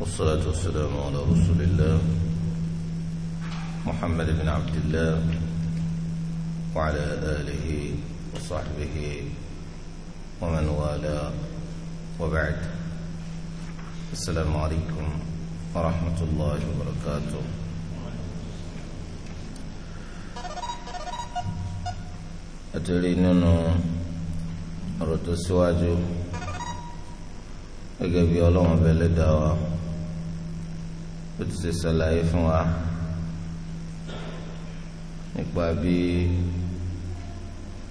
والصلاة والسلام على رسول الله محمد بن عبد الله وعلى آله وصحبه ومن والاه وبعد السلام عليكم ورحمة الله وبركاته أتري ننو ọ̀rọ̀ سواجو síwájú gẹ́gẹ́ bí ó ti ṣe ṣàlàyé fún wa nípa bí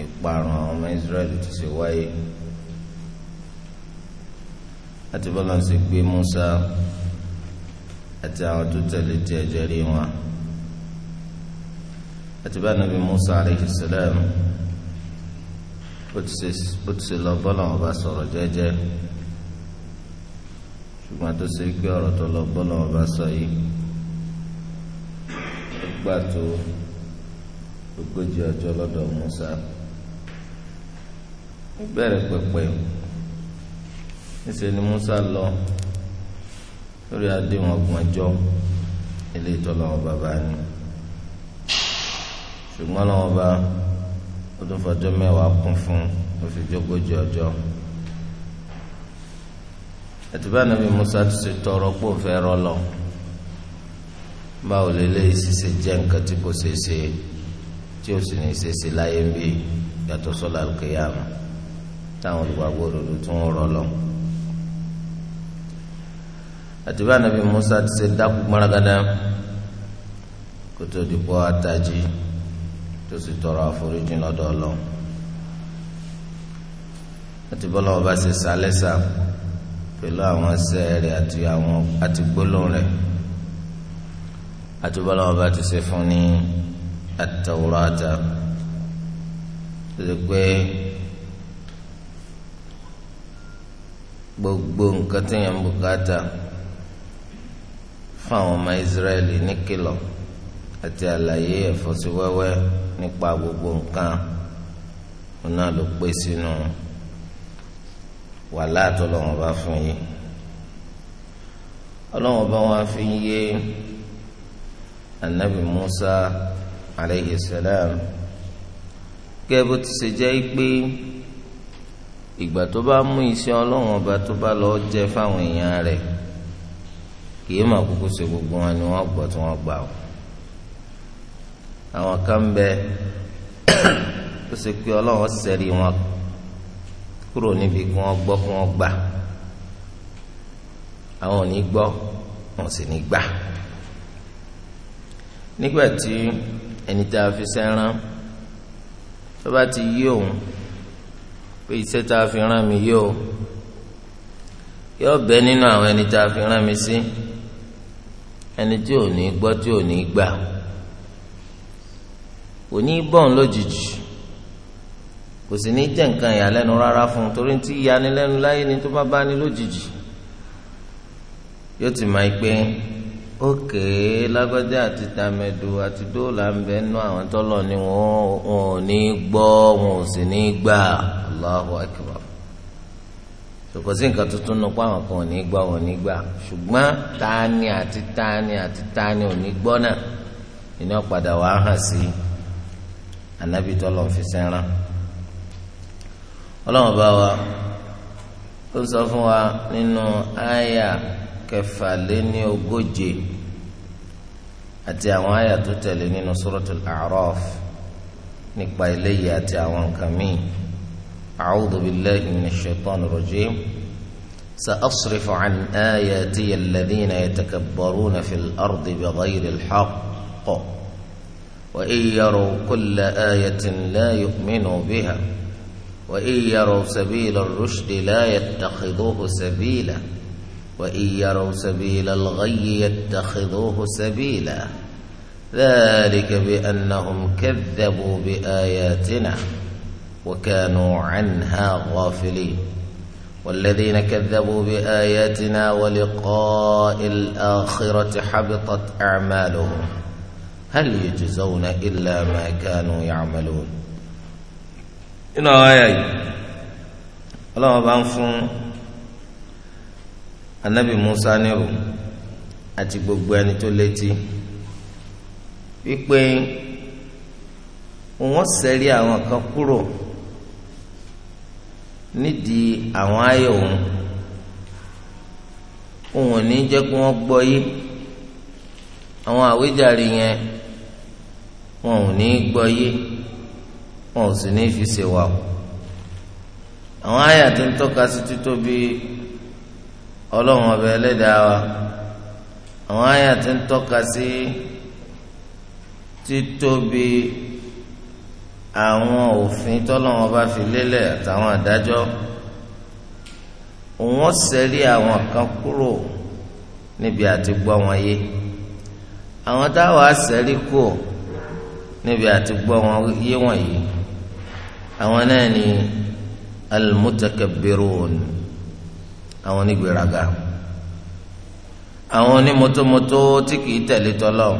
ìparun àwọn ọmọ Israẹli ti ṣe wáyé àti bọ́lá ṣe gbé Musa àti àwọn tó tẹ̀lé tí ẹ̀jẹ̀ rí wọn àti bá nàbí Musa alayhi salam ó ti ṣe lọ bọ́lá wọn sọ̀rọ̀ jẹ́jẹ́ ṣùgbọ́n tó ṣe pé ọ̀rọ̀ tó lọ bọ́lọ̀ ọba sọ yìí ó gbà tó ogójì ọjọ́ lọ́dọ̀ Musa bẹ̀rẹ̀ pẹ̀pẹ̀ níṣẹ́ ni Musa lọ lórí àdéhùn ọgbọ̀njọ́ ilé ìtọ́lọ́wọ́ bàbá ni ṣùgbọ́n lọ́wọ́ bá ó tún fọjọ́ mẹ́wàá kún fún ó fi jógójì ọjọ́ àti bá nàbí Musa ti ṣe tọrọ pò ń fẹ́ rọlọ báwo lélẹ́yìí ṣiṣẹ́ jẹ́ nǹkan tí kò ṣeé ṣe tí ó sì ní í ṣeéṣe láyé ń bí yàtọ̀ sọ́lá àlùkìyàmù táwọn olùgbàgbọ́ òdodo tún ń rọlọ. àti bá nàbí Musa ti ṣe dákú gbọ́nragádá kó tó di pọ́ àtàjì tó sì tọrọ àforíjì lọ́dọ̀ Ọlọ́run àti bọ́lá ọba ṣe pẹ̀lú àwọn ẹsẹ̀ rẹ̀ àti àwọn àti gbólóhùn rẹ̀ àti bọ́lá ọba ti ṣe fún ní àtàwùrọ̀ta lórí pé gbogbo nǹkan tí yẹn ń bùkátà fún àwọn ọmọ Ísírẹ́lì níkìlọ̀ àti àlàyé ẹ̀fọ́síwẹ́wẹ́ nípa gbogbo nǹkan ọ̀nà ló pé sínú. Si wà láàtọ̀ lọ́wọ́n bá fún yín ọlọ́wọ́n bá wọn fi yé anabi musa aleyhi salam gẹ́gẹ́ bó ti ṣe jẹ́ pé ìgbà tó bá mú iṣẹ́ ọlọ́wọ́n ọba tó bá lọ jẹ fáwọn èèyàn rẹ̀ kì í mà kúkú ṣe gbogbo wọn ni wọ́n gbọ́ tí wọ́n gbà ó àwọn kan bẹ ó ṣe pé ọlọ́wọ́n sẹ́rí wọn kúrò níbi kí wọ́n gbọ́ kí wọ́n gbà àwọn ò ní gbọ́ wọn sì ní gbà nígbà tí ẹni tá a fi sẹ́rán tó bá ti yí òun pé iṣẹ́ tá a fi rán mi yí o yóò bẹ nínú àwọn ẹni tá a fi rán mi sí ẹni tí ò ní gbọ́ tí ò ní gbà kò ní bọ́ọ̀n lójijì kò sì ní jẹ́ nǹkan ìyàlẹ́nu rárá fún un torí tí ìyanilẹ́nu láyé ni tó bá bá ní lójijì yóò ti máa pé ókè lágbájá àti tàmẹ̀dù àti dóòlà ń bẹ nú àwọn tọ́lọ̀ ni wọ́n ò ní gbọ́ wọn ò sì ní gbà aláhùn akbar kò sí nǹkan tuntun nù pé àwọn kan ò ní gbọ́ wọn ò ní gbà ṣùgbọ́n tani àti tani àti tani ò ní gbọ́ náà iná padà wàá hàn sí anábìtọ́ lọ́n fi sẹ́ràn. ọlọ́run bá wa ó sọ fún wa nínú àyà kẹfà lé ní ogóje àti àwọn àyà tó tẹ̀lé nínú suratul àròf nípa eléyìí àti àwọn nǹkan míì a'udhu billahi minash shaitanir rajim sa'asrifu an ayatiya alladhina yatakabbaruna fil ardi bighayri al-haqq wa in yaru kulla ayatin la yu'minu biha. وإن يروا سبيل الرشد لا يتخذوه سبيلا وإن يروا سبيل الغي يتخذوه سبيلا ذلك بأنهم كذبوا بآياتنا وكانوا عنها غافلين والذين كذبوا بآياتنا ولقاء الآخرة حبطت أعمالهم هل يجزون إلا ما كانوا يعملون nínú àwọn àyà yìí ọlọ́wọ́n bá ń fún anabi musa nírò àti gbogbo ẹni tó létí wípé wọ́n ṣẹ́rí àwọn kan kúrò nídìí àwọn ayé òun òun ò ní jẹ́ kí wọ́n gbọ́ yí àwọn àwíjàre yẹn wọn ò ní gbọ́ yé wọn ò sì ní fi ṣe wà o àwọn àyà tó ń tọ́ka sí títóbi ọlọ́run ọbẹ̀ ẹlẹ́dàá wa àwọn àyà tó ń tọ́ka sí títóbi àwọn òfin tọ́lọ́run bá fi lélẹ̀ àtàwọn àdájọ́ wọ́n ṣẹ́rí àwọn kan kúrò níbi àti gbọ́ wọn yé àwọn táwọn á ṣẹ́rí níbi àti gbọ́ wọn yé wọ̀nyí. àwọn náà ni almutakabirun àwọn onígbèraga àwọn onímọ́tómọ́tó tí kìí tẹ̀lé tọ́lọ́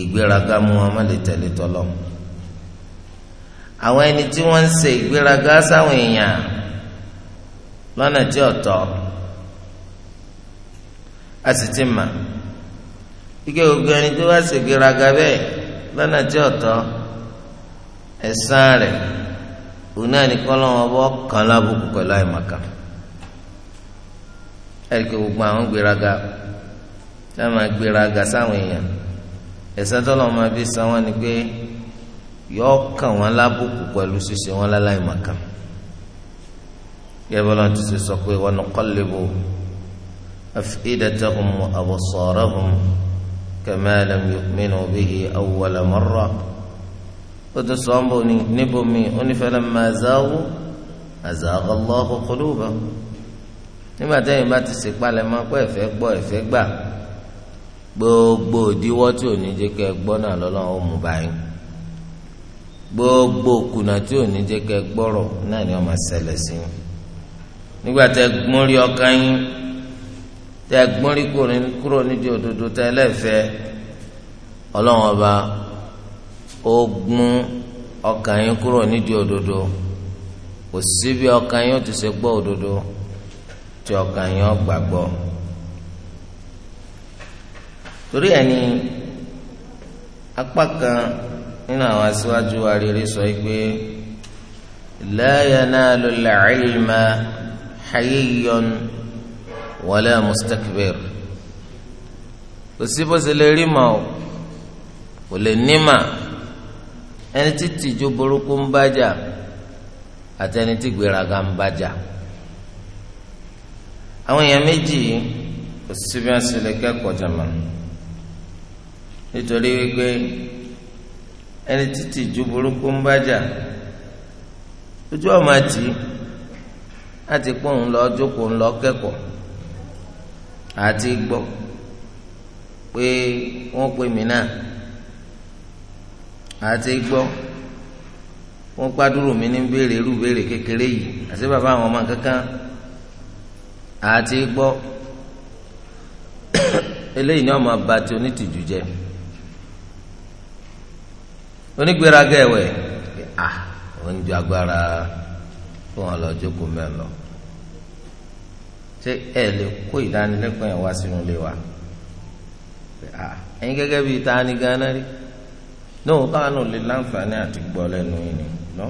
ìgbéraga mú wọn má lè tẹ̀lé tọ́lọ́ àwọn ẹni tí wọ́n ń ṣe ìgbéraga sáwọn èèyàn lọ́nà tí ọ̀tọ̀ a sì ti mà ike gbogbo ẹni tó bá ṣègbéraga bẹ́ẹ̀ lọ́nà tí ọ̀tọ̀ ẹ̀san rẹ̀. òun náà ní kọ́lọ́wọ́n bọ́ kàn lábùkù pẹ̀lú àìmọ̀kan ẹ̀ríkẹ́ gbogbo àwọn gbéraga náà máa gbéraga sáwọn èèyàn ẹ̀sẹ̀ tọ́lọ́ máa fi san wọ́n ní pé yọ kàn wọ́n lábùkù pẹ̀lú ṣíṣe wọn láláìmọ̀kan yẹ́bọ́lá ti ṣe sọ pé wa nuqallibu af'idatahum wa absarahum kama lam yu'minu bihi awwala marra ó tún sọ ọ́nbó ni níbomi onífẹ́lẹ́ máa záwó àzàgọ́ lọ́kọ́ kọlóòbá nígbà tẹ́yìn bá ti ṣe palẹ̀ mọ́ pé ẹ̀fẹ́ gbọ́ ẹ̀fẹ́ gbà gbogbo òdiwọ́ tí ò ní jẹ́ kẹ́ gbọ́ náà lọ́lọ́run ó mú báyìí gbogbo kùnà tí ò ní jẹ́ kẹ́ gbọ́rọ̀ náà ni wọ́n máa ṣẹlẹ̀ sí i nígbà tẹ́ gbọ́n rí ọkàn yín tẹ́ gbọ́n rí kúrò nídìí òdodo tẹ́ lẹ́fẹ̀ẹ́ ọlọ́run ọba ogun ọkàn yín kúrò nídìí òdodo kò síbi ọkàn yín ó ti ṣe gbọ́ òdodo tí ọkàn yín ó gbàgbọ́ torí ẹ̀ ni apá kan nínú àwọn aṣíwájú wa rere sọ pé la yanalul ilma hayyun wala mustakbir kò sí bó ṣe lè rí mọ́ ò kò lè ní mọ́. ẹni tí tìjú burúkú ń bájà àti ẹni tí gbéraga ń bájà àwọn èèyàn méjì kò sí bí wọn sì lè kẹ́kọ̀ọ́ jàmọ nítorí wípé ẹni tí tìjú burúkú ń bájà ojú ọmọ àti láti pọ òun lọ jókòó òun lọ kẹ́kọ̀ọ́ àti gbọ́ pé wọn pè mí náà àti gbọ́ wọ́n gbádùrò mi ní béèrè irú béèrè kékeré yìí àti bàbá àwọn ọmọ kankan àti gbọ́ eléyìí ni ọmọ bá ti onítìjú jẹ onígbéraga ẹ̀wẹ̀ à òun ju agbára fún wọn lọ jókòó mẹ́rin lọ ṣé ẹ lè kó ìdánilẹ́kọ̀ọ́ yẹn wá sínú ilé wa ẹ̀yin gẹ́gẹ́ bíi ta ni ganan rí lóun káwọn ò lè láǹfààní àti gbọ́ lẹ́nu yìí ni lọ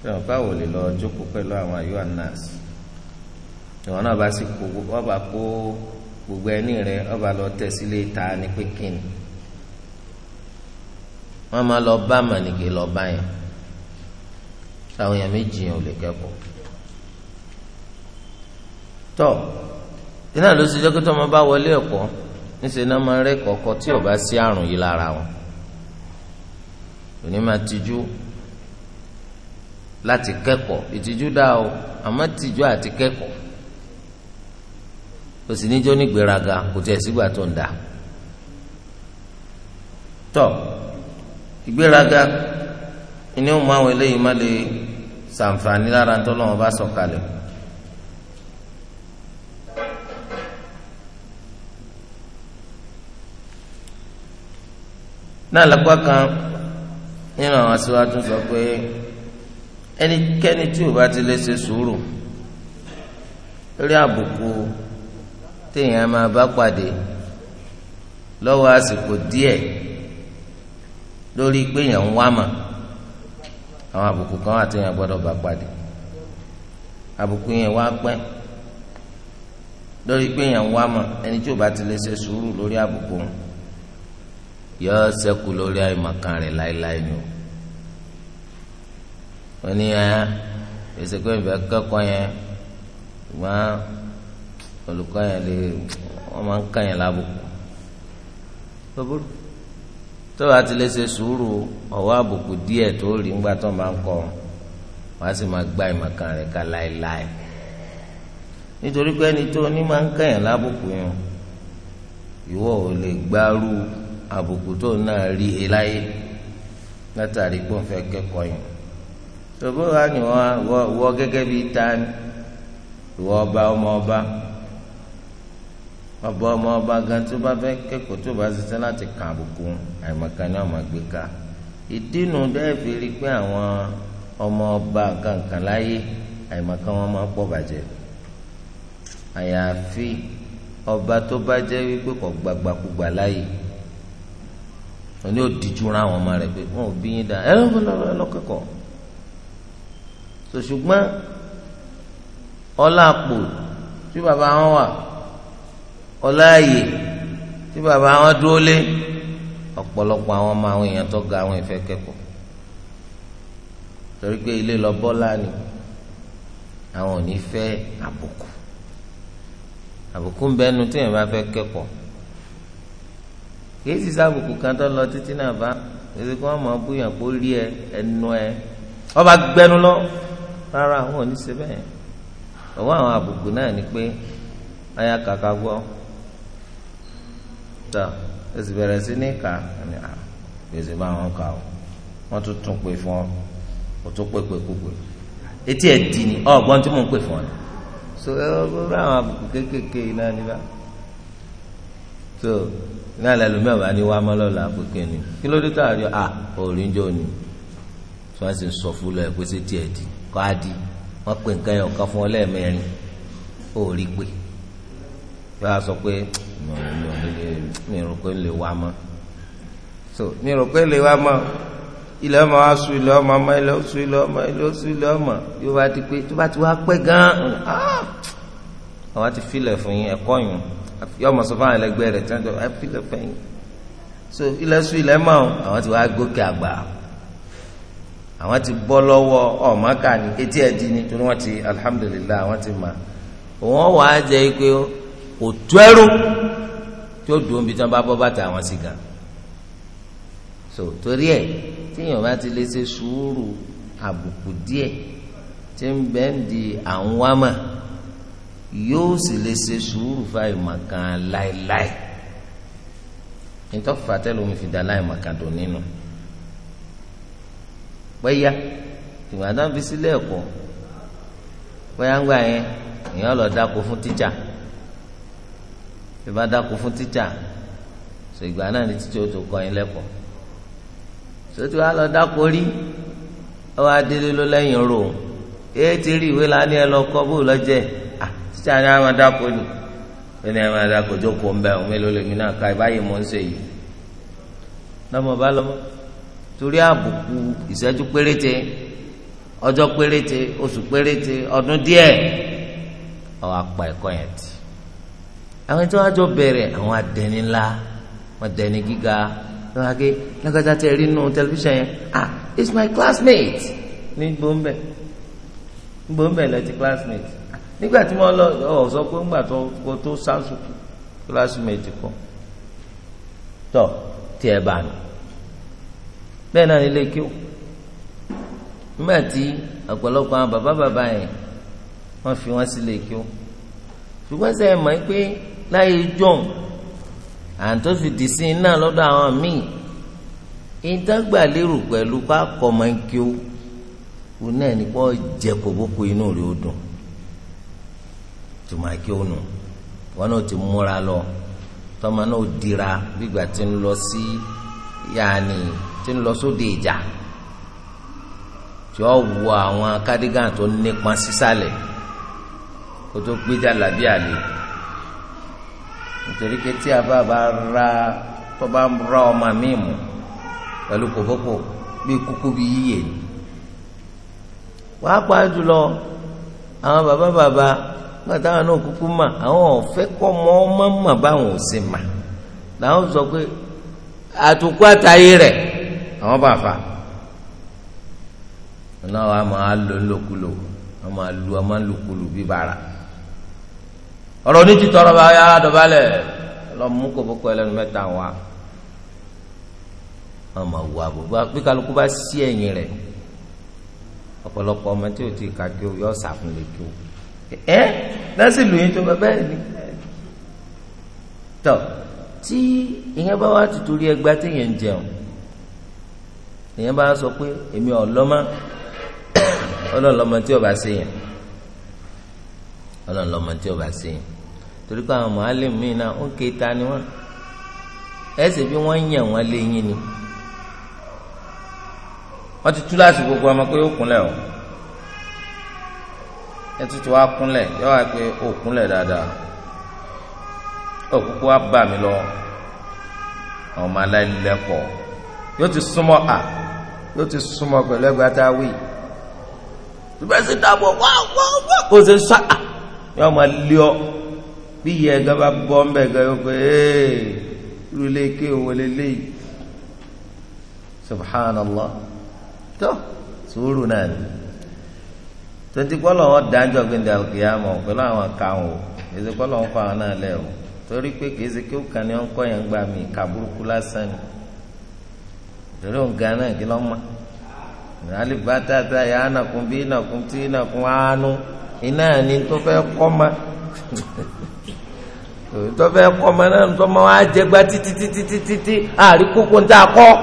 sọ̀rọ̀ káwọn ò lè lọ jókòó pẹ̀lú àwọn àyọ ànáàsì ìwọ náà bá sì kó ọba kó gbogbo ẹni rẹ ọba lọ tẹ̀ ta ni pé kíni wọn máa lọ bá mànìgè lọ bá yẹn táwọn èèyàn méjì yẹn ò lè kẹ́kọ̀ọ́ tọ iná ló ṣe jẹ́ kí tọ́mọ bá wọlé ẹ̀kọ́ níṣẹ́ náà máa ń rẹ́kọ̀ọ́ kọ tí ò bá sí àrùn yìí lára wọn òní máa tijú láti kẹ́kọ̀ọ́ ìtìjú dá o àmọ́ tìjú àti kẹ́kọ̀ọ́ o sì níjọ́ nígbéraga kò tiẹ̀ sígbà tó ń dà tọ́ ìgbéraga ni ó mú àwọn eléyìí má lè ṣàǹfààní lára ń tọ́lọ́wọ́n bá sọ̀kalẹ̀ náà lápá kan nínú àwọn aṣíwájú sọ pé ẹnikẹ́ni tí ò bá ti lè ṣe sùúrù lórí àbùkù téèyàn máa bá pàdé lọ́wọ́ àsìkò díẹ̀ lórí pé èèyàn ń wá mà àwọn àbùkù kan wà téèyàn gbọ́dọ̀ bá pàdé àbùkù yẹn wá pẹ́ lórí pé èèyàn ń wá mà ẹni tí ò bá ti lè ṣe sùúrù lórí àbùkù wọn yọ sẹ́kù lórí àìmọ̀kan rẹ̀ láéláé ni o wọ́n ní ẹ èsì pé ìfẹ́ kẹ́kọ̀ọ́ yẹn ṣùgbọ́n olùkọ́ yẹn lè wọ́n máa ń kàn yẹn lábùkù lóbúrú tó bá ti lè ṣe sùúrù ọ̀wọ́ àbùkù díẹ̀ tó rí ńgbà tó máa ń kọ́ wàá sì máa gba ìmọ̀kan rẹ̀ ká láéláé nítorí pé ẹni tó ní máa ń kàn yẹn lábùkù yẹn ìwọ ò lè gbárù àbùkù tó náà rí e láyé látàrí pé ó fẹ́ kẹ́kọ̀ọ́ yìí tòbó wa ni wọ́n wọ́ gẹ́gẹ́ bíi tani ìwọ ọba ọmọ ọba ọba ọmọ ọba gan tó bá fẹ́ kẹ́kọ̀ọ́ tó bá ṣiṣẹ́ láti kàn àbùkù àìmọ̀kan ni ọmọ gbé ká ìdínú dẹ́ẹ̀ fi rí pé àwọn ọmọ ọba kankan láyé àìmọ̀kan wọn máa pọ̀ bàjẹ́ àyàfi ọba tó bá jẹ́ wípé kò gbàgbàkúgbà láyé wọn ni ó dìjú ra àwọn ọmọ rẹ pé wọn ò bí yín dá ẹ lọ́kẹ́kọ̀ọ́ so ṣùgbọ́n ọlá àpò tí bàbá wọn wà ọlá àyè tí bàbá wọn dúró lé ọ̀pọ̀lọpọ̀ àwọn ọmọ àwọn èèyàn tó ga àwọn ìfẹ́ kẹ́kọ̀ọ́ torí pé ilé lọ bọ́lá ni àwọn ò ní fẹ́ àbùkù àbùkù ń bẹ́nu tí èèyàn bá fẹ́ kẹ́kọ̀ọ́ kìí sì sábùkù kan tó lọ títí náà bá èdè kí wọn rí ẹ ẹnu ẹ ọba gbẹnu lọ rárá wọn ò ní ṣe bẹ́ẹ̀ ọwọ́ àwọn àbùkù náà ni pé aya kàkà gbọ́ tó èsì bẹ̀rẹ̀ sí ní kà bá wọn ọ náà lẹ́lòmíà wà ní wàá mọ́lọ́lá pínpín ni kí ló dé tá a rí a òòrùn jọ ni tí wọ́n sì ń sọ fún lọ ẹ̀ pé ṣé tiẹ̀ di kọ́ á di wọ́n pè nǹkan yẹn ọ̀kan fún ọ lẹ́ẹ̀mẹ́rin ó pé yóò sọ pé mi rò pé lè wá mọ́ so mi rò pé lè wá mọ́ ilẹ̀ ọmọ wa sùn ilẹ̀ ọmọ ọmọ ilẹ̀ sùn ilẹ̀ ọmọ ilẹ̀ sùn ilẹ̀ ọmọ yóò wá di pé tó bá ti wá pẹ́ gan-an ah! àwa ti filẹ̀ fún yín ẹ̀kọ́ yìí yọ ọmọ sọ fún àwọn ẹlẹgbẹ́ rẹ̀ tí wọ́n jọ àfilẹ fẹ̀yìn so ilẹ̀ sùn ilẹ̀ mọ́ àwọn ti wá gòkè àgbà àwọn ti bọ́ lọ́wọ́ ọ̀mọ́kà ní etí ẹ̀dí ni torí wọ́n ti alihamudulilayi àwọn ti mà wọ́n wà á jẹ́ pé kò tó ẹrú tí ó dùn bí tí wọ́n bá bọ́ bàtà àwọn sì gà so torí ẹ̀ tíyàn bá ti lè ṣe sùúrù àbùkù díẹ̀ tí ń bẹ́ẹ̀ di àwọn wá mọ̀ yóò sì lè ṣe sùúrù fáì màkàn láéláé nítorí fàtẹ́lẹ̀ omi fìdá láì màkàn dùn nínú bẹ́yà ìgbà tó ń fi sílẹ̀ ẹ̀kọ́ bẹ́yà ń gbà yẹn èèyàn lọ dáko fún tíjà bí bá dáko fún tíjà sọ ìgbà náà ni tíjà ó tó kọ́ yín lẹ́kọ̀ọ́ sọtú wa lọ dáko rí ọwọ́ adélé ló lẹ́yìn rò ti rí ìwé lánìí ẹ lọ kọ́ bó lọ jẹ́ títí àná àwọn adáko ni ó ní àwọn adáko jókòó ń bẹ àwọn mélòó lèmi náà ká ìbáyìí mò ń ṣe yìí lọ́mọ bá lọ́mọ torí àbùkù ìṣẹ́jú péréte ọjọ́ péréte oṣù péréte ọdún díẹ̀ ọ̀ apá ẹ̀kọ́ yẹn ti àwọn tí wọ́n á jọ bẹ̀rẹ̀ àwọn adẹni ńlá wọn dẹni gíga wọn á gé lágbàtà rí nù tẹlifíṣàn yẹn ah it's my classmate ní gbòǹbẹ gbòǹbẹ lẹ ti classmate nígbà tí wọ́n lọ ọ sọ pé ńgbà tó kó tó sáńsùkú kíláàsì méjì kọ tọ tiẹ̀ bá nù bẹ́ẹ̀ náà nílé kí ó nígbà tí ọ̀pọ̀lọpọ̀ àwọn bàbá bàbá yẹn wọ́n fi wọ́n sílé kí ó ṣùgbọ́n sẹ́yìn mọ̀ pé láyé john àǹtó fi dì sí lọ́dọ̀ àwọn míì ìdágbà lérò pẹ̀lú pákọ̀ máa kí ó òun náà ní kó jẹ́ kòbókò inú rẹ̀ ó dùn tùmọ̀ kí ó nù wọn náà ti múra lọ tọmọ náà dira gbígbà tí ń lọ sí yaani tí ń lọ sóde ìjà tí ó wọ àwọn kádígàn tó nípọn sísàlẹ̀ kó tó gbéjà làbí àlè nítorí pé tí a bá bá ra tó bá ń ra ọmọ mi mú pẹ̀lú kòkókò bí kúkú bí yíyẹ wàá pa jùlọ àwọn bàbá bàbá gbàtàwọn náà kúkú mà àwọn ọ̀fẹ́ kọ́ mọ́ ọmọ mà báwọn ò sì mà làwọn sọ pé àtùkú àtàyè rẹ̀ àwọn bá fa ọlọ́wọ́ a máa lò ńlòkulò a máa lu a máa lòkulò bíbára ọ̀rọ̀ ní ti tọrọ bá yá dọ̀bálẹ̀ lọ́mú kòkòkò ẹlẹ́nu mẹ́ta wá ọmọ wà gbogbo bí kálukú bá sí ẹ̀yìn rẹ̀ ọ̀pọ̀lọpọ̀ ọmọ tí o ti kà o yọ ọ̀sà fún lè kí o ẹ lọ́sì lù yín tó bá bẹ́ẹ̀ ni tọ tí ìyẹn bá wà ti torí ẹgbà téèyàn ń jẹun ìyẹn bá sọ pé èmi ọlọ́mọ ọlọ́lọ́mọ tí ọba ṣe yẹn ọlọ́lọ́mọ tí ọba ṣe yẹn torí pé àwọn mọ̀álẹ́ mi náà ó ké ta ni wọ́n ẹsẹ̀ bí wọ́n ń yàn wọ́n lé yín ni wọ́n ti tú láti gbogbo ọmọ pé ó kúnlẹ̀ o ẹtútù wa kúnlẹ̀ yọ wá pé ó kúnlẹ̀ dáadáa òkúkú wa bà mí lọ àwọn ọmọ aláìlẹ́kọ̀ọ́ yóò ti súnmọ́ à yóò ti súnmọ́ pẹ̀lú ẹgbẹ́ tá a wí tùbẹ́sì dàbọ̀ wá wá wá kó o ṣe sá à yọ ọmọ lé ọ bí ìyá ẹ̀gá bá gbọ́ ń bẹ̀ yóò pé ee rúlé ké òun lélẹ́yìí subhanallah tó sùúrù náà ni tonti kọlọ wọn dájọ gbẹndẹ alùkìyàmọ pẹ̀lú àwọn kàwọn o èsì kọlọ wọn fa àwọn náà lẹ o torí pé kèsì kí ó kàn ní ọkọ yẹn gbà mí kàbúrúkú lásán ni torí òun gan náà kí lọ mọ alibá tata yà ánàkùn bí nàkùn tí nàkùn ánú iná ni tó fẹ́ kọ́ ma tó fẹ́ kọ́ ma náà tó ma wá jẹ gbá títí àrí kókó ń tà kọ́.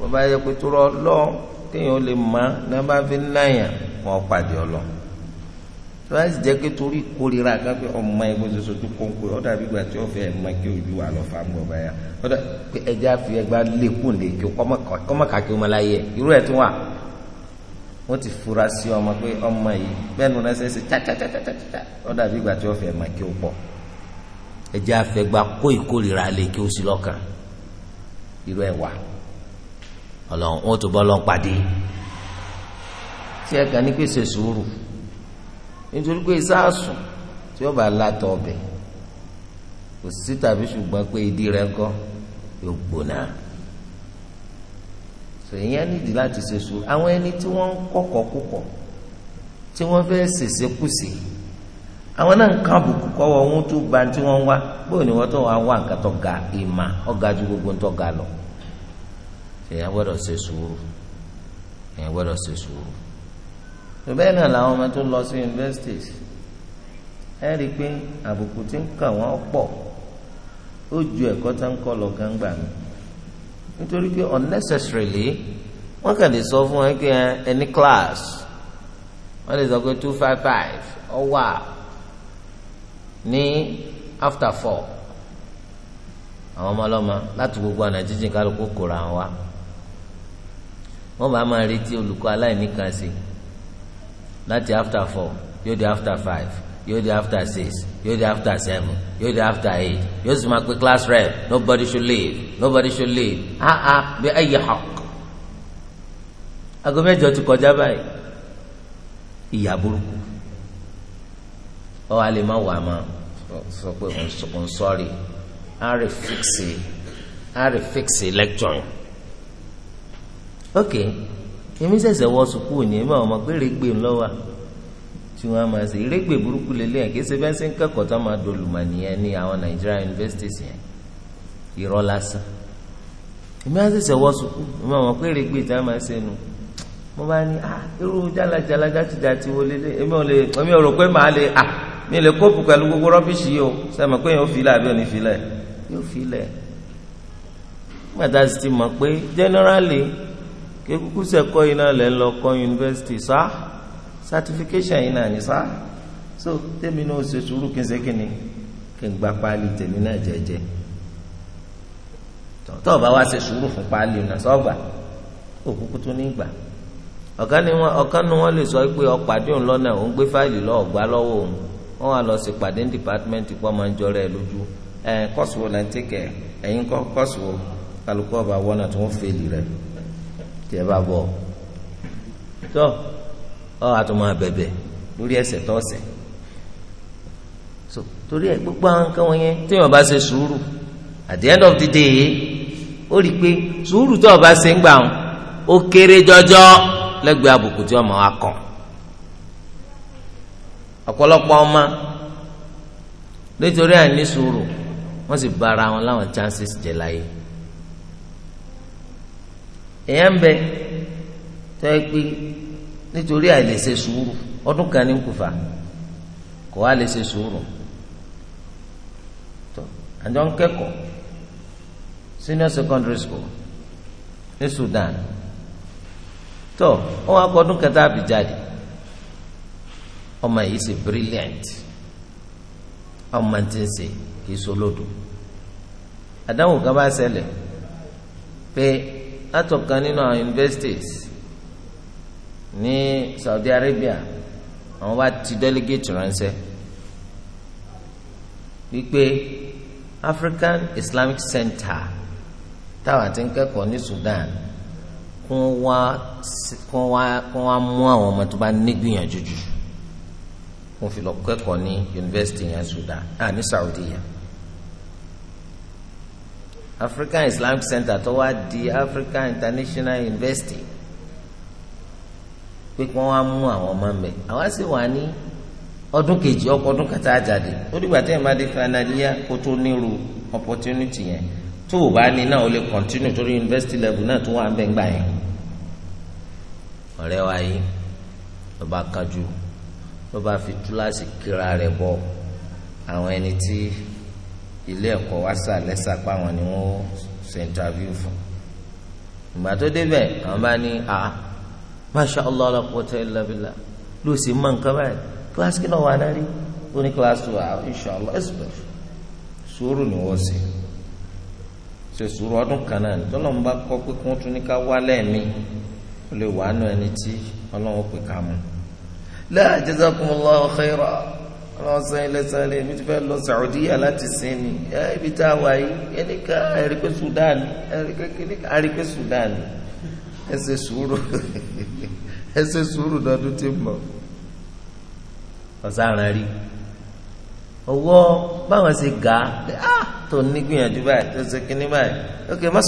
bàbá yẹ kó tó rọ lọ́ọ́ téèyàn ó lè má nàbà fi náyà wọn pàdé ọlọ tó bá sì jẹ́ pé torí ìkórira káfí ọmọ ẹgbẹ́ soso tó kónkó ọ̀dà bí gbà tí ó fẹ́ mọ kí ojú wa lọ fáwọn ọba yá ọ̀dà pé ẹja fi ẹgbà lékún lè kí ọmọ kàkí ọmọ láyé irú ẹ̀ tún wà wọ́n ti fura sí ọmọ pé ọmọ yìí bẹ́ẹ̀ nu rẹ́sẹ̀ ṣe tàtàtàtàtà ọ̀dà bí gbà tí ó fẹ́ mọ kí ó pọ̀ ẹja fẹ́ gbà kó ìkórira lè kí ó sí lọ́kàn irú ẹ̀ wà ọlọ́run ó tún bọ́ lọ́n pàdé tí ẹ kàn ní pé ṣe sùúrù nítorí pé sáàsùn tí ó bá látọ̀ ọbẹ̀ kò sí tàbí ṣùgbọ́n pé ìdí rẹ̀ kọ́ yóò gbóná sèyàn nídìí láti ṣe sùúrù àwọn ẹni tí wọ́n ń kọ́kọ́ kúkọ̀ tí wọ́n fẹ́ ṣèṣe kùsì àwọn náà ń ká àbùkù kọ́wọ́ ohun tó ba tí wọ́n ń wá bóyá ni wọ́n tó wá wá nǹkan tó ga ìmà ọ̀gá ju gbogbo ń tó ga lọ èèyàn gbọ́dọ̀ ṣe sùúrù èèyàn gbọ́dọ̀ ṣe sùúrù bẹ́ẹ̀ náà làwọn ọmọ tó lọ sí universities ẹ rí i pé àbùkù tí ń kà wọ́n pọ̀ ó ju ẹ̀kọ́ tá ń kọ́ lọ gangba mi nítorí pé unnecessarily wọ́n kàn lè sọ fún ẹ pé ẹni class wọ́n lè sọ pé two five five ọ wà ní after four àwọn ọmọ ọlọ́mọ láti gbogbo ọ̀nà jíjìn kálukú kóra wọn wá wọ́n bá máa retí olùkọ́ aláìníkànṣe láti after four yóò di after five yóò di after six yóò di after seven yóò di after eight yóò sì máa pe class rep nobody should leave nobody should leave ah ah bí ayé hàk aago mẹ́jọ ti kọjá báyìí ìyà burúkú ọ wa lè má wà má sọ pé òun sọrí á rè fíksì á rè fíksì lecture. ok èmi ṣẹ̀ṣẹ̀ wọ sùkúù ní ẹ̀mí àwọn ọmọ pé rẹ́gbè ńlọ́wà tí wọ́n máa ṣe rẹ́gbè burúkú lélẹ̀ kì í ṣe bẹ́ẹ̀ ṣe ń tó máa nìyẹn ní àwọn universities yẹn irọ́ lásán èmi á ṣẹ̀ṣẹ̀ wọ sùkúù ẹ̀mí mo bá ní ah irú jala jala wo èmi ò lè èmi ò rò pé màá lè ah mi lè pẹ̀lú gbogbo rọ́bìṣì yìí o sẹ́mi pé yóò fi àbí kékuku sẹ́kọ́ yìí náà lẹ́ ń lọ kọ́ yunifásitì sá sátífíkéṣàn yìí náà ní sá so tẹ́mi náà ṣe sùúrù kí n ṣe kí ni kí n gba páálí tèmi náà jẹjẹ tọ́ ọba wa ṣe sùúrù fún páálí náà sọ́gbà òkúkú tó ní gbà ọ̀kan ni wọn ọ̀kan ni wọn lè sọ pé ọ̀pàdé òun lọ́nà òun gbé fáìlì lọ́ọ̀ gbá lọ́wọ́ òun wọn wà lọ sí pàdé ní dìpátímẹ́ǹtì pọ́ máa ń jọra ẹ̀ lójú ẹ̀ kọ́sùwò lẹ́ńtìkẹ̀ ẹ̀yìn kọ́sùwò kálukú ọba wọ́nà tó ń fèlì rẹ̀ tí ẹ bá bọ̀ tó ọ àtúmọ̀ àbẹ̀bẹ̀ lórí ẹsẹ̀ tọ́sẹ̀ so torí ẹ gbogbo àwọn nǹkan wọn yẹn tí wọn bá ṣe sùúrù at the end of the day ó rí i pé sùúrù tó o bá ṣe ń gbà wọn ó kéré jọjọ lẹ́gbẹ̀ẹ́ àbùkù tí ọmọ wa kàn ọ̀pọ̀lọpọ̀ ọmọ nítorí àìní sùúrù wọ́n sì bára wọn láwọn chances jẹ láyé. èèyàn ń bẹ tó ẹ pé nítorí àìlèṣe sùúrù ọdún kan ní kùfà kò wá lè ṣe sùúrù tó àjọ ń kẹ́kọ̀ọ́ senior secondary school ní Sudan tó ó wá kọ ọdún kẹta àbíjáde ọmọ yìí ṣe brilliant ọmọ tí ń ṣe kì í ṣolódò àdáwò kan bá látọ̀kan nínú àwọn universities ní Saudi Arabia àwọn wá ti delegate ránṣẹ́ wípé African Islamic Center táwa ti ń kẹ́kọ̀ọ́ ní Sudan kún wá kún wá kún wá mú àwọn ọmọ tó bá nígbìyànjú jù kún fi lọ kẹ́kọ̀ọ́ ní yunifásitì yẹn Sudan ah ní Saudi yẹn. African Islamic Center tó wá di African International University pé kí wọ́n wá mú àwọn ọmọ mẹ́ àwa sì wà ní ọdún kejì ọkọ ọdún kẹta àjáde ó dìgbà tẹ́yìn bá dé fanaliya kó tó nírú opportunity yẹn tó o bá ní náà o lè continue torí university level náà tó wà ń bẹ̀ ń gbà yẹn ọ̀rẹ́ wa yìí ló bá kájú ló bá fi túláàsì kíra rẹ̀ bọ àwọn ẹni tí ilé ẹ̀kọ́ wá sà lẹ́sà pa àwọn ni wọ́n ṣe interview fún ìgbà tó débẹ̀ àwọn bá ní a masha allah la quwwata illa billah ló sì mọ nǹkan báyìí kíláàsì kí náà wà náà rí ó ní kíláàsì wà insha allah expert sùúrù ni wọ́n ṣe ṣe sùúrù ọdún kan náà tọ́lọ́ ń bá kọ́ pé kí wọ́n tún ní ká wá lẹ́ẹ̀mí ó lè wà ẹni tí ọlọ́run pè ká mú. la jazakumullahu khaira ọlọ́sàn ẹlẹ́sàn ẹlẹ́ mi ti fẹ́ lọ Saudiya láti sinmi ẹ ibi tá a wà yìí ẹni ká ẹ̀rí pé Sudan ẹ̀rí pé Sudan ẹ ṣe sùúrù ẹ ṣe sùúrù dọdún tí mọ̀ ọ̀sán ara rí ọwọ́ báwọn ṣe gà á tó nígbìyànjú báyìí tó ṣe kíní báyìí ok má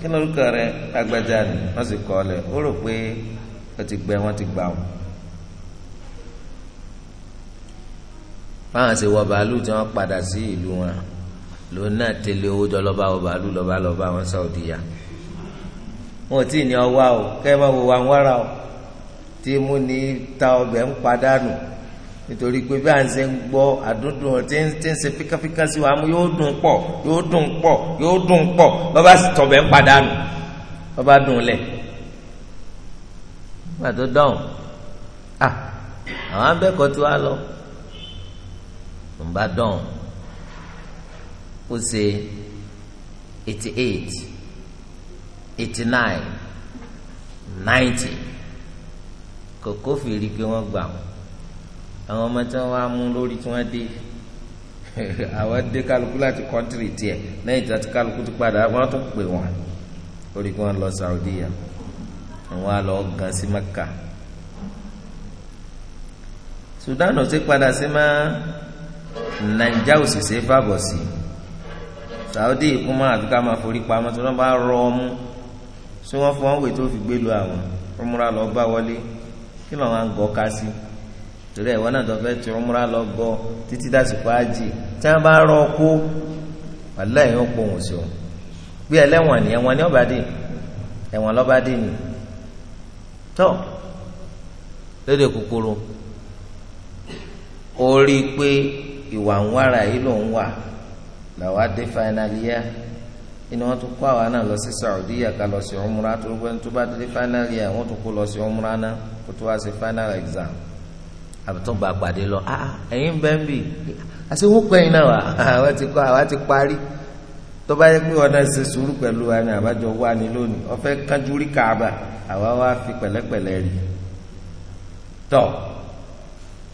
kí ni orúkọ rẹ agbájá ni wọn sì kọ ọ lẹ ó rò pé ó ti gbẹ wọn ti gbà wọn. báwọn ṣe wọ bàálù tí wọ́n padà sí ìlú wọn lòun náà tẹ̀lé owó jọ lọ́ba wọ bàálù lọ́ba lọ́ba wọn Saudi ya wọn ò tí ì ní ọwá o kẹ́ẹ́ má wo wa ń wára o tí mú ní ta ọbẹ̀ ń padànù nítorí pé bí à ń ṣe ń gbọ́ àdúndùn tí ń tí ń ṣe fíkàfíkà sí wa mú yóò dùn pọ̀ yóò dùn pọ̀ yóò dùn pọ̀ bàbá sì tọ̀bẹ̀ ń padànù bàbá dùn lẹ̀ bàtó dáhùn à àwọn abẹ́kọ̀ọ́ tí wàá lọ tó ń bá dán eighty eight eighty nine ninety kòkó fìrí pé wọ́n gbà wọ́n àwọn ọmọ tí wọ́n wá mú lórí tí wọ́n dé àwọn dé kálukú láti kọ́ńtìrì tiẹ̀ lẹ́yìn tí wọ́n ti kálukú ti padà wọ́n tún pè wọ́n lórí pé wọ́n lọ Saudi yà àwọn àlọ́ gan sí Mẹ́kà Sudan ò ti padà sí máa nàìjà ò sì ṣe fàbọ̀ sí Saudi kún máa fi ká máa forí pamọ́ tí wọ́n bá rọ ọmú tí wọ́n fọ́ wọ́n wè tó fi gbé lu àwọn ọmúra lọ bá wọlé kí lọ́wọ́ à ń gọ́ ká sí torí ẹ̀wọ́n náà tó fẹ́ tí ọmúra lọ gọ́ títí dásìkò ájì tí wọ́n bá rọ ọkú wàlẹ́ yìí ó pohùn sí òun gbé ẹlẹ́wọ̀n ni ẹ̀wọ̀n ni ọba dé ẹ̀wọ̀n lọ́ba dé ni tọ́ lédè kúkúrú ó pé ìwà ń wára yìí ló ń wà làwọn adé fáínàlì yá inú wọn tún kó àwọn náà lọ sí Saudiya ká lọ sí ọmúra tó gbé tó bá dé fáínàlì yá wọn tún kó lọ sí ọmúra náà kó tó wá sí fáínàlì exam àbẹ̀tọ́gba àpàdé lọ ah, ẹ̀yin bẹ́ẹ̀ bì àti pẹ́yìn náà wà àwọn ti kọ́ àwọn ti parí tó bá yẹ pé wọn náà ṣe sùúrù pẹ̀lú wa ni àbájọ wà ní lónìí wọn fẹ́ kánjú rí Kaaba àwa wá fi pẹ̀lẹ́pẹ̀lẹ́ rí tọ́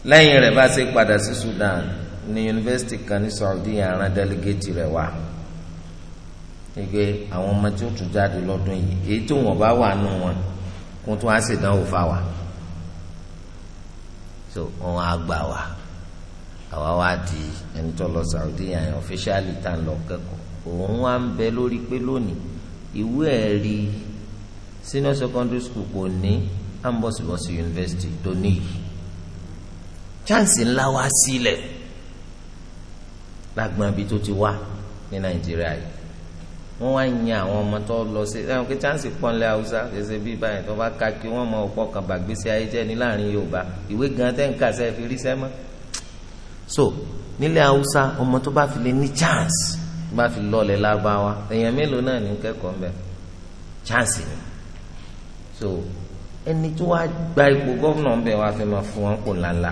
lẹ́yìn rẹ̀ bá ṣe padà sí Sudan ní yunifásitì kan ní Saudi àrùn délégéètì rẹ̀ wá pé àwọn ọmọ tí ó tún jáde lọ́dún yìí èyí tó wọ́n bá wà nù wọn kó tó wá ṣèdánwò fáwa so wọn á gbà wá àwa wá di ẹni tó lọ Saudi yẹn ọfíṣàlì tá à ń lọ kẹ́kọ̀ọ́ òun wá ń bẹ lórí pé lónìí ìwé ẹ̀rí senior secondary school kò ní ambosibosi university tó níyì chance ńlá wá sílẹ̀. Si lágbọn ibi tó ti wá ní nàìjíríà yìí wọn wá ń yan àwọn ọmọ tó lọ sí ẹwọn kí chance pọnlẹ haúsá kẹsẹ bíi báyìí tó bá ka kí wọn mọ ọ̀pọ̀ kan bàgbésí ayé jẹ ní láàrin yorùbá ìwé gan tẹ ń kà sẹ fi rí sẹmọ. so nílẹ̀ haúsá ọmọ tó bá fi lè ní chance tó bá fi lọlẹ̀ lárúbáwá èèyàn mélòó náà ní kẹ́kọ̀ọ́ mbẹ chance ni so ẹni tó wá gba ipò gómìnà mbẹ wá fi máa fún wọn kò ńláńlá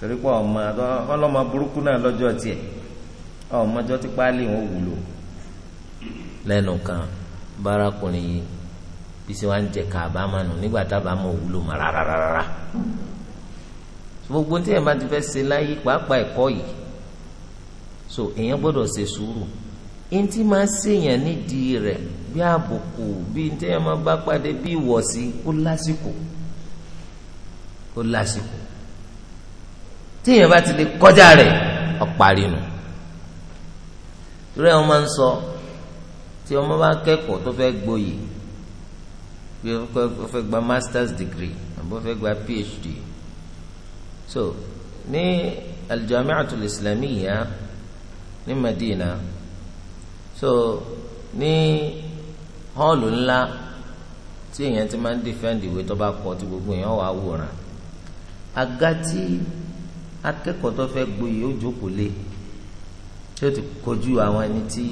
torí pé ọmọ ọlọ́mọ burúkú náà lọ́jọ́ tiẹ̀ ọmọjọ́ ti páálí wọn wúlò lẹ́nu kan bárakùnrin yìí bí ṣe wá ń jẹ kàbá máa nù nígbà tábà máa wúlò mọ́ rárára gbogbo tí ẹ̀ bá ti fẹ́ ṣe láyé pàápàá ẹ̀kọ́ yìí so èèyàn gbọ́dọ̀ ṣe sùúrù ntí máa ṣèyàn nídìí rẹ̀ bí àbùkù bí ntẹ́yàn máa bá pàdé bí ìwọ̀sí ó lásìkò ó lásìkò tí èèyàn bá ti lè kọjá rẹ̀ ọ̀parí nù torí àwọn máa ń sọ tí ọmọ bá kẹ́kọ̀ọ́ tó fẹ́ gboyè bí ó fẹ́ gba masters degree àbí ó fẹ́ gba phd so ní aljamiatul islamiyya ní Madina so ní hall ńlá tí èèyàn ti máa ń defend ìwé tó bá kọ tí gbogbo èèyàn wà wòran agati akẹ́kọ̀ọ́ tó fẹ́ gboyè ó jókòó lé tí ó ti kojú àwọn ẹni tí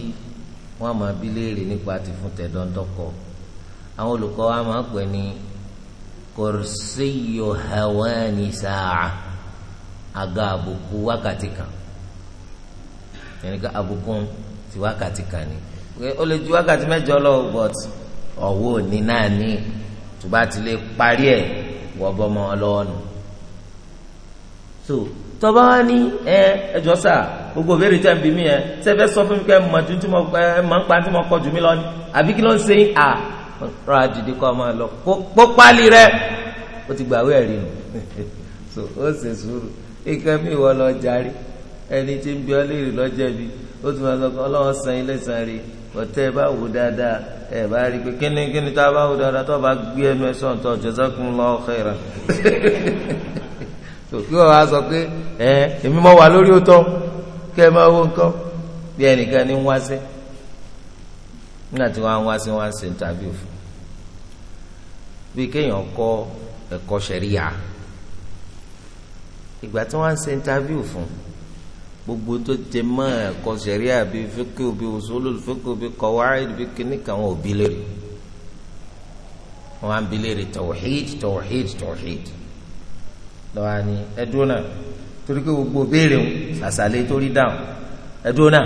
wọ́n máa bí léèrè nípa ti fún tẹ̀dọ́ńdọ́kọ àwọn olùkọ́ wa máa pè ní kòrìsíyò hawani àga àbùkù wákàtí kan ẹnìkan àbùkù ti wákàtí kan ni ó lè ju wákàtí mẹ́jọ lọ but ọ̀wọ́ òní náà ní tó bá ti lè parí ẹ̀ wọ́n bọ́ so tọba wa ní ẹ ẹjọ sà gbogbo òbẹ̀rẹ̀ tẹ̀ ń bí mi ẹ sẹ́fẹ́ sọ fún mi pé mọ̀ tuntun mọ̀ ẹ mọ̀ ń pa tí mo kọ jù mí lọ ni àbí kí ló ń sẹ́yìn à rà dìde kọ́ máa lọ kó pálí rẹ ó ti gbàwé ẹ̀rí nù so ó ṣe sùúrù ike mi wọ lọ jàre ẹni tí ń bí ọ léèrè lọ́jọ́ bí ó tún máa sọ pé ọlọ́wọ́ san ilé san rí ọ̀tẹ́ ẹ bá wò dáadáa ẹ bá rí i pé kíni kíni tá a bá wò dáadáa tó a bá gbé ẹnu ẹ sọ̀tọ̀ jazakumullahu khairan. tòkí wọn wá sọ pé ẹ èmi mọ wà lórí òótọ́ kẹ ẹ máa wo nǹkan bí ẹnìkan ní wá sí nígbà tí wọn wá sí wọn ṣe interview fún bí kéèyàn kọ́ ẹ̀kọ́ ṣẹríya ìgbà tí wọn ṣe interview fún gbogbo tó ti mọ ẹ̀kọ́ ṣẹríya bí fíkì òbí òṣòlù fíkì òbí kọwáì bí kíníkan òbí lérè wọn á bí lérè tọwọhíd tọwọhíd tọwọhíd lọ́wọ́ á ní ẹdúró náà torí pé gbogbo béèrè ń sàṣàlẹ̀ torí dáhùn ẹdúró náà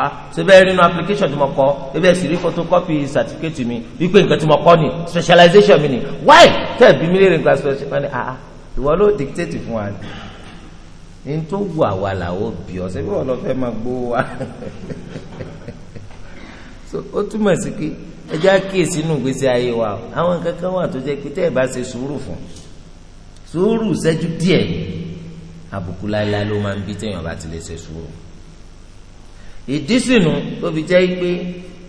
a síbẹ̀ nínú application tí mo kọ ebí ẹ̀sìn rí photocopy certificate mi wípé nǹkan tí mo kọ́ ni specialization mi ni why tẹ́ bí mi lè special. gba specialization ah ìwọ ló dictate fún wa ni n tó wù àwa làwọ bí ọ ṣe bí wọn lọ fẹ́ máa gbowó wa so ó túmọ̀ sí pé ẹ já kíyèsí inú ìgbésí ayé wa àwọn nǹkan kan wà tó jẹ́ pé tẹ́ ẹ bá ṣe sùúrù fún un sùúrù ìṣẹ́jú díẹ̀ àbùkù láéláé ló máa ń bí téèyàn bá ti lè ṣe sùúrù ìdí sínú tó fi jẹ́ pé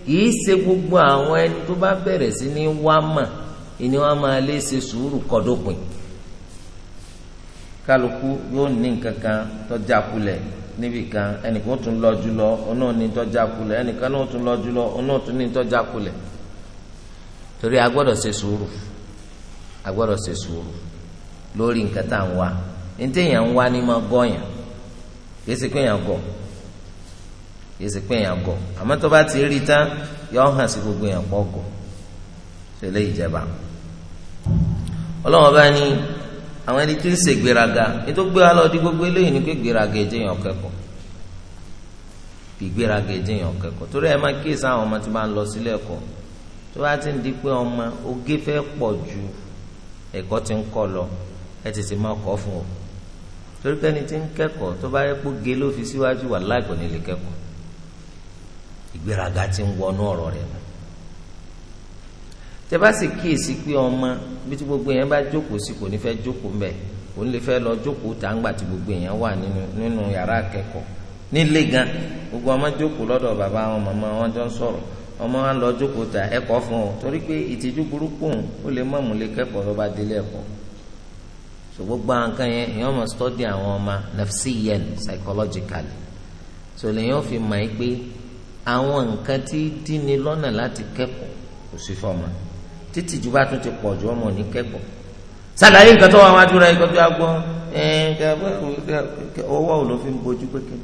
kìí ṣe gbogbo àwọn ẹni tó bá bẹ̀rẹ̀ sí ní wá mà ni wọ́n máa lè ṣe sùúrù kọ́dọ̀pin kálukú yóò ní nǹkan kan tọ́jà kulẹ̀ níbì kan ẹnìkan tún lọ jùlọ ọ̀nà ní tọ́jà kulẹ̀ ẹnìkan tún lọ jùlọ ọ̀nà tún ní tọ́jà kulẹ̀ torí a ṣe sùúrù a ṣe sùúrù. lórí nǹkan tá à ń wá ntẹ yẹn ń wá ma gọ yẹn ṣe gọ ṣe gọ ti rí tán yọ hàn gbogbo yẹn pọ̀ gọ ṣẹlẹ̀ ìjẹba ọlọ́wọ́n bá ní àwọn ẹni tí ń ṣe gbéraga ètò lọ di gbogbo eléyìí ni pé gbéraga ẹ̀jẹ̀ yẹn kẹ́kọ̀ọ́ ìgbéraga ẹ̀jẹ̀ yẹn kẹ́kọ̀ọ́ torí ẹ máa kíyèsí àwọn ọmọ tí máa ń lọ sílé tó bá ti ń di pé ọmọ ogé fẹ́ pọ̀ ju ẹ̀kọ́ ti ń lọ ẹ tètè máa kọ́ fún o torí kẹ́ni tí ń kẹ́kọ̀ọ́ tó bá yẹ kó ge ló fi síwájú wà láìpẹ́ ní lè kẹ́kọ̀ọ́ ìgbéraga ti ń wọnú ọ̀rọ̀ rẹ̀ nù tẹ́bá sì kíyèsí pé ọmọ bí tí gbogbo yẹn bá jókòó sí kò ní fẹ́ jókòó mbẹ̀ kò ní lè fẹ́ lọ jókòó tàǹgbà tí gbogbo yẹn wà nínú yàrá akẹ́kọ̀ọ́ nílé gan gbogbo ọmọ jókòó lọ́dọ̀ bàbá wọn màmá wọn jọ ń sọ̀rọ̀ ọmọ wọn lọ jókòó ta ẹ̀kọ́ fún ọ torí pé ìtìjú burúkú òun lè mọ̀mú lè kẹ́kọ̀ọ́ lọ́ba délé ẹ̀kọ́ so gbogbo àwọn kan yẹn èèyàn mọ̀ study àwọn ọmọ nafsiyan psychologically so lèèyàn fi mọ̀ ẹ́ pé àwọn nǹkan tí dínni lọ́nà láti kẹ́kọ̀ọ́ kò sí fọmọ títí ju bá tún ti pọ̀ ju ọmọ ní kẹ́kọ̀ọ́ sàlàyé nǹkan tó wà wájú rẹ ìkọjú agbọ ọwọ́ ò ló fi ń bojú kékeré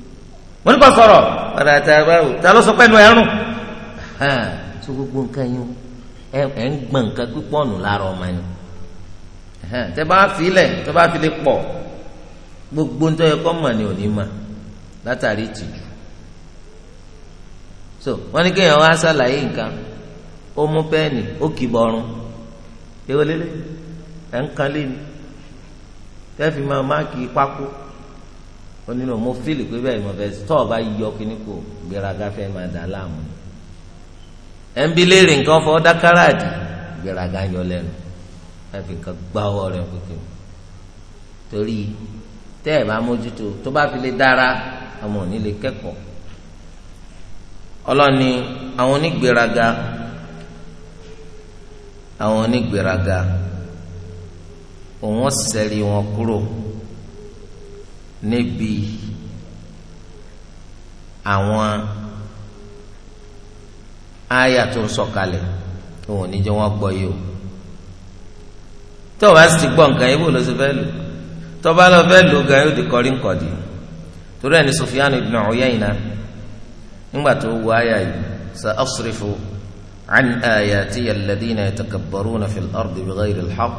mo ní kò sọ̀rọ̀ ọ̀dà àtàwọn ta ló sọ pẹ̀lú ẹ̀rùn so gbogbo nǹkan yẹn ẹ̀ ń gbọ̀n nǹkan pípọ̀ nù lára ọmọ yẹn hàn tẹ bá gbogbo yẹ ni òní ma látàrí so wọ́n ní kéèyàn wá sàlàyé nǹkan ó mú pẹ́ẹ́nì ó kì bọ̀rùn ewé ẹ̀ ń kan léni máa pákó ó pé bẹ́ẹ̀ mo fẹ́ tọ́ ọ bá yọ kíní kò gbéraga fẹ́ máa dà láàmú ẹ̀ bi léèrè nǹkan fọ́ dákàrà dì gbéraga ẹfi nǹkan gbá ọwọ́ rẹ̀ kékeré torí tẹ́ ẹ̀ bá mójútó tó bá fi lè dára ọmọ òní lè kẹ́kọ̀ọ́ ọlọ́ni àwọn onígbèraga àwọn onígbèraga òun sẹ́rí wọn kúrò níbi àwọn àyà tó ń sọ̀kalẹ̀ òun níjẹ́ wọn gbọ́ yìí o tó o bá sì ti gbọ́ nǹkan yìí bó ló ṣe fẹ́ lò tó o bá lọ fẹ́ lò gan yóò di kọrí nkọ̀dí torí ẹni Sufyan ibn Uyayna nígbà tó wọ àyà yìí sa asrifu an ayatiya alladhina yatakabbaruna fil ardi bighayri alhaq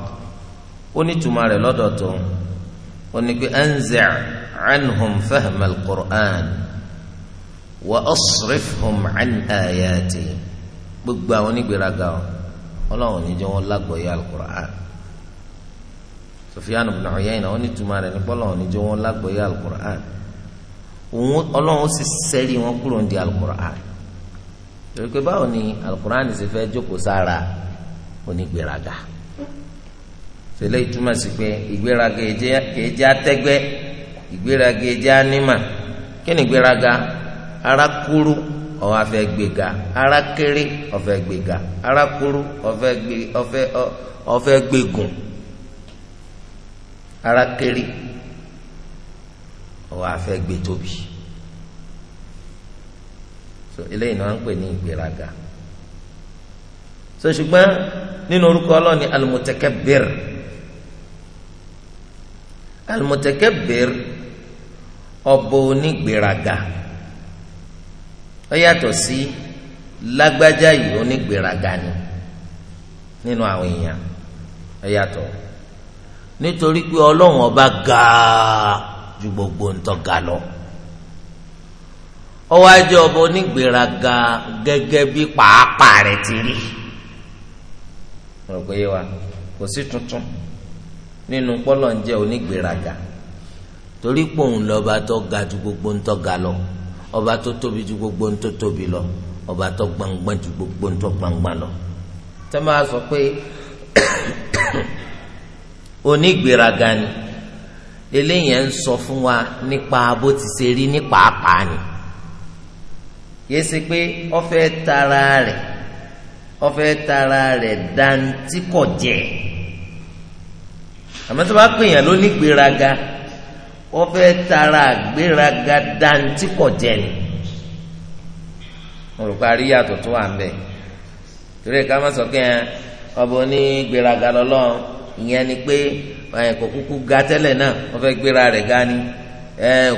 ó ní tuma rẹ̀ lọ́dọ̀ tó ó ní pé anzi' anhum fahma alqur'an wa asrifhum an ayati gbogbo Sufyan ibn Uyayna ó ní tuma rẹ̀ ní pọ́lọ́ òní jẹ́ wọn lágbóyè alukur'an ọlọ́run ó sì sẹ́rí wọn kúrò ní alukur'an torí pé báwo ni alukur'an ṣe fẹ́ jókòó sára onígbèraga fẹlẹ́ ìtumọ̀ sí pé ìgbéraga èjì atẹ́gbẹ́ ìgbéraga èjì anímà kí ni ìgbéraga ara kúrú ó wá fẹ́ gbéga ara kéré ó gbéga ara kúrú ó fẹ́ ara kéré ọwọ́ afẹ́ gbé tóbi so eléyìí náà ń pè ní ìgbéraga so ṣùgbọ́n nínú orúkọ ọlọ́run ni al-mutakabbir al-mutakabbir ọ̀bọ onígbéraga ó yàtọ̀ sí lágbájá yìí onígbéraga ni nínú àwọn èèyàn ó yàtọ̀ nítorí pé ọlọ́run ọba ga ju gbogbo ntọ́ ga lọ ọwọ́ ajé ọba onígbèraga gẹ́gẹ́ bí pàápàá rẹ̀ ti rí ọ̀pọ̀ yìí wa kò sí tuntun nínú pọ́lọ̀ ń jẹ́ onígbèraga torí pòun lọ́ba tó ga ju gbogbo ntọ́ ga lọ ọba tó tóbi ju gbogbo ntọ́ tóbi lọ ọba tó gbangban ju gbogbo ntọ́ gbangban lọ tẹ́ máa sọ pé onígbéraga ni eléyìí ń sọ fún wa nípa bó ti ṣe rí ní pàápàá ni yé ṣe pé ọfẹ tara rẹ̀ ọfẹ tara rẹ̀ dantí kò jẹ àmọ́ tó bá pèèyàn lónígbéraga ọfẹ tara gbéraga dantí kò jẹ ni mo rò pé àríyàtọ̀ tó wà ń bẹ̀ torí ká má sọ kí ẹ ọbọ onígbéraga lọ́lọ́run ìyẹn ni pé kò kúkú ga tẹ́lẹ̀ náà wọ́n fẹ́ gbéra rẹ̀ ga ni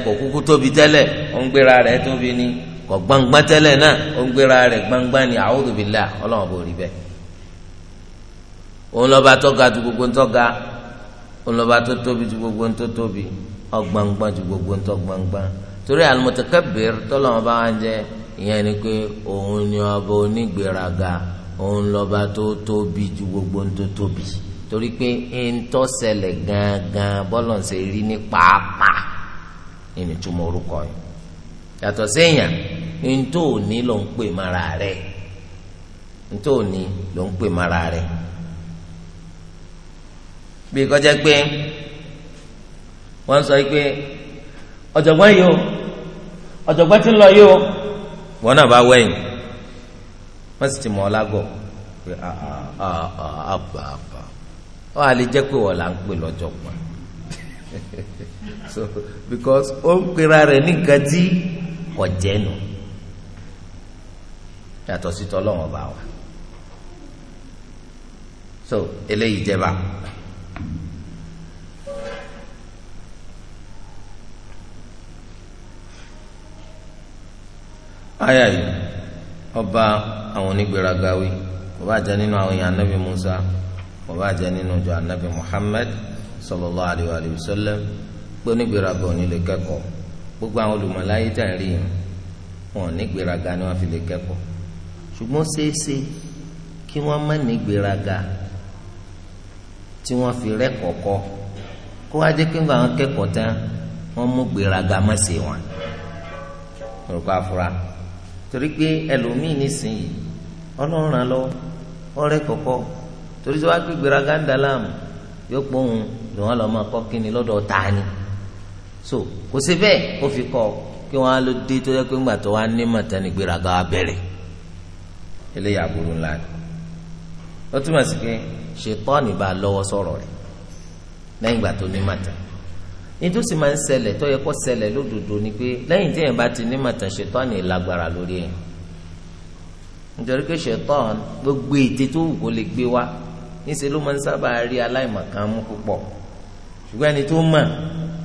kò kúkú tóbi tẹ́lẹ̀ ó gbéra rẹ̀ tóbi ni kò gbangba tẹ́lẹ̀ náà ó gbéra rẹ̀ gbangba ni a'udhu billah ọlọ́run bò rí bẹ́ẹ̀. ju gbogbo ga òun lọ́ba tó tóbi ju gbogbo tóbi gbangba ju gbogbo gbangba torí bá ni pé òun ni ọba onígbéraga òun lọ́ba tó tóbi ju gbogbo torí pé ntọ́ sẹlẹ̀ gangan bọ́lọ̀ ń ṣe rí ní pàápàá ẹni tó mọ orúkọ yẹn yàtọ̀ séèyàn ntọ́ òní ló ń pè mara rẹ̀ ntọ́ òní ló ń pè mara rẹ̀ bí kọjá pé wọ́n sọ pé ọ̀jọ̀gbọ́n yìí o ọ̀jọ̀gbọ́n ti ń lọ yìí o wọn náà bá wẹ̀yìn wọ́n sì ti mọ̀ ọ́ lágọ̀ọ́ pé àbàbà. Ah, ah, ah, ó àlè jẹ́ pé wọ́n là ń pè lọ́jọ́ pọ̀ so because ó ń pera rẹ̀ nìkan tí ọ̀jẹ̀ nù yàtọ̀ sí tọ́lọ́wọ́n bá wa so eléyìí jẹba. aya yìí ọba àwọn onígbèraga wí ọba àjẹ nínú àwọn èèyàn anabi Musa kò bá jẹ́ nínú ìjọ anabi muhammed sallallahu alayhi wa sallam pé onígbèraga ò ní lè kẹ́kọ̀ọ́ gbogbo àwọn olùmọ̀láyé tẹ̀ ń rí yìí wọn ò nígbèraga ni wọ́n fi lè kẹ́kọ̀ọ́ ṣùgbọ́n ṣeéṣe kí wọ́n má nígbèraga tí wọ́n fi rẹ́ kó wá jẹ́ kí wọ́n kẹ́kọ̀ọ́ tán wọ́n mú gbèraga má ṣe wọn orúkọ afura torí pé ẹlòmíín nísìnyí ọlọ́run lọ ọ̀rẹ́ kọ̀ọ̀kọ́ torí sọ wá pé gbéraga ń da láàmú yóò pọ̀ òun ni máa kọ́ kíni lọ́dọ̀ tani so kò sí bẹ́ẹ̀ ó fi kọ́ kí wọ́n á lọ dé tó yẹ pé ńgbà tó wá ní màtánì gbéraga wa bẹ̀rẹ̀ eléyà burú ńlá ni ó túmọ̀ sí pé ṣètọ́ọ̀nì bá a lọ́wọ́ sọ̀rọ̀ rẹ̀ lẹ́yìn ìgbà tó ní màtá nítorí sì máa ń ṣẹlẹ̀ tó yẹ kó ṣẹlẹ̀ lódodo ni pé lẹ́yìn tí èèyàn bá ti ní màtá ṣètọ́ọ̀nì lágbára lórí ẹ̀ nítorí pé ṣètọ́ọ̀nì gbogbo ète tó wù kó lè gbé wá níṣẹ́ ló máa ń sábà rí aláìmọ̀kan mú púpọ̀ ṣùgbọ́n ẹni tó mọ̀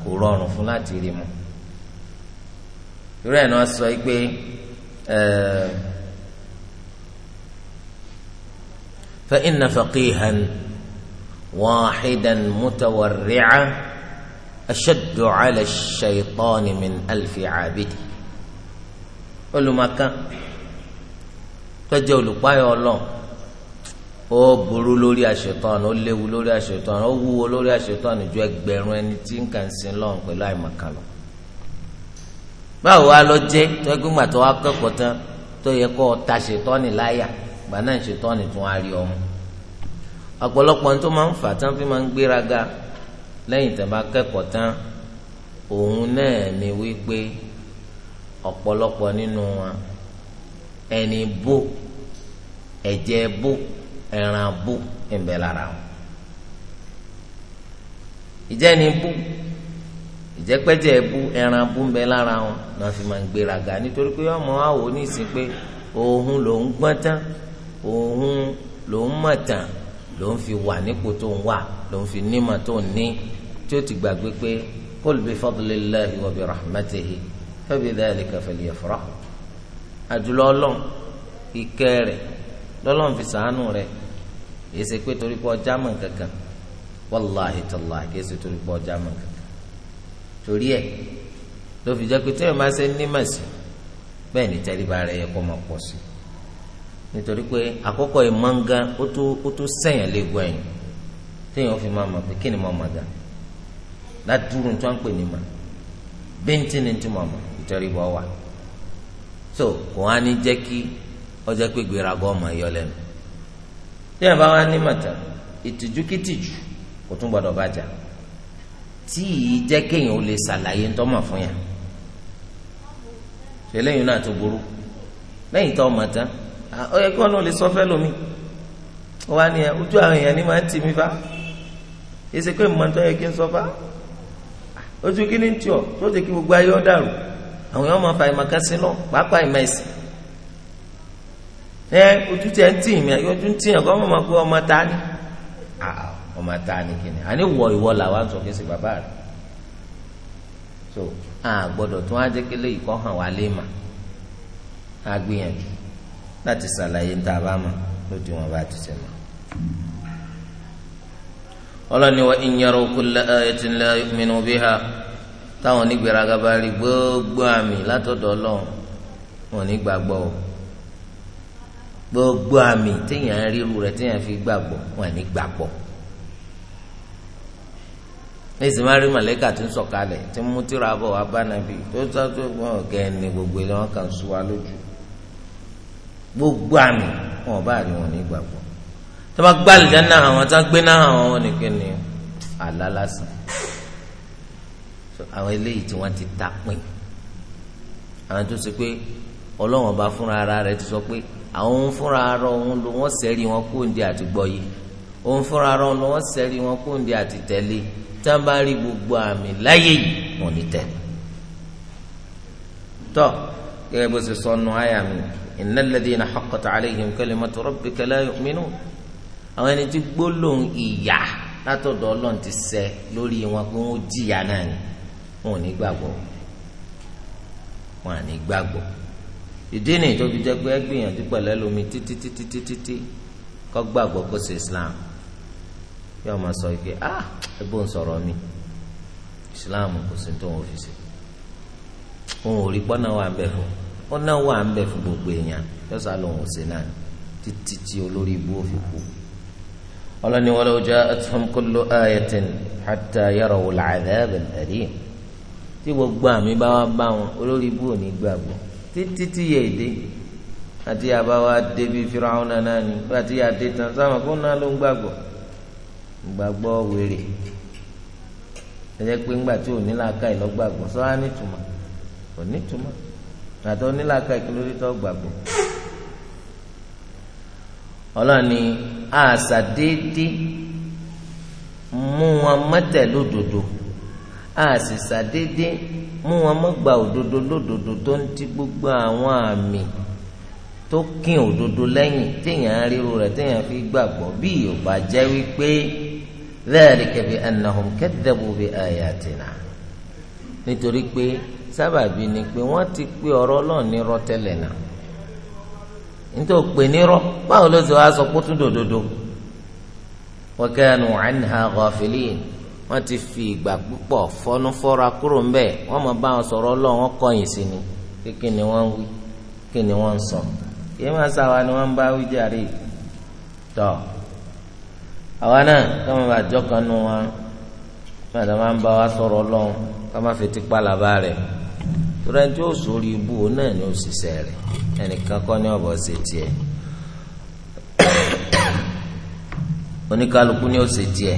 kò rọrùn fún láti rí mu irú ẹ̀ náà sọ pé fa inna faqihan wahidan mutawarri'a ashaddu ala ash-shaytani min alfi abidi olùmọ̀kan tó olùpáyọ̀ ọlọ́run ó burú lórí àṣetán ó léwu lórí àṣetán ó wúwo lórí àṣetán ju ẹgbẹ̀rún ẹni tí ń kàn sí lọ́run pẹ̀lú àìmọ̀kan lọ. báwo wá lọ jẹ́ tọ́gbìngbà tó wá kẹ́kọ̀ọ́ tán tó yẹ kó o ta ṣetán láyà gbà náà ṣetán tún á rí ọmọ. ọ̀pọ̀lọpọ̀ tó máa ń fà tán fi máa ń gbéraga lẹ́yìn tó bá kẹ́kọ̀ọ́ tán òun náà ni wípé ọ̀pọ̀lọpọ̀ nínú wa ẹni bó ẹ̀jẹ̀ bó ẹran abú ìbẹ̀ lára wọn ìjẹ́ni bú ìjẹ́pẹ́jẹ́ bú ẹran bú ń bẹ lára wọn náà fi máa ń gbéraga nítorí pé ọmọ àwò nísìn pé òun ló ń gbọ́n tán òun ló ń mọ̀ tán ló ń fi wà nípò tó ń wà ló fi nímọ̀ tó ń ní tí ó ti gbàgbé pé kul bi fadlillahi wa bi rahmatihi fa bi dhalika falyafrahu àdúlọ́ ọlọ́run ìkẹ́ rẹ̀ lọ́lọ́run fi sàánú rẹ̀ kìí ṣe pé torí ọjà mọ̀ kankan wàláhi tàlá kìí ṣe torí ọjà mọ̀ torí fi jẹ́ pé tẹ́lẹ̀ máa ṣe ní màsí bẹ́ẹ̀ ni tẹ́lẹ̀bá rẹ̀ yẹ kó máa pọ̀ sí nítorí pé àkọ́kọ́ ìmọ̀ǹga ó tó ó tó sẹ̀yìn léegun ẹ̀yìn téèyàn fi máa mọ̀ pé kí ni mo mọ̀ gan ń pè so kò wá ní jẹ́ kí ọjọ́ pé ọmọ yọ lẹ́nu tí ẹ bá wá ní màtà ìtìjú kìtìjú kò tún gbọdọ̀ bàjá tí yìí jẹ́ kéèyàn ó lè ṣàlàyé ńtọ́mọ̀ fún yà ṣe lẹ́yìn náà tó burú lẹ́yìn tó ọmọ ó yẹ kí lè sọ fẹ́ lómi ó wá ní ojú àwọn èèyàn ni màá fa èsì pé yẹ kí n sọ fa ojú kí ni tó ẹ ojú tẹ ń tì mí ojú ń tì yàn kọ́ mọ̀ pé ọmọ ta ni ọmọ ta ni kìnnì àní wọ ìwọ làwa ń sọ kí sì bàbá rẹ so a gbọ́dọ̀ tún á jẹ́ kí léyìí kọ́ hàn wá lé mà á gbìyànjú láti ṣàlàyé níta bá mà lójú wọn bá ti sẹ mà. ọlọ́ni wa in yaru kulla ayatin la yu'minu táwọn onígbèraga bá gbogbo àmì látọ̀dọ̀ ọlọ́run wọn ò ní gbàgbọ́ o gbogbo àmì téèyàn ríru rẹ̀ téèyàn fi gbàgbọ́ wọn ní gbàgbọ́ èsì máa rí màlẹ́kà tó ń sọ̀kalẹ̀ tí mú tíra bọ̀ wá bá nàbì tó sọ́tò wọn ọ̀gá ẹni gbogbo ilé wọn kàn sùn wá lójú gbogbo àmì wọn bá rí wọn ní gbàgbọ́ tó bá gbá àlìjáná àwọn tó ń gbé náà àwọn wọn nìkan ni àlá lásán àwọn eléyìí tí wọ́n ti ta pín àwọn tó ṣe pé ọlọ́wọ́n bá fúnra ara rẹ̀ ti sọ pé àwọn òun fúnra ara òun ló wọ́n sẹ́rí wọn kó òǹdí àti gbọ́ yìí òun fúnra ara òun ló wọ́n sẹ́rí wọn kó òǹdí àti tẹ̀lé tá a bá rí gbogbo àmì láyé yìí wọn ní tẹ̀lé. tọ́ gẹ́gẹ́ bó ṣe sọnù àyà mi innal ladhina haqqat alayhim kalimatu rabbika la yu'minun àwọn ẹni tí gbólóhùn ìyà látọ̀dọ̀ ọlọ́run ti sẹ lórí wọn pé wọ́n jìyà náà ni wọn ò ní gbàgbọ́ wọn à ní gbàgbọ́ ìdí nìyí tó fi jẹ́ pé ẹ gbìyànjú pẹ̀lú ẹlòmí títí títí títí tí kọ́ gbàgbọ́ kó ṣe islam yóò máa sọ pé ah ẹ bó ń sọ̀rọ̀ mi islam kò sí tó ń fi ṣe òun ò rí pọ́nà wà ń bẹ̀ fún pọ́nà wà ń bẹ̀ fún gbogbo èèyàn yóò sá lòun ò ṣe náà títí tí olórí ibú òfin kú. ọlọ́ni walau ja'athum kullu ayatin hatta yarawu al-'adhab al-alim tí gbogbo àmì bá wá bá wọn olórí ibú ò ní gbàgbọ́ títí tí yẹ èdè àti àbáwá débi firaun náà ni àti àdé tán sáwọn kó náà ló ń gbàgbọ́ gbàgbọ́ wèrè ẹjẹ pé ńgbà tí onílàákà yìí lọ gbàgbọ́ sọ wá nítumọ̀ kò nítumọ̀ àtọ onílàákà yìí kí ló dé tó gbàgbọ́ ọlọ́ni àṣà déédéé mú wọn mọ́tẹ̀ lódodo àṣìṣà déédéé mú wọn má gba òdodo lódodo tó ń ti gbogbo àwọn àmì tó kín òdodo lẹ́yìn téèyàn ríru rẹ̀ téèyàn fi gbàgbọ́ bí yorùbá jẹ́ wípé dhalika bi annahum kadhabu bi ayatina nítorí pé sábàbí ni pé wọ́n ti pé ọ̀rọ̀ Ọlọ́run ní tẹ́lẹ̀ náà nítorí pé ní báwo ló ti wá sọ pé ó tún dòdòdò wa kanu anha ghafilin wọ́n ti fi ìgbà púpọ̀ fọ́nú fọ́ra kúrò ń bẹ̀ wọ́n mọ̀ bá wọn sọ̀rọ̀ ọlọ́run wọ́n kọ̀yìn sí ni pé kí ni wọ́n ń wí kí ni wọ́n ń sọ kí máa sáwa ni wọ́n ń bá wí jàre tọ́ àwa náà káwọn bá jọ kan nu wọn mọ̀tà máa ń bá wa sọ̀rọ̀ ọlọ́run ká má fi tipa làbá rẹ̀ torí ẹni ibú náà ni òṣìṣẹ́ rẹ̀ ẹnìkan kọ́ ní ọ̀bọ̀ ṣe tiẹ̀ oníkálukú ni ó ṣe tiẹ̀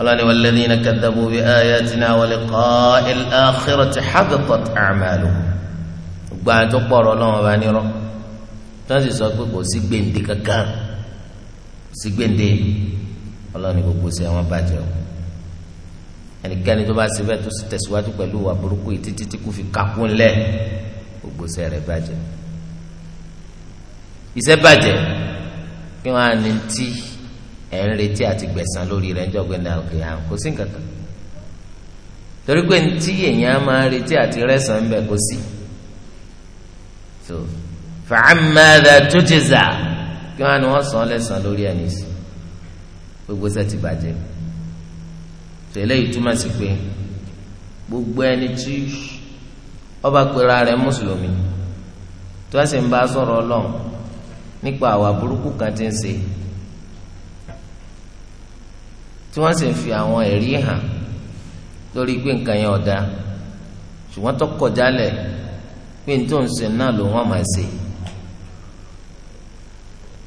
ọlọ́ni walladhina kadhabu bi ayatina wa liqa'il akhirati habitat a'maluhum gba tó pọ̀rọ̀ lọ́wọ́ bá nírọ́ tó ń sì sọ pé kò sí gbèǹde kankan kò sí gbèǹde ọlọ́ni gbogbo sí àwọn bàjẹ́ o ẹnikẹ́ni tó bá ṣe tó tẹ̀síwájú pẹ̀lú ìwà burúkú yìí títí tí kò fi kakún lẹ̀ gbogbo sí ẹ̀rẹ̀ bàjẹ́ iṣẹ́ bàjẹ́ kí wọ́n á ní tí ẹ̀ ń retí àti gbẹ̀san lórí rẹ̀ níjọ́ gbẹ̀ndà òkè àwọn kò sí nǹkan kan torí pé ntí èèyàn máa retí àti rẹ̀san bẹ̀ kò sí so fàámàdà tó ti zà kí wọn ni wọn sàn án lẹ́san lórí ẹ̀ nìyí gbogbo sẹ́ ti bàjẹ́ tẹ̀lé ìtumọ̀ sí pé gbogbo ẹni tí ọba pera rẹ̀ mùsùlùmí tó a sì ń bá sọ̀rọ̀ ọlọ́run nípa àwa burúkú kan ti ń ṣe tí wọ́n sì ń fi àwọn ẹ̀rí hàn lórí pé nǹkan yẹn ọ̀dà ṣùgbọ́n tó kọjá lẹ̀ pé n tó ń sìn náà ló wọ́n máa ṣe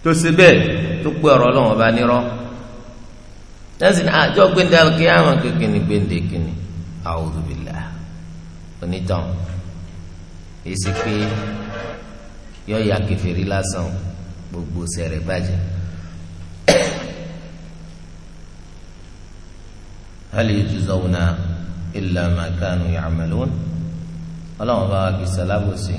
tó ṣe bẹ́ẹ̀ tó pé ọ̀rọ̀ ọlọ́wọ́n bá nírọ́ lẹ́sìn àjọ ah, gbẹ̀ndà kí àwọn kékeré gbẹ̀ndé kìnnì a'udhu billah onítàn èsì pé yọ ya kẹfẹ́rí lásán gbogbo sẹ̀rẹ̀ bàjẹ́. hali yujzawna illa ma kanu ya'malun ọlọ́run bá wa kì í sàlábòsí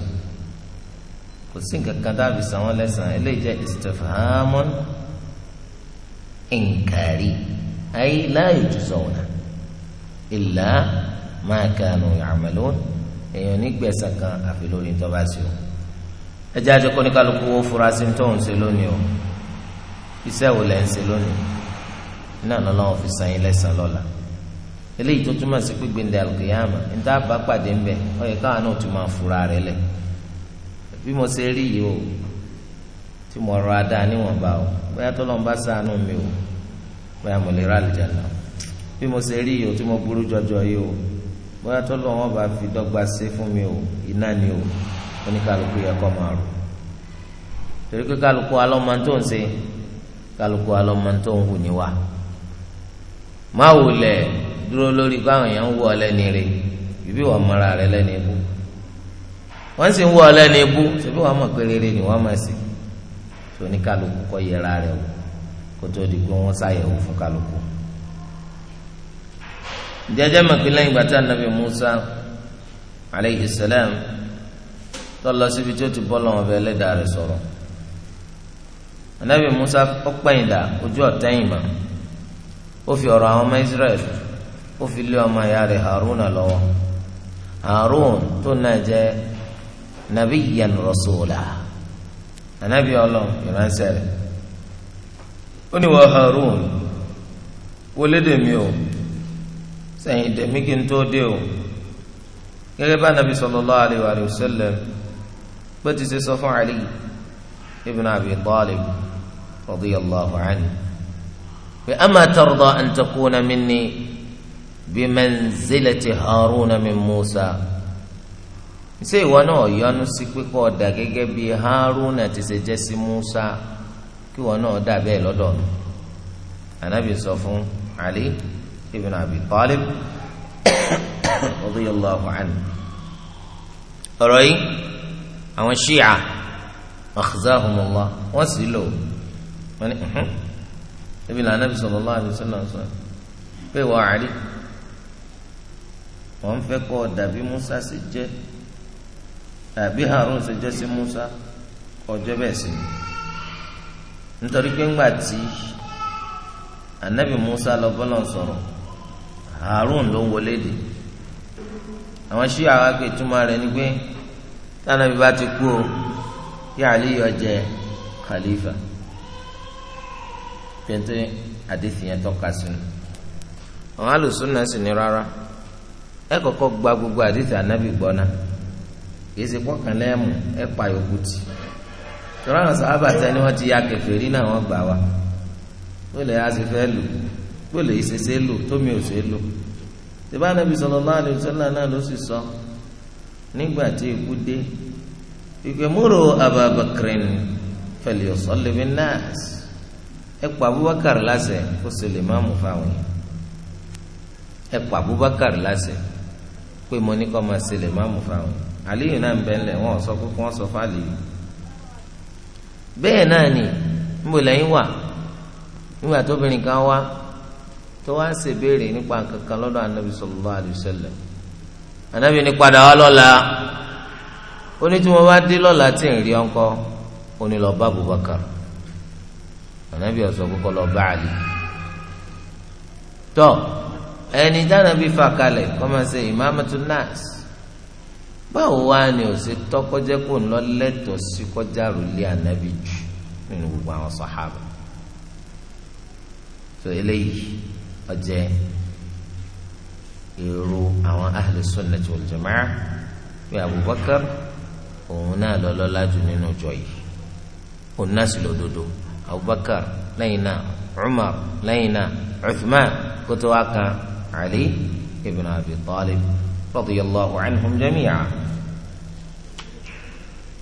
kò sí nǹkan kan dábì sàwọn lẹ́sàn-án eléyìí jẹ́ istifhamun inkari ay la yujzawna illa ma kanu ya'malun èèyàn nígbẹ̀sán kan àfi lórí tó bá sí o ẹ jẹ́ àjọkọ́ ní kálukú wo furasí tó ń ṣe lónìí o iṣẹ́ wo lẹ́ ń ṣe lónìí náà lọ́lọ́run fi san yín lẹ́sàn-án lọ́la eléyìí tó túmọ̀ sí pípé ndé alùkìyàmà níta bá pàdé ńbẹ ó yẹ káwọn náà tún máa fura rẹ lẹ bí mo ṣe rí yìí o tí mo rọ adá níwọ̀nba o bóyá tó lọ́n bá sànú mi o bóyá mo lè rà àlùjáná bí mo ṣe rí yìí o tí mo burú jọjọ yìí o bóyá tó lọ́n bá fi dọ́gba ṣe fún mi o iná ni o oníkàlùkù yẹ kọ́ máa rò torí pé kálukú alọ́mọ tó ń ṣe kálukú alọ́mọ tó ń hù níwà máa wò lẹ̀ dúró lórí pé àwọn èèyàn ń wọ ọlẹ́ni rè bíbí wọ́n mọ́ra rẹ lẹ́ni ibú wọ́n sì ń wọ ọlẹ́ni ibú ṣùgbọ́n wọ́n mọ̀ pé rere ni wọ́n mọ̀ sí tó ní kálukú kọ́ yẹra rẹ o kó tó di pé wọ́n ṣàyẹ̀wò fún kálukú. jẹjẹ mọ̀ pé lẹ́yìn gbàtà nàbì Musa aleyhi salam tó lọ síbi tí ó ti bọ́ lọ́wọ́ bẹ́ẹ̀ lẹ́dàá rẹ sọ̀rọ̀ anabi musa ọpẹyìndà ojú ọtẹyìn mọ ó fi ọ̀rọ̀ àwọn ọmọ israẹli ó fi lé ọmọ ìyá rẹ̀ haruna lọ́wọ́ harun tó náà jẹ́ nabiyyan rasula anabi ọlọ́run ìránṣẹ́ rẹ̀ ó ní wọ́n harun wọlé dèmi o sẹ́yìn dèmi kí n tó dé o gẹ́gẹ́ bá nàbí sallallahu alayhi wa sallam bó ti ṣe sọ fún Ali ibn Abi Talib radiyallahu anhu pé ama tarda an takuna minni bí manzilati haruna min musa ṣé ìwọ náà yọnu sí pé kó dà gẹ́gẹ́ bí haruna ti ṣe jẹ́ sí musa kí ìwọ náà dà bẹ́ẹ̀ lọ́dọ̀ mi anabi sọ fún ali ibn abi talib radiyallahu anhu ọ̀rọ̀ yìí àwọn ṣíà akhzahumullah wọ́n sì lò wọ́n ní ibi lànà bí sallallahu alaihi wasallam pé wọ́n àlè wọ́n fẹ́ kọ́ dàbí musa ṣe jẹ́ dàbí harun ṣe jẹ́ sí musa ọjọ́ bẹ́ẹ̀ sí nítorí pé ńgbà tí anabi musa lọ bọ́lá sọ̀rọ̀ harun ló wọlé dé àwọn ṣíà wa pé ìtumọ̀ rẹ̀ ni pé tánàbí bá ti kú o kí aliyu jẹ khalifa pẹ̀ntẹ́ àdéhìyẹn tọ́ka sínú àwọn alùsùn náà sì ní rárá. ẹ kọ́kọ́ gba gbogbo àdìsí ànábì gbọ́ náà kì pọ́kàn lẹ́mù ẹ pa yòókù tì tọ́lá àwọn sábà tẹ ni wọ́n ti ya kèfèrí náà wọ́n gbà wá gbọ́lẹ̀ yà fẹ́ lò gbọ́lẹ̀ yìí lò tómi ò ṣe lò tìbá ànábì náà ló sì sọ nígbà tí ikú dé ẹ pa Abubakar kó lè má mú fáwọn ẹ pa Abubakar pé mo ní kọ́ máa ṣe lè má mú fáwọn àlíyù náà ń bẹ́ ńlẹ̀ wọ́n sọ pé kí wọ́n sọ fáàlì yìí bẹ́ẹ̀ náà ni níbo lẹ́yìn wà nígbà tóbìnrin kan wá tó wá ń ṣèbéèrè nípa kankan lọ́dọ̀ anabi sallallahu alaihi wasallam anabi ní padà wá lọ́la ó ní tí mo bá dé lọ́la tí ń rí ọkọ ó ní lọ́ọ́ bá Abubakar anabi ọ̀sọ̀ kókó lọ́ọ́ bá àlè tọ́. ẹni dáná bí fa kalẹ̀ kọ́ máa báwo wá ni ò ṣe tọ́kọ́jẹ́ kó ń lọ lẹ́tọ̀ọ́ sí kọjá rúlé ànábì jù nínú gbogbo àwọn sàhábà tó eléyìí ọjẹ́ èrò àwọn ahlu sunnah wal jamaa Abubakar òun náà lọ lọ́lá jù nínú ìjọ yìí òun náà sì lọ dodo Abubakar Umar náà Uthman علي بن أبي طالب رضي الله عنهم جميعا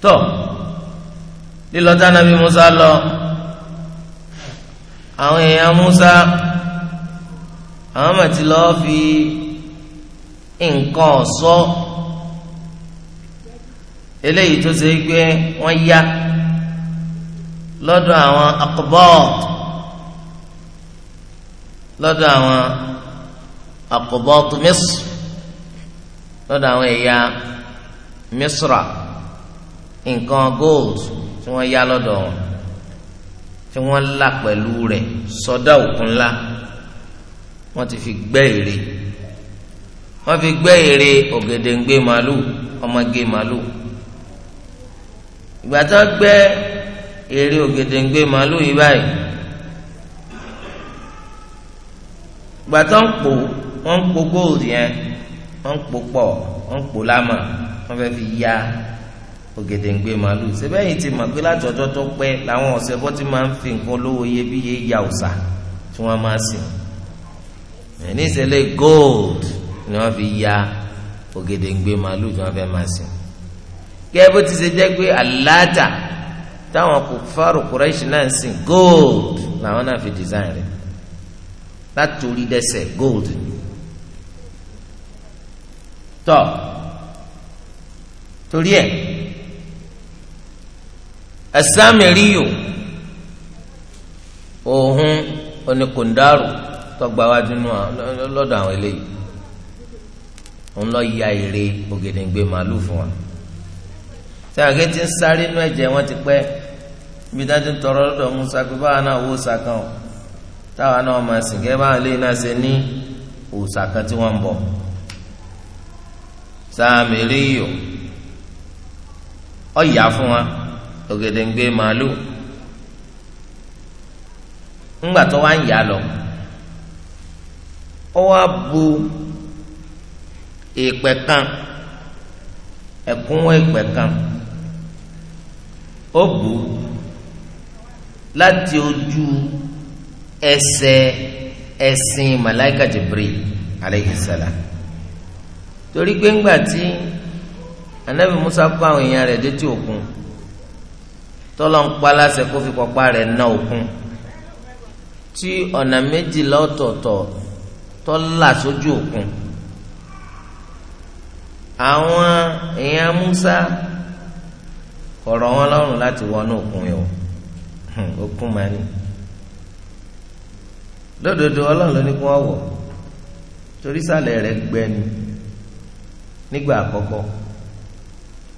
tó lílọ tá nàbí Musa lọ àwọn èèyàn Musa àwọn màtí lọ fi nǹkan ọ̀ṣọ́ eléyìí tó ṣe pé wọ́n yá lọ́dọ̀ àwọn akọbọọd lọ́dọ̀ àwọn akọbọtu misr lọ́dọ̀ àwọn ẹ̀yà misra nǹkan gold tí wọ́n yá lọ́dọ̀ wọn tí wọ́n là pẹ̀lú rẹ̀ sọ́dọ̀ òkun ńlá wọ́n ti fi gbẹ́ ère wọ́n fi gbẹ́ ère ògèdèǹgbé màálù ọmọge màálù ìgbà tó gbẹ́ ère ògèdèǹgbé màálù yìí báyìí ìgbà tó ń pò wọ́n ń po gold yẹn wọ́n ń po pọ̀ wọ́n ń po lámà wọ́n fẹ́ fi ya ògèdèǹgbè màlúù sẹ́bẹ̀yìn ti mọ̀ pé láti ọjọ́ tó pẹ́ làwọn ọ̀sẹ̀ bọ́ ti máa ń fi nǹkan olówó iyebíye ya òòsà tí wọ́n máa sìn ní ìṣẹ̀lẹ̀ gold ni wọ́n fi ya ògèdèǹgbè màlúù tí wọ́n fẹ́ máa sìn gẹ́gẹ́ bó ti ṣe jẹ́ pé àláàtà táwọn kò fárò kúrẹ́ṣì náà ń sìn gold làwọn náà fi design rẹ̀ látòrí dẹ́sẹ̀ gold ni tọ́ torí ẹ̀ ẹ̀sàmìríyò òhun oníkòndàrú tọgbà wájú náà lọ́dọ̀ àwọn eléyìí òun lọ ya ère ògèdèǹgbè màálù fún wa tí àgé ti ń sáré inú ẹ̀jẹ̀ wọn ti pẹ́ ibi dájú ń tọrọ lọ́dọ̀ Musa pé báwa náà wó sàkàn o táwa náà máa sìn kẹ́ báwa lè náà ṣe ní òòsà tí wọ́n ń bọ̀. ọ ọ̀yà fún wa ògèdèǹgbè màálù ńgbà tó wá ń yà lọ ó wá bu ìpè kan ẹ̀kúnwó ìpè kan ó bu láti ojú ẹsẹ̀ ẹṣin màláìka Jibril aleyhi salam. torí pé ńgbà tí anabi musa kó àwọn èèyàn rẹ̀ dé tí òkun tọ́lọ́ ń pa láṣẹ kó fi kọ́pá rẹ̀ ná òkun tí ọ̀nà méjìlá ọ̀tọ̀ọ̀tọ̀ tọ́ là sójú òkun àwọn èèyàn musa kọ̀rọ̀ wọn lọ́rùn láti wọnú òkun yìí o hmm, òkun máa ní lódodo ọlọ́run ló ní kó wọ́n wọ̀ torí sàlẹ̀ rẹ̀ gbẹ ni. Hmm, nígbà àkọ́kọ́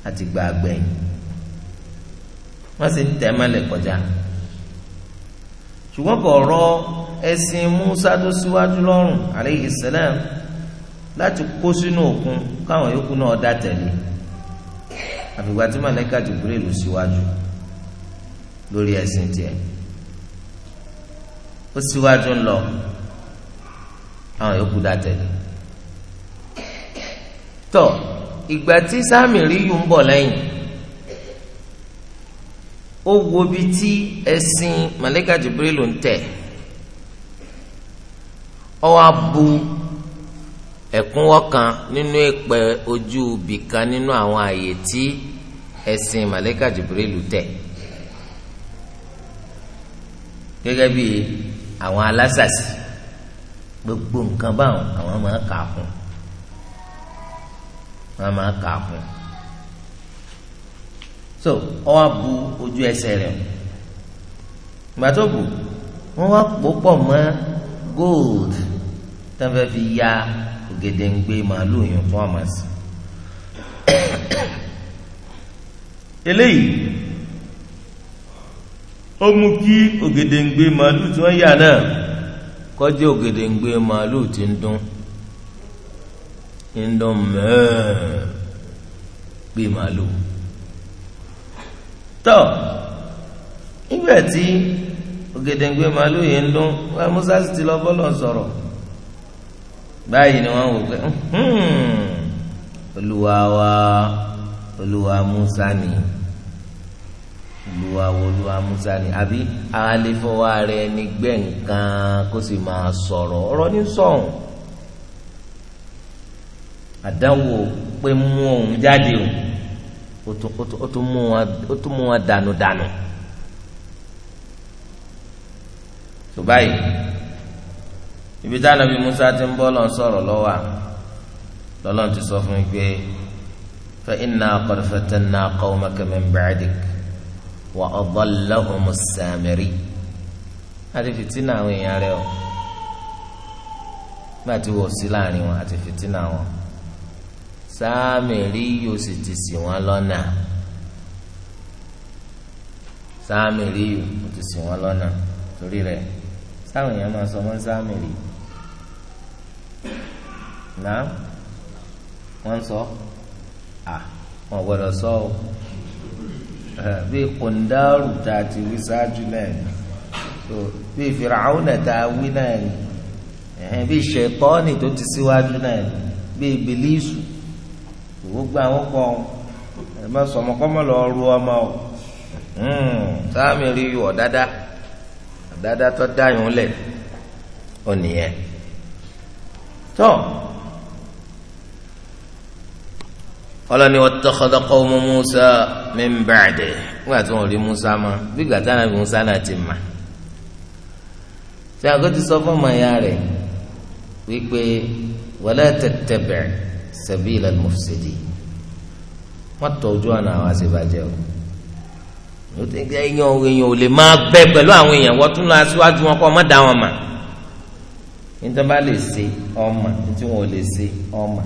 àti gbà àgbẹ̀yìn wọ́n sì tẹ̀ mọ́lẹ̀ kọjá ṣùgbọ́n kò rọ ẹ̀sìn Musa tó síwájú lọ́rùn aleyhi salam láti kó sínú òkun káwọn yòókù náà dá tẹ̀lé àfìgbà tí màlẹ́kà Jibril ló síwájú lórí ẹ̀sìn tiẹ̀ ó síwájú ńlọ àwọn yòókù dá tẹ̀lé tọ ìgbà tí sámìrì yìí ń bọ̀ lẹ́yìn ó wo bi tí ẹṣin màlẹ́kà Jibrilu ń tẹ̀ ọ wá bu ẹ̀kúnwọ́ kan nínú ìpẹ́ ojú bìkan nínú àwọn àyè tí ẹṣin màlẹ́kà Jibrilu tẹ̀ gẹ́gẹ́ bí àwọn alásàsì gbogbo nǹkan báwọn àwọn máa kà á fún un. wọn máa kà fún so ọwọ́ bu ojú ẹsẹ̀ rẹ̀ ìgbà tó bù wá pòpọ̀ mọ́ gold tó ń fi ya ògèdèǹgbè màálùú elei fún àmàsì eléyìí ó mú kí ògèdèǹgbè màálùú tí wọ́n yà náà kọjá ògèdèǹgbè màálùú ti ń dún. ń dán malu gbé màálù tọ́ nígbà tí ògèdèǹgbè màálù yìí ń dún wá Musa sì ti lọ bọ́lọ̀ sọ̀rọ̀ báyìí ni wọ́n wò pé hmm, olúwa wa olúwa Musa ni olúwa wo olúwa Musa ni àbí alẹ́ fọwọ́ rẹ ní gbẹ̀ǹkan kó sì máa sọ̀rọ̀ ọ̀rọ̀ ní sọ̀hún àdánwò pé mú òun jáde o ó tún mú wọn dànù dànù tó báyìí ibi tí anabi musa ti ń bọ́ lọ sọ̀rọ̀ lọ́wọ́ lọ́lọ́n ti sọ fún mi pé fa inna qad fatanna qawmaka min ba'dik wa adallahumu samiri àti fìtínà àwọn èèyàn rẹ o gbàtí wò sí láàrin wọn àti fìtínà wọn sáàmìrì yóò sì ti ṣì wọ́n lọ́nà sáàmìrì yóò ti ṣì wọ́n lọ́nà torí rẹ̀ sáwọn èèyàn máa sọ wọ́n sáàmìrì náà wọ́n sọ à wọ́n gbọ́dọ̀ sọ ọ́ bí kòńdàrú tá a ti wí ṣáájú náà ni bí fìràwùnà tá a wí náà ni bí ṣètọ́ni tó ti síwájú náà ni bí ìbílísù gbogbo àwọn kan ẹ má sọmọ kọ́ mọ́ lọ ru ọmọ o hmm, sáàmì rí ọ̀dádá ọ̀dádá tó dáyùn lẹ̀ ó nìyẹn tó ọlọ́ni wattakhadha qawmu Musa min ba'dihi nígbà tí wọ́n rí Musa mọ́ bí gbàtà náà Musa náà ti mà tí a ti sọ fún ọmọ ya rẹ̀ wípé wala tattabi' sabila al-mufsidi wọ́n tọ ojú ọ̀nà àwọn àṣebàjẹ́ o èèyàn èèyàn ò lè máa bẹ pẹ̀lú àwọn èèyàn wọ́n tún lọ aṣíwájú wọn kọ́ ọmọ dá wọn mà nítorí bá lè ṣe ọmọ nítorí wọn ò lè ṣe ọmọ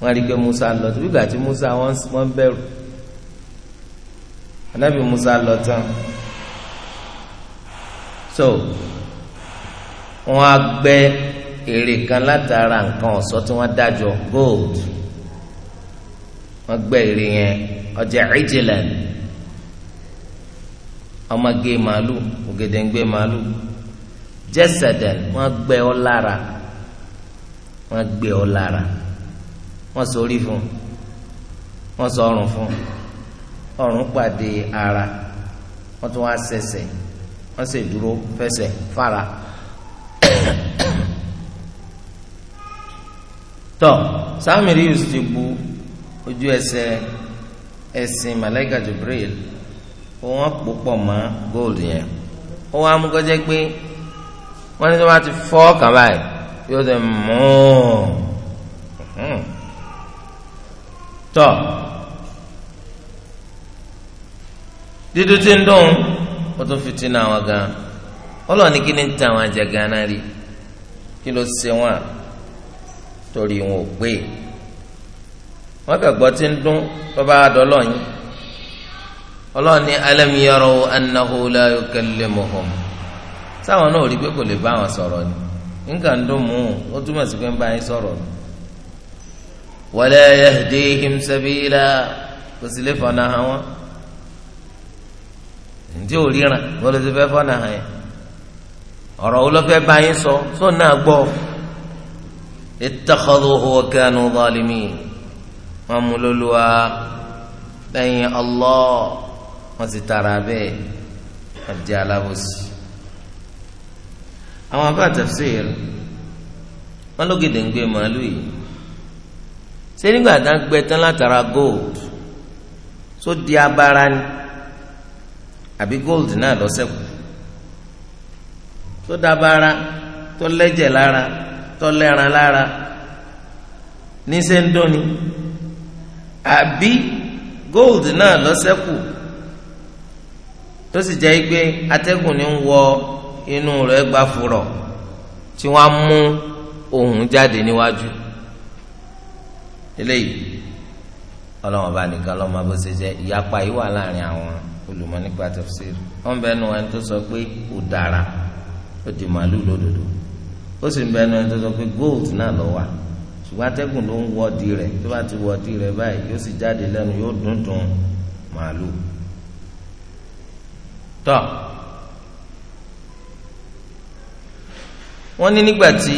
wọ́n rí i pé Musa lọ tó bígbà tí Musa wọ́n bẹ̀rù anabi Musa lọ tán so wọ́n á gbẹ́ èrè kan látara nǹkan ọ̀sọ́ tí wọ́n dájọ gold wọ́n gbẹ́ èrè yẹn ọjà ìjìnlẹ̀n ọmọge màálù ògèdèǹgbè màálù jẹ́sẹ̀dẹ̀n wọ́n gbẹ́ ọ lára wọ́n gbẹ́ ọ lára wọ́n sọrí fún wọ́n sọ ọrùn fún ọrùn pàdé ara wọ́n tún wá sẹsẹ̀ wọ́n sì dúró fẹsẹ̀ fara. tọ́ Sámírì yìí ti bu ojú ese esi màláíkà Jibril wọ́n pòpọ̀ mọ́ gold yẹn ó wá mú kọjá pé wọ́n ní ti fọ́ kàn báyìí yóò ṣe mọ́ọ́ tọ́ dídú tí ń dùn ó tún fi tinú àwọn gan ọlọ́ọ̀ni kí ni ń torí wọn ò pé wọn gbàgbọ́ tí ń dún tó bá dọ́lọ́ yín ọlọ́run ní alam yaraw annahu la sáwọn náà rí i pé kò lè bá wọn sọ̀rọ̀ ni nǹkan dùn mú un ó túmọ̀ sí pé ń bá yín sọ̀rọ̀ ni. na yahdihim kò lè اتخذوه وكانوا ظالمين wọ́n mú lóluwa lẹ́yìn Allah wọ́n ti tara bẹ́ẹ̀ wọ́n jẹ́ alábòsí. àwọn abá tafsir wọ́n lókèdè ń gbé màálù yìí ṣé nígbà tá a gbẹ tán látara gold tó di abara ni àbí gold náà lọ́sẹ̀kù tó dábara tó lẹ́jẹ̀ lára tọ́lẹ́ran lára níṣẹ́ ń dọ́ni àbí gold náà lọ́sẹ̀kù tó sì jẹ́ pé atẹ́gùn ní ń wọ inú rẹ̀ gba fùrọ̀ tí wọ́n á mú ohun jáde níwájú eléyìí ọlọ́wọ́n bá nìkan lọ́mọ bó ṣe jẹ́ ìyapa yìí wà láàrin àwọn olùmọ̀ nípa tafsir wọ́n bẹ́ẹ̀ nu ẹni tó sọ pé ó dára ó di màálù lódodo ó sì ń bẹ ẹnu ẹni sọ pé gold náà lọ wà ṣùgbọ́n atẹ́gùn ló ń wọ́ọ̀dì rẹ̀ tó bá ti wọ́ọ̀dì rẹ̀ báyìí yóò sì jáde lẹ́nu yóò dùn dùn màálù. tọ́ wọ́n ní nígbà tí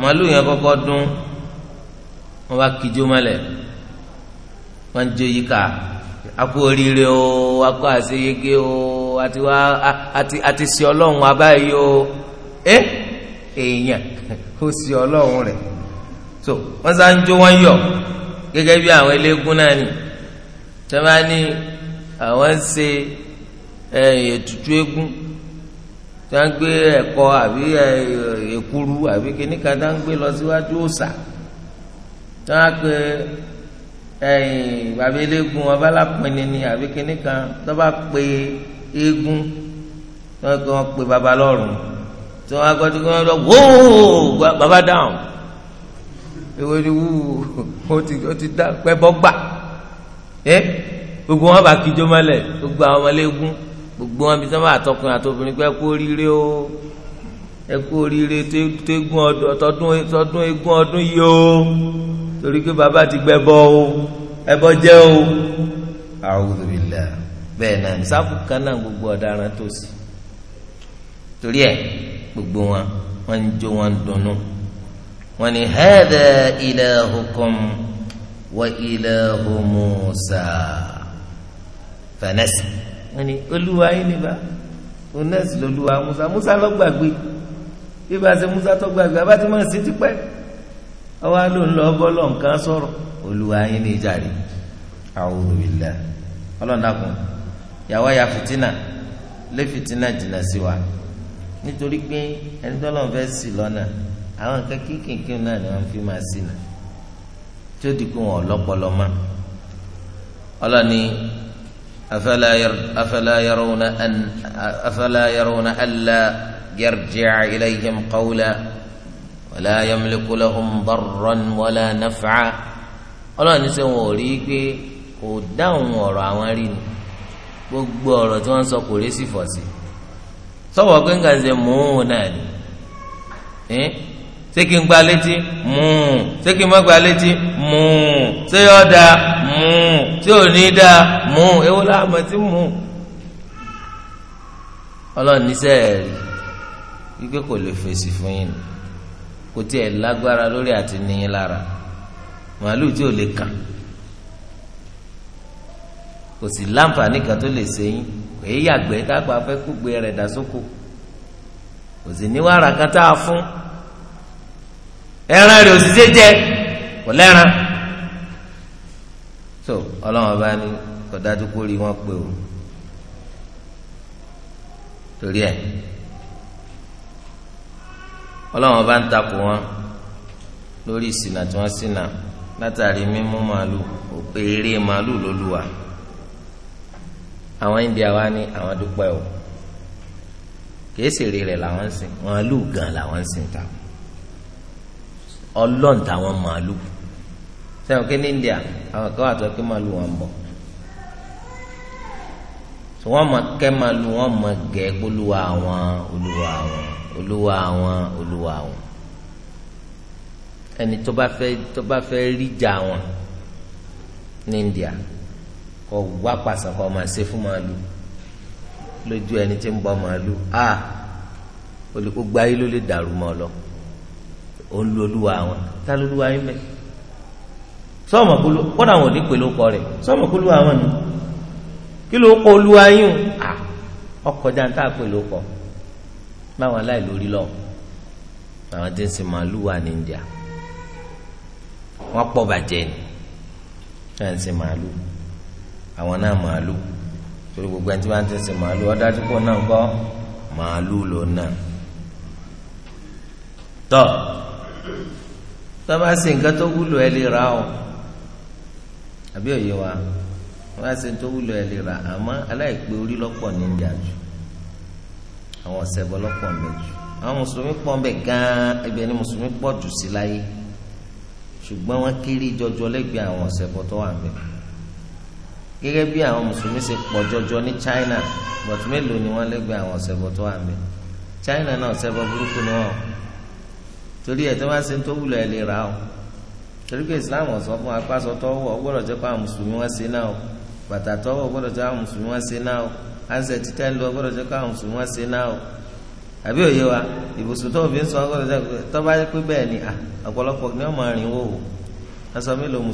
màálù yẹn kọ́kọ́ dún wọ́n bá kíjó mọ́lẹ̀ wọ́n ń jó yíká akó oríire o akó àṣeyege o àti wá àti àti sí ọlọ́run abáyé o Eh? èèyàn ó sì ọlọ́run rẹ̀ so wọ́n sá ń jó wọ́n yọ̀ gẹ́gẹ́ bí àwọn eléégún náà ni tí wọ́n bá ní àwọn ń ṣe ètùtù eégún tí wọ́n gbé ẹ̀kọ́ àbí èkuru àbí kìnnìkan tí wọ́n gbé lọ síwájú òòṣà tí wọ́n á pe bàbá eléegun ọba lápẹni ni àbí kínní kan tó bá pe eégún tó ń pe wọn baba lọ́rùn tí wọ́n gbọ́ tí wọ́n lọ wóò bàbá dáhùn ewé ni wúwo ó ti ó ti dá pẹ́bọ́ gbà ẹ́ gbogbo wọn bá kíjó mọ́lẹ̀ gbogbo àwọn ọmọlẹ́gùn gbogbo wọn bí sábà àtọkùnrin àtọkùnrin pé kú oríire o ẹ kú oríire tẹgùn ọdún tọdún egún ọdún yìí o torí pé bàbá ti gbẹbọ o ẹbọ jẹ o a'udhu billah bẹ́ẹ̀ náà sáfù kan náà gbogbo ọ̀daràn tó sí torí ẹ̀ gbogbo wọn wọn ń jó wọn ń dunnú wọn ni hadha ilahukum wa ilahu Musa fanasi wọn ni olúwa yín ni bá onẹsì lolúwa Musa Musa lọ gbàgbé bí bá ṣe Musa tó gbàgbé abáti máa ṣe ti pẹ́ ọwọ́ àlò ńlọ bọ́lọ̀ nǹkan sọ̀rọ̀ olúwa yín ni jàre a'udhu billahi ọlọ́ọ̀nàkùn yàwá ya fìtínà lé fìtínà jìnnà sí wa nítorí pé ẹni tó lọ́n fẹ́ sí lọ́nà àwọn nǹkan kínkìnkín náà ni wọ́n fi máa sí nà tí ó di kó wọn ọlọ́pọlọ mọ́ ọlọ́ni afala yarawna an afala yarawna alla yarji'a ilayhim qawla wala yamliku lahum darran wala naf'a ọlọ́ni sọ wọn ò rí i pé kò dáhùn ọ̀rọ̀ àwọn rí ni gbogbo ọ̀rọ̀ tí wọ́n sọ kò rí sí fọ̀ sí i. sọ̀wọ́ pé nǹkan ṣe mùú náà ni gba létí mùú ṣé kí n má gba létí mùú ṣé yọ da mùú ṣé ò ní da mùú ewu ti mùú ọlọ́run ní sẹ́ẹ̀rì wípé kò lè fèsì fún yín kò tiẹ̀ lágbára lórí èyí yàgbẹ́ tágbà fẹ́ kúgbe rẹ̀ dà sóko kò sì ní wàrà kan tá fún ẹran rẹ̀ òṣìṣẹ́ jẹ kò lẹ́ran so ọlọ́run bá ní kò dájú kó rí wọn pé o torí ẹ ọlọ́run bá ń takò wọn lórí ìsìnà tí wọ́n sìnà látàrí mímú màálù òpè eré màálù lóluwà àwọn India wa ní àwọn dúpẹ́ o kìí sèrè rẹ̀ làwọn ń sìn màálù gan làwọn ń sìn ta ọlọ́n táwọn màálù sẹ́wọ̀n kí ní India àwọn kan wà tó kí màálù wọn bọ̀ so wọ́n máa kẹ́ màálù wọ́n máa gẹ̀ olúwa àwọn olúwa àwọn olúwa àwọn olúwa àwọn ẹni tó bá fẹ́ tó bá fẹ́ ríjà wọn ní India ọ̀wá pàṣẹkọ̀ máa ṣe fún màálù lójú ẹni tí ń bọ màálù a gbogbo ayé ló lè dàrú mọ́ ọ lọ òun lu olúwa àwọn ta ló lúwa yín bẹ sọmọ kúlú kọ́nà àwọn òní pèlú kọ rẹ sọmọ kúlú àwọn nù kí ló kọ olúwa yín a ọkọ̀ jáńtà pèlú kọ báwọn aláìlórí lọ àwọn tí ń sin màálù wà ní India wọ́n pọ̀ bàjẹ́ ni ẹ̀ ń sin màálù àwọn náà màálù torí gbogbo ẹni tí wọ́n ti ń sin màálù ó dájú pé náà ń kọ́ màálù ló náà. tọ́ tọ́ bá ṣe nǹkan tó wúlò ẹ lè ra ọ àbí òye wa wọ́n á ṣe tó wúlò ẹ lè ra àmọ́ aláìpé orí lọ́pọ̀ ní jù àwọn ọ̀sẹ̀ bọ́ lọ́pọ̀ ń bẹ̀ jù àwọn mùsùlùmí pọ̀ ń bẹ̀ gan-an ibẹ̀ ni mùsùlùmí pọ̀ jù sí láyé ṣùgbọ́n wọ́n kéré jọjọ lẹ́gbẹ̀ẹ́ àwọn ọ̀sẹ̀ bọ́ tó wà ń bẹ̀ gẹ́gẹ́ bí àwọn mùsùlùmí ṣe pọ̀ jọjọ ní China but mélòó ni wọ́n lẹ́gbẹ̀ẹ́ àwọn ọ̀sẹ̀bọ̀ tó wà mí China náà ọ̀sẹ̀bọ̀ burúkú ni wọ́n torí ẹ̀ tó bá ṣe ń tó ẹ̀ o torí pé Islam ọ̀sán fún apásọ tọ́wọ́ ọgbọ́dọ̀ jẹ́ pé àwọn mùsùlùmí wọ́n ṣe náà bàtà tọ́wọ́ ọgbọ́dọ̀ jẹ́ àwọn mùsùlùmí wọ́n ṣe náà o títẹ́ ń lo jẹ́ pé àwọn mùsùlùmí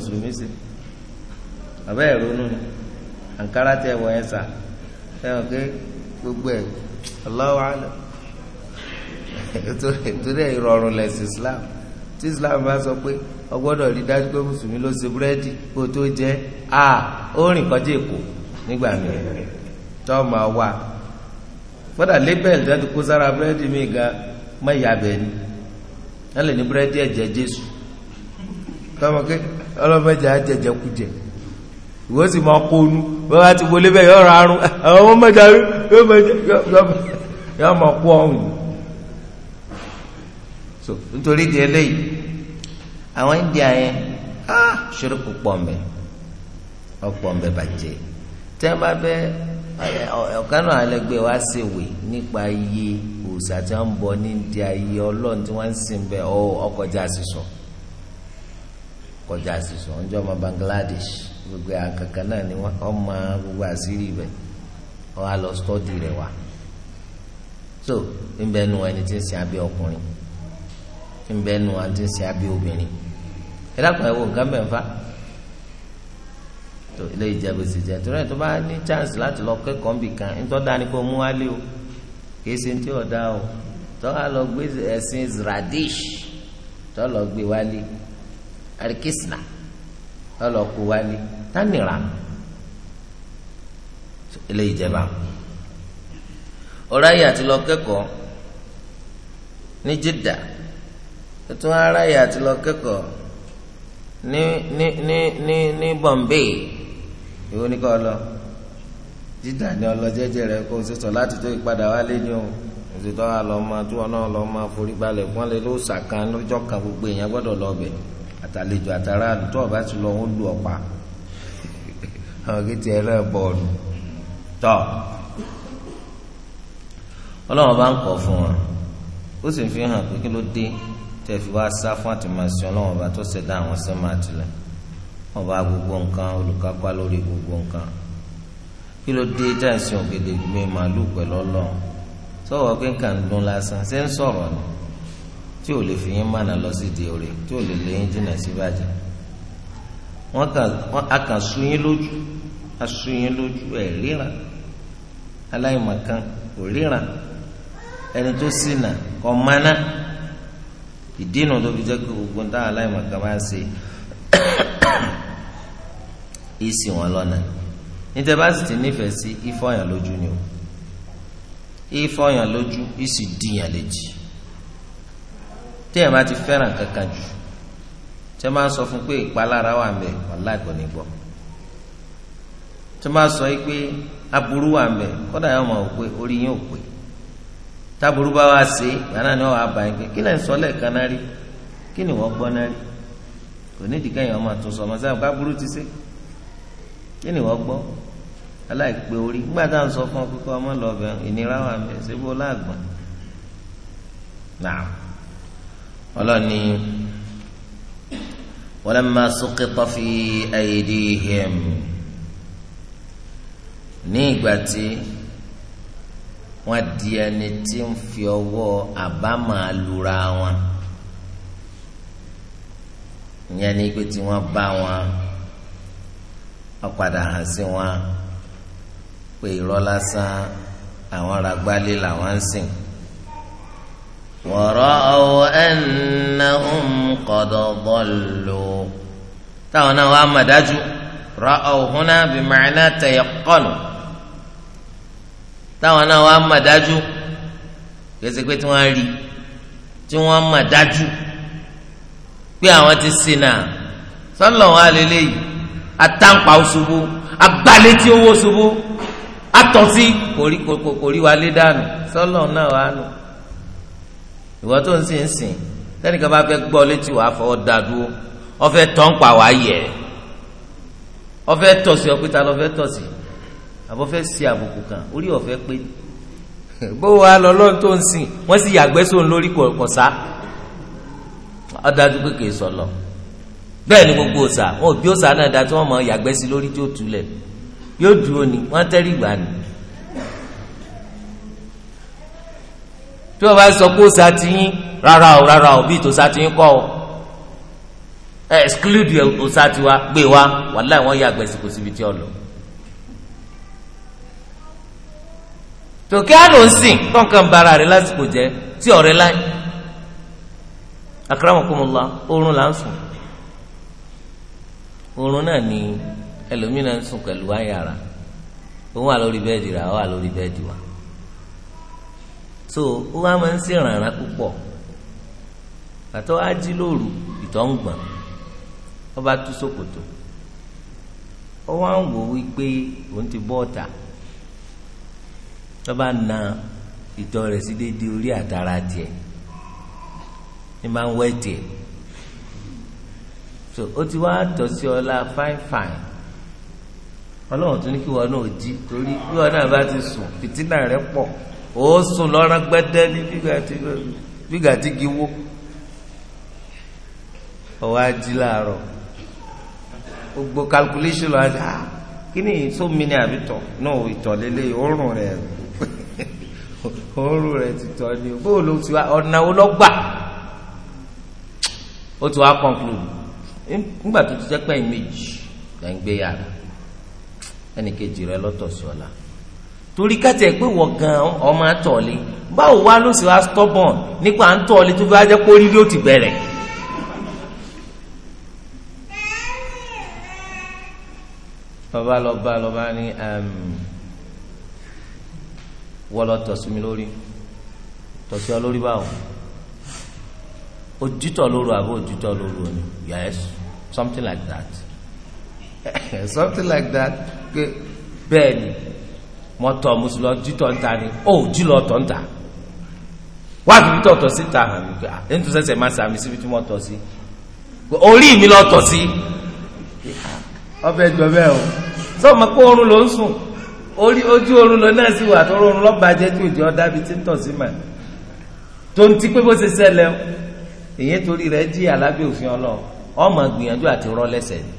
wọ́n àǹkárá tẹ wọ̀ yẹn sà ẹ hàn pé gbogbo ẹ̀ ọlọ́wọ́ àlọ́ torí rọrùn lẹ si Islam tí Islam bá sọ pé ọgbọ́dọ̀ rí dájú pé mùsùlùmí ló se búrẹ́dì kó tó jẹ́ a ó rìn kọjá èkó nígbà míì tó máa fọdà lébẹ̀lì kó sára mi mọ ni lè ní Jésù kú jẹ máa bọ́ bá ti wọlé bẹ́ẹ̀ yọ́rọ̀ arún àwọn ọmọ mẹ́jàrí yọ́ mọ̀ kú ọ̀hún so nítorí di eléyìí àwọn India yẹn á ṣeré kó pọ̀ mbẹ́ ọ̀pọ̀ mbẹ́ bàjẹ́ tẹ́ bá bẹ́ ọ̀kánà alẹ́gbẹ́ wa ṣe wè nípa iye òòṣà tí wọ́n ń bọ ní India iye ọlọ́run tí wọ́n ń sìn bẹ́ẹ̀ ọkọjá sísọ. So kọjá sísun ọjọ́ ọmọ Bangladesh gbogbo àkàkà náà ni wọ́n ọmọ gbogbo àṣírí á lọ stọ́dì so nu ẹni tí ń sin ọkùnrin nu ẹni tí ń sin obìnrin ẹ lọ kẹ́kọ̀ọ́ nbì kan ni kò mú o kì í alikisna ọlọkù wálé tánìrà ilé ìjẹba ọ̀ráyè àti lọ kẹ́kọ̀ọ́ ní Jidda tuntun aráyè àti lọ kẹ́kọ̀ọ́ ní ní ní ní ní Bombay ìwọ ni kò lọ Jidda ní ọlọ́jẹ́jẹ́ rẹ kó o ṣe sọ láti tó ìpadà wálé ní o òṣèlú àwọn àlọ́ ọmọ tí wọn náà lọ́ọ́ máa forí balẹ̀ fún ọ lè lóòsà kan gbogbo èèyàn gbọ́dọ̀ lọ bẹ̀ẹ́ àtàlejò àtàràlù tó ọba ti lọ wọn lù ọpa àwọn kìtì ẹ náà bọ ọdún tọ Ọlọ́run bá ń kọ fún wọn ó sì fi hàn pé kí ló dé tẹ́ fi wá sá fún àtìmọ̀sí Ọlọ́run ọba tó ṣẹ̀dá àwọn sẹ́mà tilẹ̀ ọba gbogbo nǹkan olùkápá lórí gbogbo nǹkan kí ló dé tẹ́ ògèdè gbé màálù pẹ̀lú Ọlọ́run sọ̀rọ̀ pé nǹkan ń dún lásán ṣé ń sọ̀rọ̀ ni. tí o lè fi yín mànà lọ sí di òrè tí o lè lè yín dínà sí bàjẹ́ wọn kàn sú yín lójú a yín lójú ẹ̀ ríran aláìmọ̀kan kò ríran ẹni tó ṣìnà kò mọ̀nà ìdínà tó fi jẹ́ kó gbogbo ń aláìmọ̀kan ṣe ìsìn wọn lọ́nà níta bá ni o ìfọ̀yàn lójú ìsì dìyàn lè jì. tí ẹ̀ máa ti fẹ́ràn kankan jù tí máa sọ fún pé ìpalára wà mẹ́ wàhálà kò ní gbọ́ tí máa sọ yìí pé aburú wà mẹ́ kọ́dà yóò máa pé orí yín ò pé táburú bá wá sí yàrá ni wọ́n wá bá yín pé kí lẹ́ sọ lẹ́ẹ̀kan náà rí kí ni wọ́n gbọ́ náà rí kò ní ọmọ ti ọlọ́ni walamma suqita fi aydihim ní ìgbà tí wọ́n di ẹni tí ń fi ọwọ́ àbámọ̀ lura wọn ìyẹn ni pé tí wọ́n bá wọn wọ́n hàn sí wọn pé irọ́ lásán àwọn ragbálẹ̀ làwọn ń sìn wọ́rọ́ ẹnahùn kọ́dọ̀ bọ́ọ̀lù. táwọn náà wàá mọ̀ dájú ra'aw huna bí màánà tayaqqanu. táwọn náà wàá mọ̀ dájú kẹsì pé tí wọ́n rí tí wọ́n mọ̀ dájú pé àwọn ti ṣìnà sọ́nlọ̀ wọn àlélẹ́ yìí atáǹpà ṣubú agbálẹ́tì owó ṣubú atọ́sí kò rí wa lé dànù sọ́nlọ̀ náà wà nù ìwọ tó ń sìn sìn tẹnika bá fẹ́ gbọ́ létí wàá fọwọ́ da dúró ọfẹ tán pa wàá yẹ ọfẹ tọ̀sí ọpẹta lọfẹ tọ̀sí àbọfẹ sí àbùkù kan orí ọfẹ pé bó wa lọ lọ́n tó ń sìn wọ́n sì yàgbẹ́ sóun lórí kọ̀ọ̀sá ọ̀dájú pé kìí sọ̀lọ̀ bẹ́ẹ̀ ni gbogbo ọ̀sà wọn ò bí ọ̀sà náà dá tí wọ́n mọ̀ yàgbẹ́ sí lórí tí ó tulẹ̀ yóò dúró ni wọ́n tẹ́rì gbà ni tí wọ́n bá sọ pé ó sàtìyín rárá o rárá o bíi tó sàtìyín kọ́ o ẹ exclude o sàtìwá gbé wa wàláì wọ́n yàgbẹ́ sí kò síbi tí ọ lọ. tòkí àlò ń sìn kọ̀ọ̀kan bara rẹ lásìkò jẹ tí ọ̀rẹ́ láì akramakumullah oorun là ń sùn oorun náà ni ẹlòmíràn ń sùn pẹ̀lú àyàrá òun wà lórí bẹ́ẹ̀dì rà wà lórí bẹ́ẹ̀dì wa. so ó wá máa ń ṣèrànràn púpọ̀ àtọ́ ají lóru ìtọ̀ ń gbọ̀n ọba tú sókòtò ó wá ń wò wípé òun ti bọ́ ọ̀tà na ìtọ̀ rẹ̀ sí déédéé orí àtàrà tiẹ̀ ní máa ń tiẹ̀ so ó ti wá tọ̀ sí ọlá fine fine ọlọ́run tún ní kí wọn náà jí torí bí wọn náà ti sùn fìtínà ó sùn lọ́rán gbẹ́dẹ́ ní bígbà tí kì í wó ọwọ́ ají láàárọ̀ gbogbo calculation lọ́wọ́ ají ah kí ni sómi ni àbí tọ̀ náà ìtọ̀ lélẹ̀ òórùn rẹ̀ òórùn rẹ̀ ti tọ̀ ni bóòlù ti wá ọ̀nà olọ́gbà ó ti wá conclude nígbà tó ti jẹ́ pẹ́yìn méjì lẹ́ ń gbé yàrá ẹnì kejì rẹ lọ́tọ̀ sí torí kátì ẹ pé wọ gan ọmọ àtọ̀lé báwo wá ló sì wá stubborn nípa à ń tọ̀lé tó bá jẹ́ pé orí ló ti bẹ̀rẹ̀. bàbá lọ bá lọ bá ní wọ́n lọ tọ̀sí mi lórí tọ̀sí ọ lórí báwo ojútọ̀ lóru àbí ojútọ̀ lóru ni yes something like that something like that bẹ́ẹ̀ ni mọ́tò mùsùlùmí títọ̀ ń ta ni ó jí lọ tọ̀ ń ta wá àbí tọ̀ tọ̀ sí ta hàn mí gbà ẹni tó sẹ̀sẹ̀ máa sàmì síbi tí wọ́n tọ̀ sí orí mi lọ tọ̀ sí ọbẹ̀ jọ bẹ́ẹ̀ o sọ ma kó oorun ló ń sùn orí ojú oorun lọ náà sì wà tó oorun lọ bàjẹ́ tó ìjọ dábì tí ń tọ̀ sí mà tó ń ti pé bó ṣe ṣẹlẹ̀ o èyí torí rẹ̀ jí alábẹ́ òfin ọlọ́run ọmọ gbìyànjú àti rọ́ lẹ́sẹ̀ ni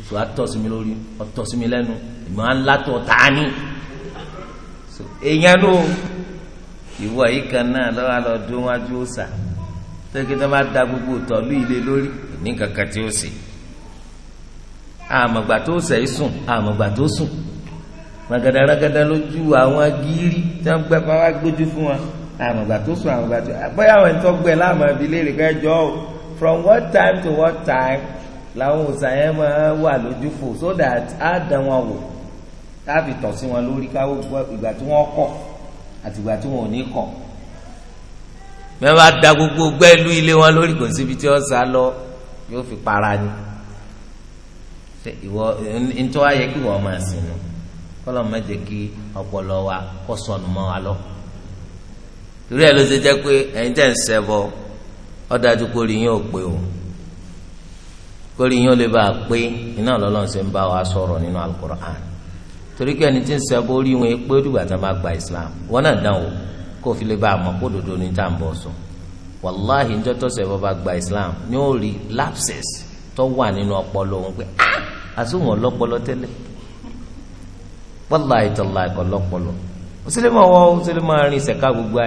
òṣùwà tọ̀ sí mi lórí ọ̀tọ̀ sí mi lẹ́nu ìmọ̀ alátọ̀ tání èèyàn ló ìwọ yìí kan náà lọ́wọ́ lọ dún wájú ọ̀sà tẹ́kí tó bá da gbogbo tọ́lú ilé lórí ní kankan tí ó sì àmọ̀gbà tó sẹ̀ sùn àmọ̀gbà tó sùn ragada ragada lójú àwọn agiri tí wọ́n gbẹ́ bá wá gbójú fún wọn àmọ̀gbà tó sùn àmọ̀gbà tó bóyá àwọn ẹ̀ńtọ́ gbẹ láàmú ẹbí léèrè kẹjọ o from what time to what time làwọn òòsàn yẹn máa wà lójú fò so that á dán wọn wò káàfi tọ̀ sí wọn lórí káwọ́ ìgbà tí wọ́n kọ̀ àti ìgbà tí wọn ò ní kọ̀ mẹ́wàá bá da gbogbo gbẹ́lú ilé wọn lórí kò síbi tí wọ́n sá lọ yóò fi para ni ìwọ ntọ́ ayẹ kí wọ́n máa sìn nù kọ́lọ́ mẹ́jẹ kí ọpọlọ wa kọ́ sọnù mọ́ wa lọ torí ẹ̀ ló ṣe jẹ́ pé ẹ̀yin tẹ̀ ń ṣẹbọ ó dájú kórì yín ò pé o kórì yín ò lè bá a pé iná lọ́lọ́run ṣe ń bá wa sọ̀rọ̀ nínú Al-Qur'an torí kí ẹni tí ń sẹ́bọ̀ orí wọn pé ó gba islam wọn náà dán o kó fi lè bá a kó dodo ní tá à ń bọ̀ islam ní ó rí lapses tó wà nínú ọpọlọ òun pé ah, àsùnwọ̀n lọ́pọlọ tẹ́lẹ̀ wàláhì tọ́lá ẹ̀kọ́ lọ́pọlọ máa wọ máa rin gbogbo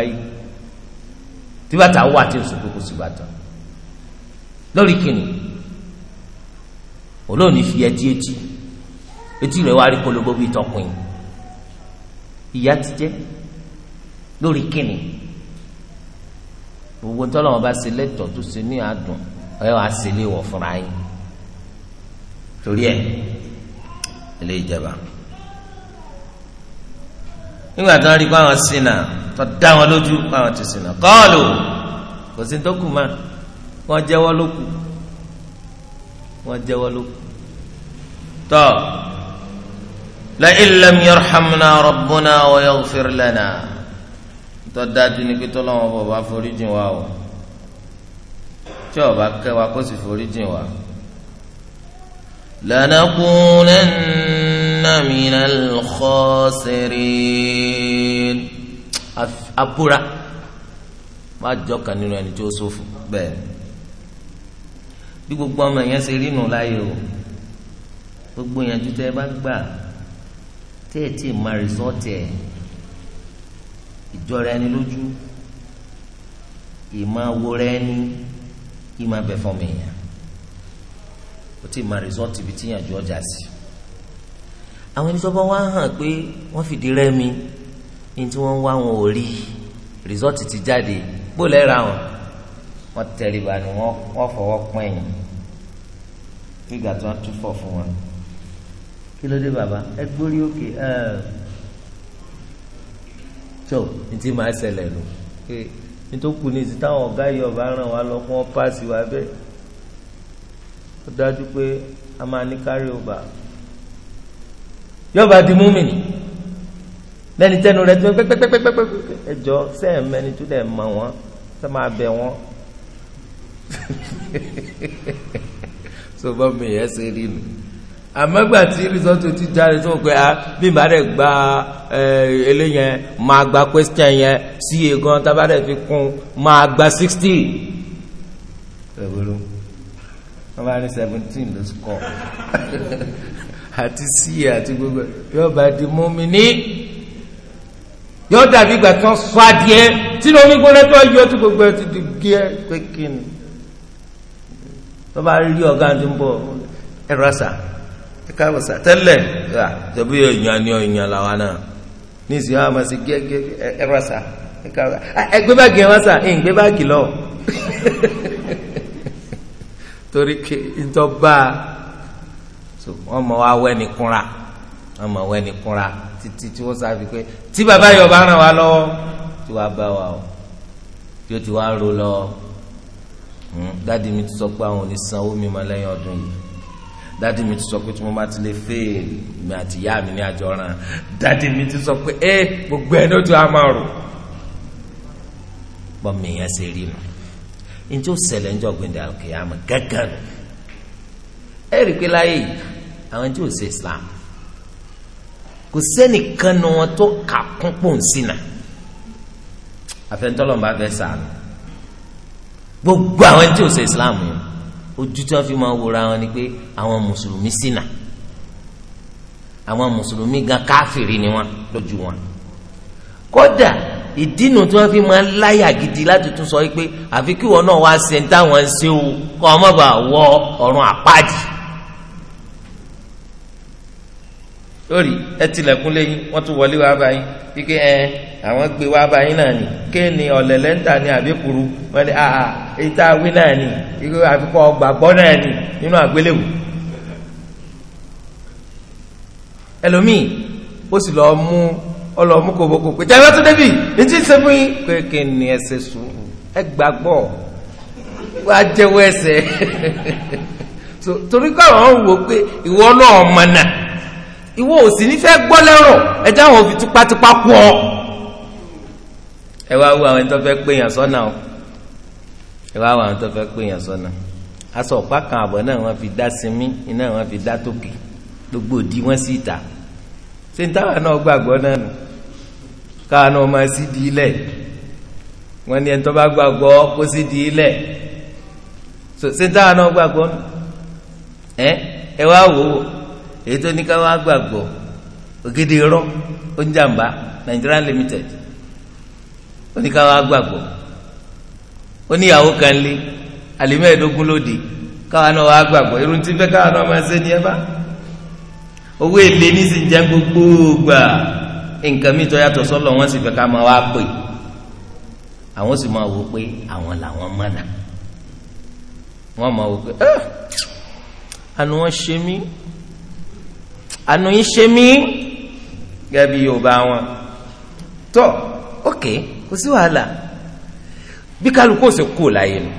ayé fi etí rẹ̀ wá rí kólóbó bíi tọkùn ìyá ti jẹ́ lórí kíni gbogbo ntọ́ lọ́wọ́ bá ṣe lẹ́tọ̀ tó ṣe ní àdùn ọ̀yọ́ wa ṣe lé wọ̀ fúnra yín torí ẹ̀ ilé ìjẹba nígbà tí wọ́n rí báwọn ṣìnà tó dá wọn lójú báwọn ti ṣìnà kọ́ọ̀lù kò sí tókù mọ́ wọ́n jẹ́wọ́ lókù wọ́n jẹ́wọ́ lókù tọ́ọ̀ la'in lam yarhamna rabbuna wa yaghfir lana tó dájú ni pé tọ́lọ́wọ́n bọ̀ bá foríjìn wa o tí o bá kẹ́ wa kó sì foríjìn wa. lanakunanna minal khasirin apura má jọ kàn nínú ẹni tó sófò bẹ́ẹ̀ bí gbogbo ọmọ yẹn ṣe rí nù o gbogbo yẹn tó tẹ́ ẹ bá gbà. téètì ma rìsọ́ọ̀tì ẹ̀ ìjọra ẹni lójú ìmọ̀ awora ẹni ìmọ̀ abẹ fọmọ kò tí ì tí ìyànjú ọjà sí àwọn ẹni wá hàn pé wọ́n fìdí rẹ́mi ní wọn ò rí rìsọ́ọ̀tì ti jáde bó lẹ́ra wọn wọ́n tẹríba ni wọ́n fọwọ́ pọ́n ẹ̀yìn kí ló dé bàbá ẹ gbórí òkè ẹ tó ní tí máa ṣẹlẹ̀ nù pé nítòkù ní ti táwọn ọ̀gá yìí ọba ràn wá lọ fún ọ́pàṣì wa bẹ́ẹ̀ ó dájú pé a máa ní kárí ọba yọba di múmìnì lẹ́ni tẹ́nu rẹ̀ tó pẹ́pẹ́pẹ́pẹ́pẹ́ ẹjọ́ sẹ́ẹ̀mẹ́ni tó dẹ̀ mọ̀ wọ́n sẹ́ẹ̀ máa bẹ̀ wọ́n so bá mi yẹn ṣe rí mi àmọ́gbà tí rìsọ́ọ̀tù ti jáde tó pé a ah, bí n bá dẹ̀ gba eléyẹn máa gba question yẹn sí egan tábà dẹ̀ fi kún máa gba sixty. ẹ̀wọ̀n wọn bá ní seventeen ló score. àti sí àti gbogbo yóò bá di mú mi ní yóò dàbí ìgbà tí wọn sọ adìẹ sínú omi gbóná tó yọ tó gbogbo ẹ ti di gé pé kí ni tó bá rí ọ̀gá tó ń bọ̀ ẹ̀rọ àṣà káwọsà tẹ́lẹ̀ rà tẹbi èèyàn ni èèyàn làwa náà ní ìsìn àwọn àmàṣe gẹgẹ ẹrọ sà ẹgbẹ báàgì ẹrọ sà ẹ ǹgbẹ báàgì lọ torí ké ntọ́ba wọn mọ wá wẹ́ni kúnra wọn mọ wẹ́ni kúnra títí tí wọ́n sáfi pé tí bàbá yóò bá ràn wá lọ́wọ́ tí wàá bá wa o yóò ti wá ro lọ hmm, dádì mi ti sọ pé àwọn ò ní sanwó mi mọ́ lẹ́yìn ọdún yìí dádì mi ti sọ pé tí mo bá ti lè fail mi àti ìyá mi ní àjọràn dádì mi ti sọ pé ẹ gbogbo ẹ lójú a máa rò bọ́mọ èèyàn ṣe rí nu njẹ́ ó ṣẹlẹ̀ njẹ́ ọ̀gbìndà kìyàmù gángan ẹ rí i pé láyé yìí àwọn njẹ́ ò ṣe Islam kò sẹ́nìkan nu wọn tó kà kún pòǹsìnà àfẹ́ntọ́lọ́mùbá fẹ́ sàánù gbogbo àwọn njẹ́ ò ṣe Islam yìí ojú tí wọ́n fi máa wòra wọn ni pé àwọn mùsùlùmí ṣìnà àwọn mùsùlùmí gan káfìrí ni wọ́n lójú wọn kódà ìdínú tí wọ́n fi máa ń láyà gidi láti tún sọ pé àfi kí wọn náà wá ṣe ń táwọn ń ṣe o kọ́ ọmọ bá wọ ọ̀run àpáàdì. lórí ẹ tilẹ̀kùn lẹ́yìn wọ́n tún wọlé wá báyìí kíkẹ́ ẹ àwọn gbé wá báyìí náà ni kéènì ọ̀lẹ̀lẹ̀ ń tà ní àbíkuru wọ́n ní àà èyí tá a wí náà ni kíkẹ́ àfikọ́ ọgbàgbọ́ náà ni nínú àgbéléwò. ẹlòmíì ó sì lọ mú ọlọ́mú kòbókò pé tẹ́lẹ̀ tó débi ní tí ń ṣe yín pé kéènì ẹsẹ̀ sùúrù ẹ gbàgbọ́ wá jẹ́wọ́ ẹsẹ̀ torí káwọn wò pé ìwọ náà mọ̀ náà ìwọ ò sì nífẹ̀ẹ́ gbọ́ lẹ́rọ̀ ẹ jáwọ́ fi kú ọ. ẹ wá wo àwọn tó fẹ́ pé yàn sọ́nà o ẹ wá wo àwọn ọ fẹ́ pé yàn sọ́nà aṣọ ọ̀pá kan àbọ̀ náà wọ́n fi dá sinmi iná wọ́n fi dá toke gbogbo òdi wọ́n sì ta ṣé táwa náà gbàgbọ́ náà nù káwa náà máa sí di ilẹ̀ wọ́n ní bá gbàgbọ́ kó di ilẹ̀ ṣé náà gbàgbọ́ ẹ ẹ wá wò èyí tó ní ká wá gbàgbọ́ ògidì irọ́ oúnjàmbá Nigeria limited ó ní ká wá gbàgbọ́ ó níyàwó kan lé àlìmẹ́ẹ̀dógún lóde káwa náà wá gbàgbọ́ irun tí fẹ́ káwa náà máa ṣe ní ẹ bá owó èlé ní sì ń jẹ́ gbogbo gbà nǹkan mi tó yàtọ̀ sọ́lọ̀ wọ́n sì fẹ́ ká máa wá pè àwọn sì máa wò pé àwọn làwọn mọ̀nà wọ́n máa wò pé ẹ́ ah, àná wọ́n ṣe mí àánú yín ṣe mí gẹ́gẹ́ bí yorùbá wọn tọ́ ok kò sí wàhálà bí kálukú òsè kú láyé nu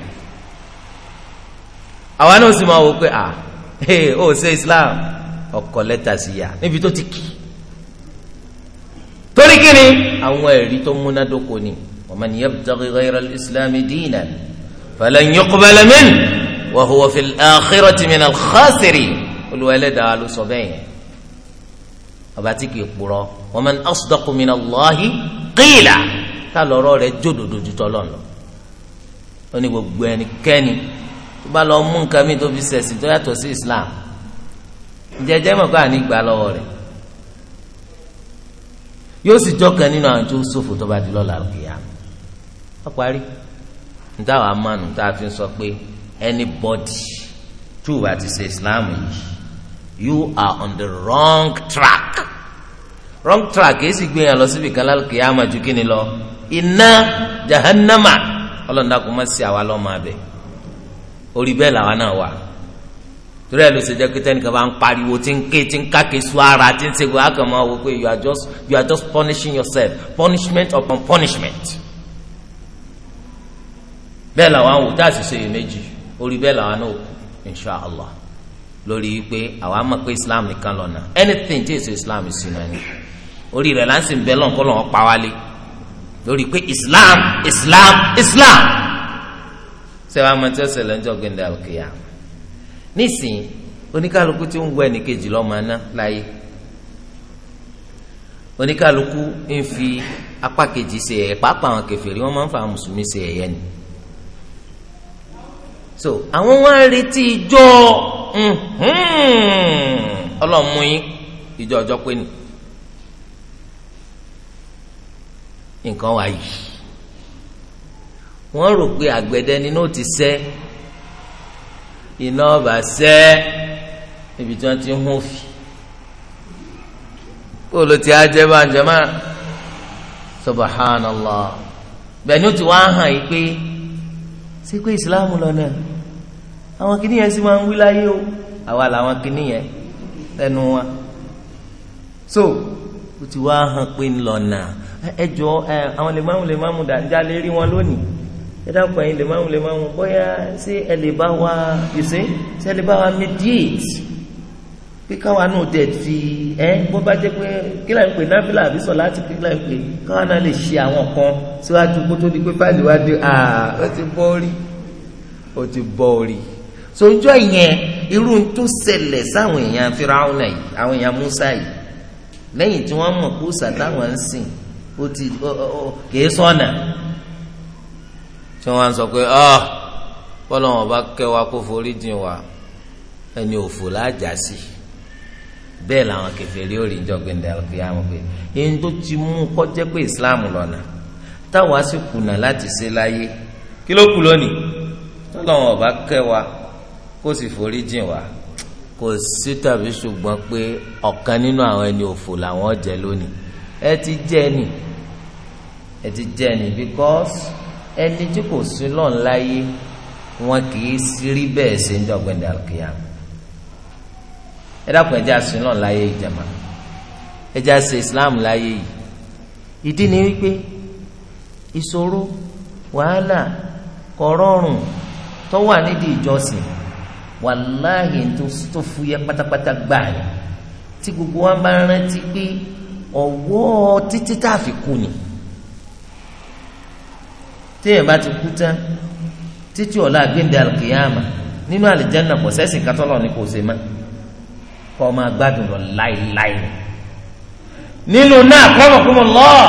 àwa náà sì máa wò pé ah hey, ó ṣe islam ọkọ lẹ́tà sí ya níbi tó ti kì í torí kí ni àwọn ẹ̀rí tó múnádóko ni wa man yabtaghi ghayra al-islami dinan falan yuqbala min wa huwa fil akhirati ló sọ bẹ́ẹ̀ yẹn. ọba tí kì í kpọrọ wa man asdaqu minallahi qila tá lọrọ rẹ̀ jódodo ju tọlọ lọ ó ní gbogbo tó bá lọ mú nǹkan islam jẹjẹ àní gbà yóò sì jọkàn nínú àwọn tó a fi sọ pé anybody tó wà ti islam you are on the wrong track wrong track èyí sì gbìyànjú lọ síbi kan lálùkì yá àmàjù kí ni lọ iná jahannama ọlọ́dà kò má sí àwa lọ́mọ abẹ orí bẹ́ẹ̀ làwa náà wà torí ẹ ló ṣe jẹ́ pé tẹ́nìkan bá ń pariwo tí ń ké tí ń káke su ara tí ń ṣe gbogbo àkàmọ́ wò pé you are just you are just punishing yourself punishment upon punishment bẹ́ẹ̀ làwa ń wò tá a sì ṣe iyèméjì orí bẹ́ẹ̀ làwa náà kù insha allah lórí wípé àwa mọ̀ pé islam nìkan lọ́nà anything tí èso islam sí náà ni orí rẹ̀ là ń sìn bẹ́ẹ̀ lọ́nkọ́ lọ́wọ́ pa wálé lórí pé islam islam islam sẹ́wọ́n àmọ́ tí ó ṣẹlẹ̀ ń jọ gbẹ̀ndẹ̀ àlùkìyà nísìnyí oníkàlùkù tí ń wọ ẹnìkejì lọ́mọ aná láyé oníkàlùkù ń fi apá kejì ṣe ẹ̀yẹ pàápàá àwọn kèfèrí wọ́n máa ń fa mùsùlùmí ṣe ẹ̀yẹ ni so àwọn wá ń retí ijó Mm-hmm. ọlọ́run mú yín ìjọ ọjọ́ pé ni nǹkan wà yìí wọ́n rò pé àgbẹ̀dẹ ni náà ti sẹ́ iná ọba sẹ́ ibi tí wọ́n ti ń hún fi kó ló ti á jẹ́ bá ń jẹ́ máa bẹ́ẹ̀ ni ó ti wá hàn yìí pé sí pé lọ àwọn kìíní yẹn sì máa ń wí láyé o àwa làwọn kìíní yẹn lẹ́nu wọn so ó ti wá hàn pé ńlọnà ẹ jọ ẹ àwọn lè máàmù lè máàmù dáńjá lè rí wọn lónìí ẹ dákun ẹ̀yin lè máàmù lè máàmù bóyá ṣé ẹ lè bá wa yòsè ṣé ẹ lè bá wa mediate pé káwa náà dẹ̀ fi ẹ bó bá jẹ́ pé kí láì pè náfìlà àbí sọ láti pé láì pè káwa náà lè ṣe àwọn kan síwájú kó tó di pé fáìlì wá dé àá ó ti bọ́ orí ó ti bọ́ orí sojọ́ yẹn irú tó ṣẹlẹ̀ sáwọn èèyàn firawuna yìí àwọn èèyàn musa yìí lẹ́yìn tí wọ́n mọ̀ kó sàtáwọn ń sìn ó ti kìí sọ̀nà tí wọ́n sọ pé ọ bọ́lá wọn bá kẹwa kó forí jìn wá ẹni òfò láàjà sí bẹ́ẹ̀ làwọn kèfèrí ò rí jọ gbẹ̀ndẹ̀ pé ẹni tó ti mú kọjá pé islam lọ́nà táwa sì kùnà láti ṣe láyé kí ló kù lónìí tọ́lọ́wọ́n ọba kẹwàá kó sì forí jìn wá kò sí tàbí ṣùgbọ́n pé ọ̀kan nínú àwọn ẹni òfò làwọn jẹ lónìí ẹ ti jẹ́ ni ẹ ti jẹ́ ni because ẹni tí kò sí lọ́n láyé wọn kì í rí bẹ́ẹ̀ ṣe ń dọ̀gbìn dàkìyà ẹ dákun ẹja sí lọ́n láyé ìjàmà ẹja ṣe Islam láyé yìí ìdí ni wípé ìṣòro wàhálà kọ̀rọ̀rùn tó wà nídìí ìjọsìn wàláhì tó fúyẹ́ pátápátá gbà ní tí gbogbo wa bá rántí pé ọwọ́ títí tá a fi kú ni téèyàn bá ti kú tán títí ọ̀la gbẹ̀ndẹ̀ alkiyama nínú àlìjẹ́nà kò sẹ́sìn kátọ́lọ̀ ni kò ṣe mọ́ kọ́ máa gbádùn lọ láéláé nínú náà kọ́mọ̀kúmọ̀ lọ́ọ̀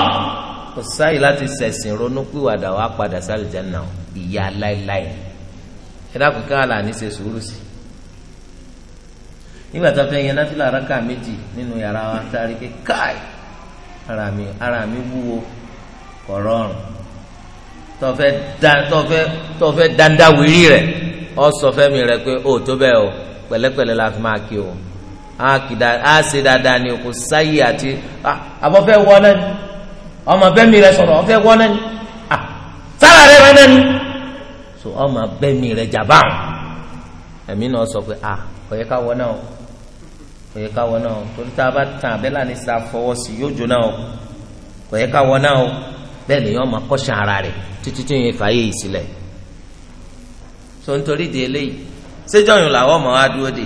kò sáyé láti sẹ̀sìn ronú pìwàdà wá padà sí àlìjẹ́nà ìyá láéláé ẹ dákun káàlà ní ṣe sùúrù sí i nígbà tá a fẹ́ yan náfìlà rákà méjì nínú yàrá wa sáré ké káì ara mi ara mi wúwo kò rọrùn tọ́fẹ́ da tọ́fẹ́ tọ́fẹ́ danda wírí rẹ̀ ọ sọ fẹ́mi rẹ̀ pé o tó bẹ́ẹ̀ o pẹ̀lẹ́pẹ̀lẹ́ la fi máa kí o a ṣe dáadáa ni kò sáyé àti àbọ̀fẹ́ wọ náà ọmọ bẹ́mi rẹ̀ sọ̀rọ̀ ọ̀fẹ́ wọ náà sára rẹ̀ rẹ̀ náà so ọmọ bẹ́mi rẹ̀ jàbá ẹ̀mí náà sọ pé a ọ̀yẹ́ká wọ náà o kò yẹ ká wọ náà torí tá a bá tan àbẹ́là ní sa fọwọ́ sí yóò jó náà kò yẹ ká wọ náà bẹ́ẹ̀ ni yọ́n máa kọ́ṣẹ́ ara rẹ̀ títí tí yẹn fàáyé yìí sílẹ̀ so nítorí di eléyìí séjọyìn làwọn ọmọ wa dúró de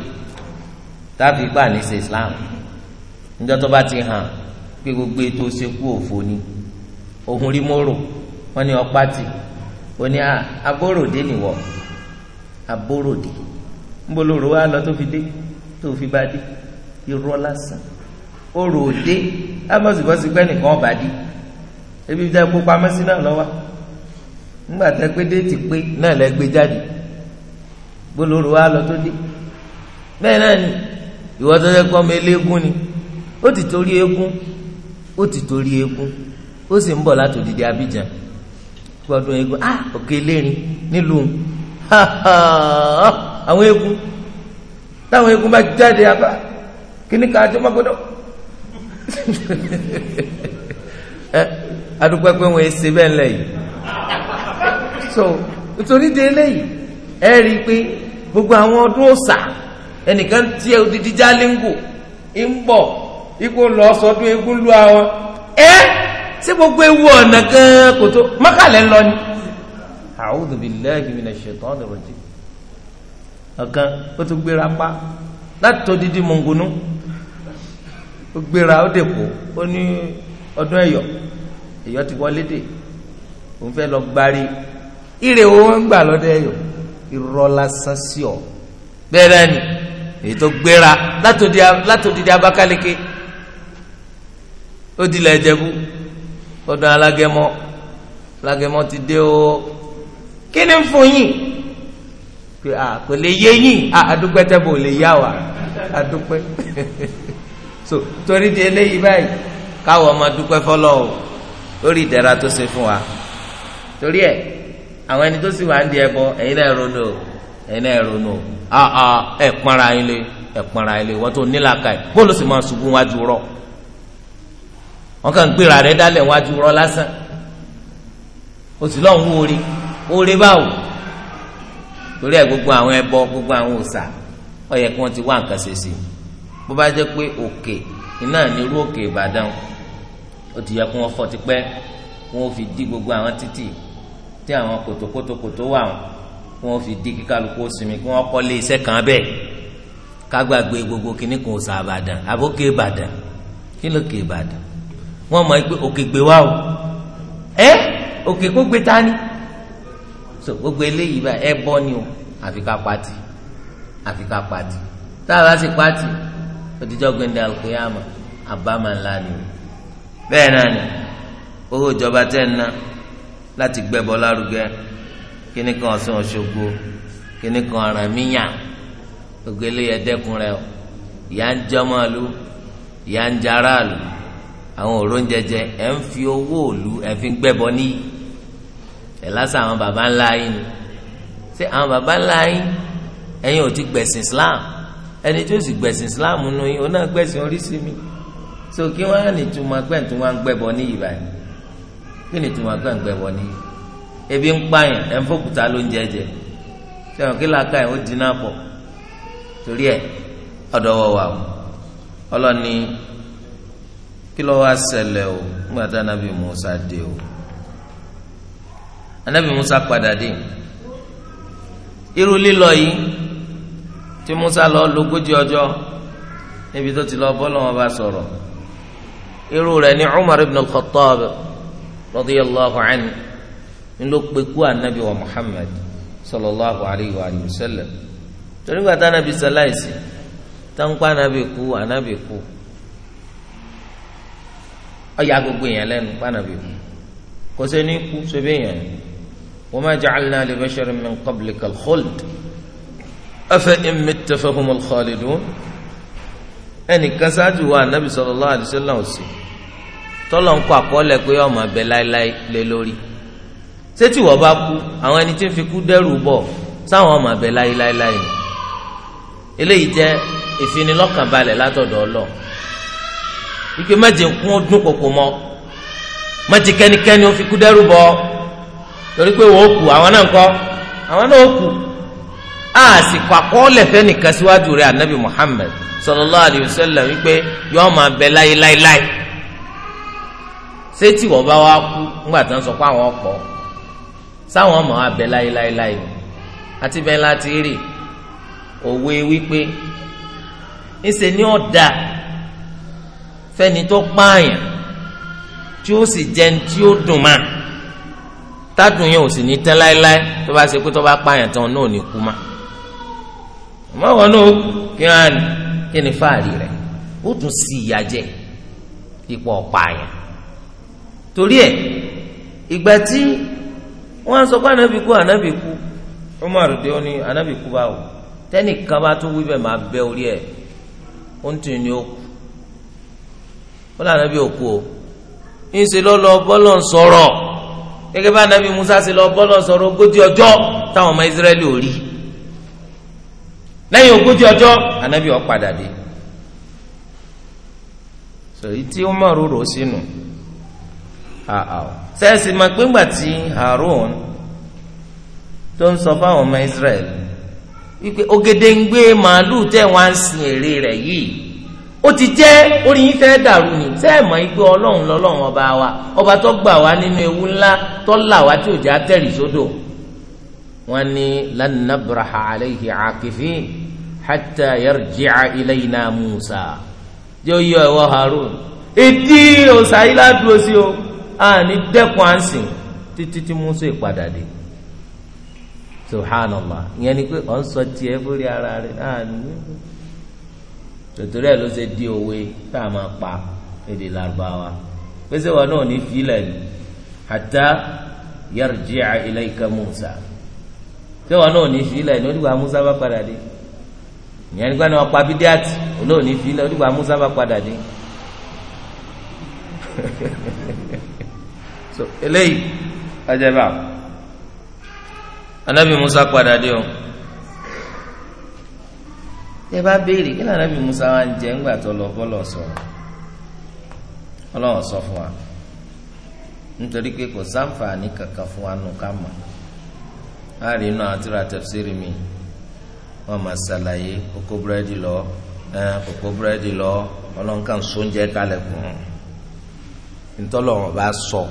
tábì gbà ní ṣe Islam níjọ́ tó bá ti hàn pé gbogbo ètò ṣekú òfò ni òhun rí mòrò wọn ni ọpá tì ó ní abóròdé nìwọ abóròdé ń bolóró wa lọ tó fi dé tó fi bá dé. irọ́ lásán ó rò ó dé amọ̀sibọ́sibọ́ ẹnìkan ọba dí ebi dá epo pamọ́ sí náà lọ́wọ́ ńgbà tẹ pé déètì pé náà lẹ gbé jáde gbólóró wa lọ tó dé bẹ́ẹ̀ náà ni ìwọ tó kọ́ ọmọ ni ó ti torí eégún ó ti torí eégún ó sì ń bọ̀ láti òdìdí Abidjan gbọdún eégún ah òkè nílùú àwọn táwọn bá jáde kíní ká àjọmọ́ gbọ́dọ̀ ɛ adúpẹ́ pé wọ́n so nítorí de yi ẹ rí i pé gbogbo àwọn ọdún ọ̀sà ẹnìkan tí odidi jáléńgò ń bọ̀ ikú lọ sọdún egún lu àwọn ẹ ṣé gbogbo ewu ọ̀nà gan kò tó mọ́kàlẹ́ ni. ọ̀kan ó tún gbéra pa ó gbéra ó dèkó ó ní ọdún ẹ̀yọ̀ ẹ̀yọ̀ ti wọlé dè òun fẹ́ lọ gbárí ire owó ń gbà lọ́dọ̀ ẹ̀yọ̀ irọ́ lásán sí ọ bẹ́ẹ̀ náà ni èyí tó gbéra látòdìdí Abakaliki ó dilẹ̀ Ẹ̀jẹ̀bú ọdún alágẹmọ alágẹmọ ti dé o kí ni ń fún yín pé à kò lè yé yín à àdúpẹ́ tẹ́ bò lè yá wa àdúpẹ́. so torí di eléyìí báyìí káwọn ọmọ dúpẹ́ fọlọ́ o lórí ìdẹ̀ra tó ṣe fún wa torí ẹ̀ àwọn ẹni tó sì wà ń di ẹbọ ẹ̀yin náà ronú o ẹ̀yin náà ronú o àà ẹ̀ pọ́nra yín lé ẹ̀ pọ́nra yín lé wọ́n tó nílàkà yìí bóòlù sì máa ṣubú wájú rọ̀ wọ́n kàn ń gbéra rẹ̀ dálẹ̀ wájú rọ̀ lásán o sì lọ́n wú orí orí báwo torí ẹ̀ gbogbo àwọn ẹbọ gbogbo àwọn òòṣà ó yẹ kí wọ́n ti wá nǹkan ṣe sí i bó bá jẹ́ pé òkè iná nírú òkè Ìbàdàn ó ti yẹ kó wọn fọ́ tipẹ́ wọn ò fi dí gbogbo àwọn títì tí àwọn kòtòkòtòkòtò wà wọn ò fi dí kíkálukú sinmi kí wọn kọ́lé iṣẹ́ kan bẹ́ẹ̀ kágbàgbé gbogbo kìnnì kan ọ̀sà Ìbàdàn àbókè Ìbàdàn kí ló kè Ìbàdàn wọn mọ̀ pé òkè gbé wá o ẹ òkè kó gbé ta ni so gbogbo eléyìí bá ẹ bọ́ ni o àfi ká pati àfi ká pati tá a bá sì pati òtítọ́ gbẹ̀ndẹ̀ alùpùpù àbámà ńlá ni bẹ́ẹ̀ náà ni owó ìjọba tẹ̀ ń ná láti gbẹ́bọ lárugẹ kíní kan ọ̀sán ọ̀ṣogbo kíní kan ọ̀ràn míyàn gbogbo eléyẹ dẹ́kun rẹ o ìyá ń jọmọ lu ìyá ń jara lu àwọn òróúnjẹ jẹ ẹ ń fi owó òlu ẹ fi ń gbẹ́bọ níyì ẹ lásán àwọn baba ńlá yín ni ṣé àwọn baba ńlá yín ẹ̀yin ò ti gbẹ̀sìn Islam ẹni tí ó sì gbẹ̀sìn islam nù yín òun náà gbẹ̀sìn oríṣi mi so kí wọ́n á nìtumọ̀ gbẹ̀ tó wọ́n á gbẹ̀bọ ní yìí báyìí kí nìtumọ̀ gbẹ̀ ń gbẹ̀bọ ní yìí ebi ń pààyàn ẹ̀ ń fòkúta ló ń jẹjẹ sẹ́wọ̀n kí làákà yẹn ó di náà pọ̀ torí ẹ̀ ọ̀dọ̀ wọ̀ wà o ọlọ́ni kí ló wá ṣẹlẹ̀ o nígbà tá anabi musa dé o anabi musa padà dé irú lílọ yìí tí musa lọ lógójì ọjọ́ níbi tó ti lọ bọ́lọ̀ wọn bá sọ̀rọ̀ irú rẹ̀ ní umar ibn al-khattab radiyallahu anhu ló pe kú anabi wa muhammad sallallahu alayhi wa sallam torí gbàtà anabi sàláìsì táǹkà anabi kú anabi kú ọyà gbogbo èèyàn lẹ́nu pànàbí kú kò sẹ́ni kú sẹ́bẹ̀yàn wa ma ja'alna li min qablika al afa emita fahumul khalidun ẹnìkan ṣáájú wa anabi sallallahu alaihi wasallam ọsẹ tọlọ ń kọ àkọọlẹ pé ọmọ abẹ láéláé lé lórí sétí wọ́n bá kú àwọn ẹni tí ń fi kú dẹ́rù bọ̀ sáwọn ọmọ abẹ láéláé láé eléyìí jẹ́ ìfinilọ́kànbalẹ̀ látọ̀dọ̀ ọlọ ike méje kún dún kòkò mọ méje kẹ́nikẹ́ni ó fi kú dẹ́rù torí pé wọ́n ó kú àwọn náà ń kọ́ àwọn náà ó kú àsìkò àkọọ́lẹ̀ fẹ́nìkan síwájú rẹ̀ anabi muhammed sallallahu alayhi wa sallam wípé yọ́ọ́ máa bẹ láyé láéláé ṣé tí wọ́n bá wá kú ńgbà tó ń sọ pé àwọn ọ̀pọ̀ sáwọn ọmọ abẹ láyé láyé láyé àti bẹ́ẹ̀ láti rí òwe wípé ńṣe ni ọ̀dà fẹ́ni tó pààyàn tí ó sì jẹun tí ó dùn máa tádùn yẹn ò sì ní tán láéláé tó bá ṣe pé tó bá pààyàn tán náà ò ní kú máa. àmọ́ wọn kí wọn kí ni fáàrí rẹ̀ ó tún sí ìyá jẹ ipò ọ̀pá torí ẹ̀ ìgbà tí wọ́n sọ pé ànábì kú ànábì kú Umar dé ó ní ànábì kú báwo tẹ́nìkan máa orí ẹ̀ ó ń tún ní ó kú ó o ń ṣe lọ lọ bọ́lọ̀ ń sọ̀rọ̀ gẹ́gẹ́ Musa ṣe lọ bọ́lọ̀ ń sọ̀rọ̀ ogójì ọjọ́ táwọn ọmọ lẹ́yìn ogójì ọjọ́ anabi ó padà dé sọ̀rọ̀ tí ó mọ̀rú rò sínú sẹ́ẹ̀sì máa pé ńgbà tí Harun tó ń sọ fáwọn ọmọ Israel wípé ògèdèǹgbé màálùú tẹ̀ wá ń sin èrè rẹ̀ yìí ó ti jẹ́ orí yín fẹ́ dàrú ni sẹ́ẹ̀mọ́ igbe ọlọ́run lọ́lọ́run ọba wa ọba tó gbà wá nínú ewu ńlá tó là wá tí ò já tẹ̀rì sódò. So wọ́n ní lan nabraha alayhi akifin hatta yarji'a ilayna Musa jẹ́ oyè ọ̀wọ́ Harun etí òsàyí ládùúgbò sí o àní dẹ́kun àǹsìn títí tí Musa ìpadà dé subhanallah ìyẹn ni pé ọ̀n sọ tiẹ̀ fúri ara rẹ̀ àní tòtòrí ẹ̀ ló ṣe di òwe tá a máa pa èdè Lárúbáwá pèsè wọn náà ní filẹ̀ ni hatta yarji'a ilayka Musa tí wọn náà ní fìlà ní onígbà musa bá padà dé ìyẹn nígbà ní wọn pa bídíàtì olóò ní fìlà onígbà musa bá padà dé so eléyìí ajẹba anabi musa padà dé o tẹ bá béèrè kí lànàbì musa wa ń jẹ ńgbà tó lọ bọlọ sọ̀rọ̀ Ọlọ́run sọ fún wa nítorí pé kò sáǹfààní kankan fún wa nù ká mọ̀ láàrin inú àwọn tíra tafsiri mi wọn máa ṣàlàyé kókó búrẹ́dì lọ ẹ kókó búrẹ́dì lọ ọlọ́nkàn sóúnjẹ kalẹ̀ kùn ntọ́lọ̀ wọn bá sọ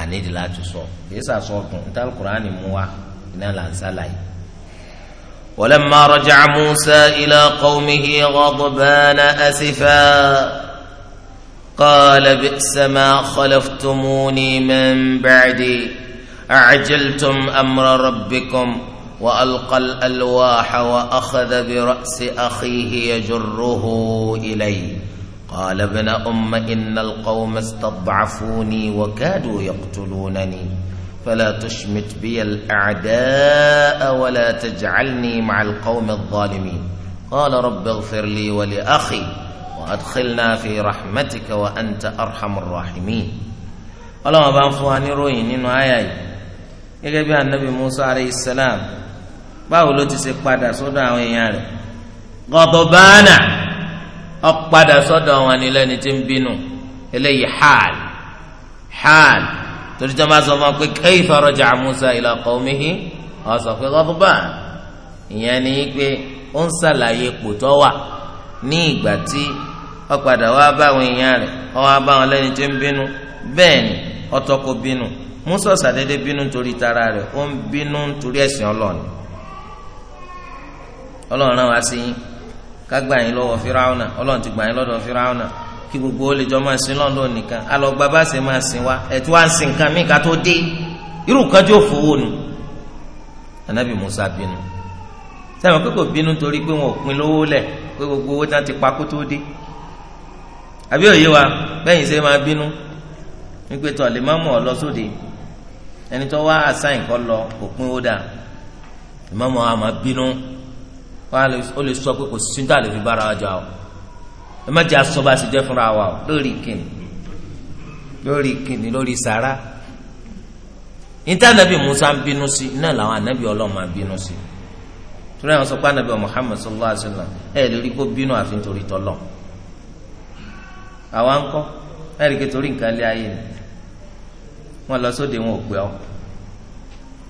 ànídì láti sọ kìí sàsọkùn ntàlù kùránì mú wa iná là ń ṣàlàyé. ولما رجع موسى إلى قومه غضبان أسفا قال بئس ما خلفتموني من بعدي أعجلتم أمر ربكم وألقى الألواح وأخذ برأس أخيه يجره إليه قال ابن أم إن القوم استضعفوني وكادوا يقتلونني فلا تشمت بي الأعداء ولا تجعلني مع القوم الظالمين قال رب اغفر لي ولأخي وأدخلنا في رحمتك وأنت أرحم الراحمين ọlọ́run bá ń روين إنه níròyìn gẹ́gẹ́ bí anabi musa alayhi salam báwo ló ti ṣe padà sọ́dọ̀ àwọn èèyàn rẹ̀ gọbọbaana ọpadà sọ́dọ̀ àwọn anilẹni tí ń bínú eléyìí xaal xaal torí jọba sọ fún wa pé kayfa raja'a musa ila qawmihi ọ sọ pé gọbọbaana ìyẹn ni pé ó ń ṣàlàyé kòtọ wà ní ìgbà tí ọpadà wà báwọn èèyàn rẹ̀ ọwọ abáwọn lẹni tí ń bínú bẹ́ẹ̀ ni ọtọ kò bínú musa ṣàdédé bínú torí tara rẹ̀ ó ń bínú torí ẹ̀sìn ọlọ́ọ̀ni ọlọ́run náà wá sí yín ká gbà yín lọ́wọ́ fíráúnà ọlọ́run ti gbà yín lọ́dọ̀ fíráúnà kí gbogbo ó lè jọ máa sin lọ́dọ̀ nìkan alọ́gba bá ṣe máa sin wa ẹ̀tú wá ń sin nǹkan mí ká tó dé irú kan tí fowó nu anabi musa bínú sẹ́wọ̀n pé kò bínú torí pé wọn ò pin lówó lẹ̀ pé gbogbo owó tán ti pa kó tó dé àbí òye wa bẹ́yìn ṣe máa bínú wípé tọ̀lẹ́mọ́mọ́ ọ lọ sóde. So ẹni tó wá àṣàyìn kọ́ lọ kò pín ó dà ìmọ̀mọ́ àmọ́ bínú ó lè sọ pé kò síntà lè fi bára wa jà o ẹ má jẹ́ aṣọ bá a ṣe jẹ́ fúnra wa o lórí kìnnì lórí kìnnì lórí sàrà níta anabi musa ń bínú sí náà làwọn anabi ọlọ́run máa bínú sí tura yẹn sọ pé anabi muhammed sallallahu alayhi wa sallam ẹ lè rí kó bínú àfi nítorí tọlọ àwa ń kọ ẹ rí kí torí nǹkan lé ayé ni wọ́n lọ sóde wọn ò pè ọ́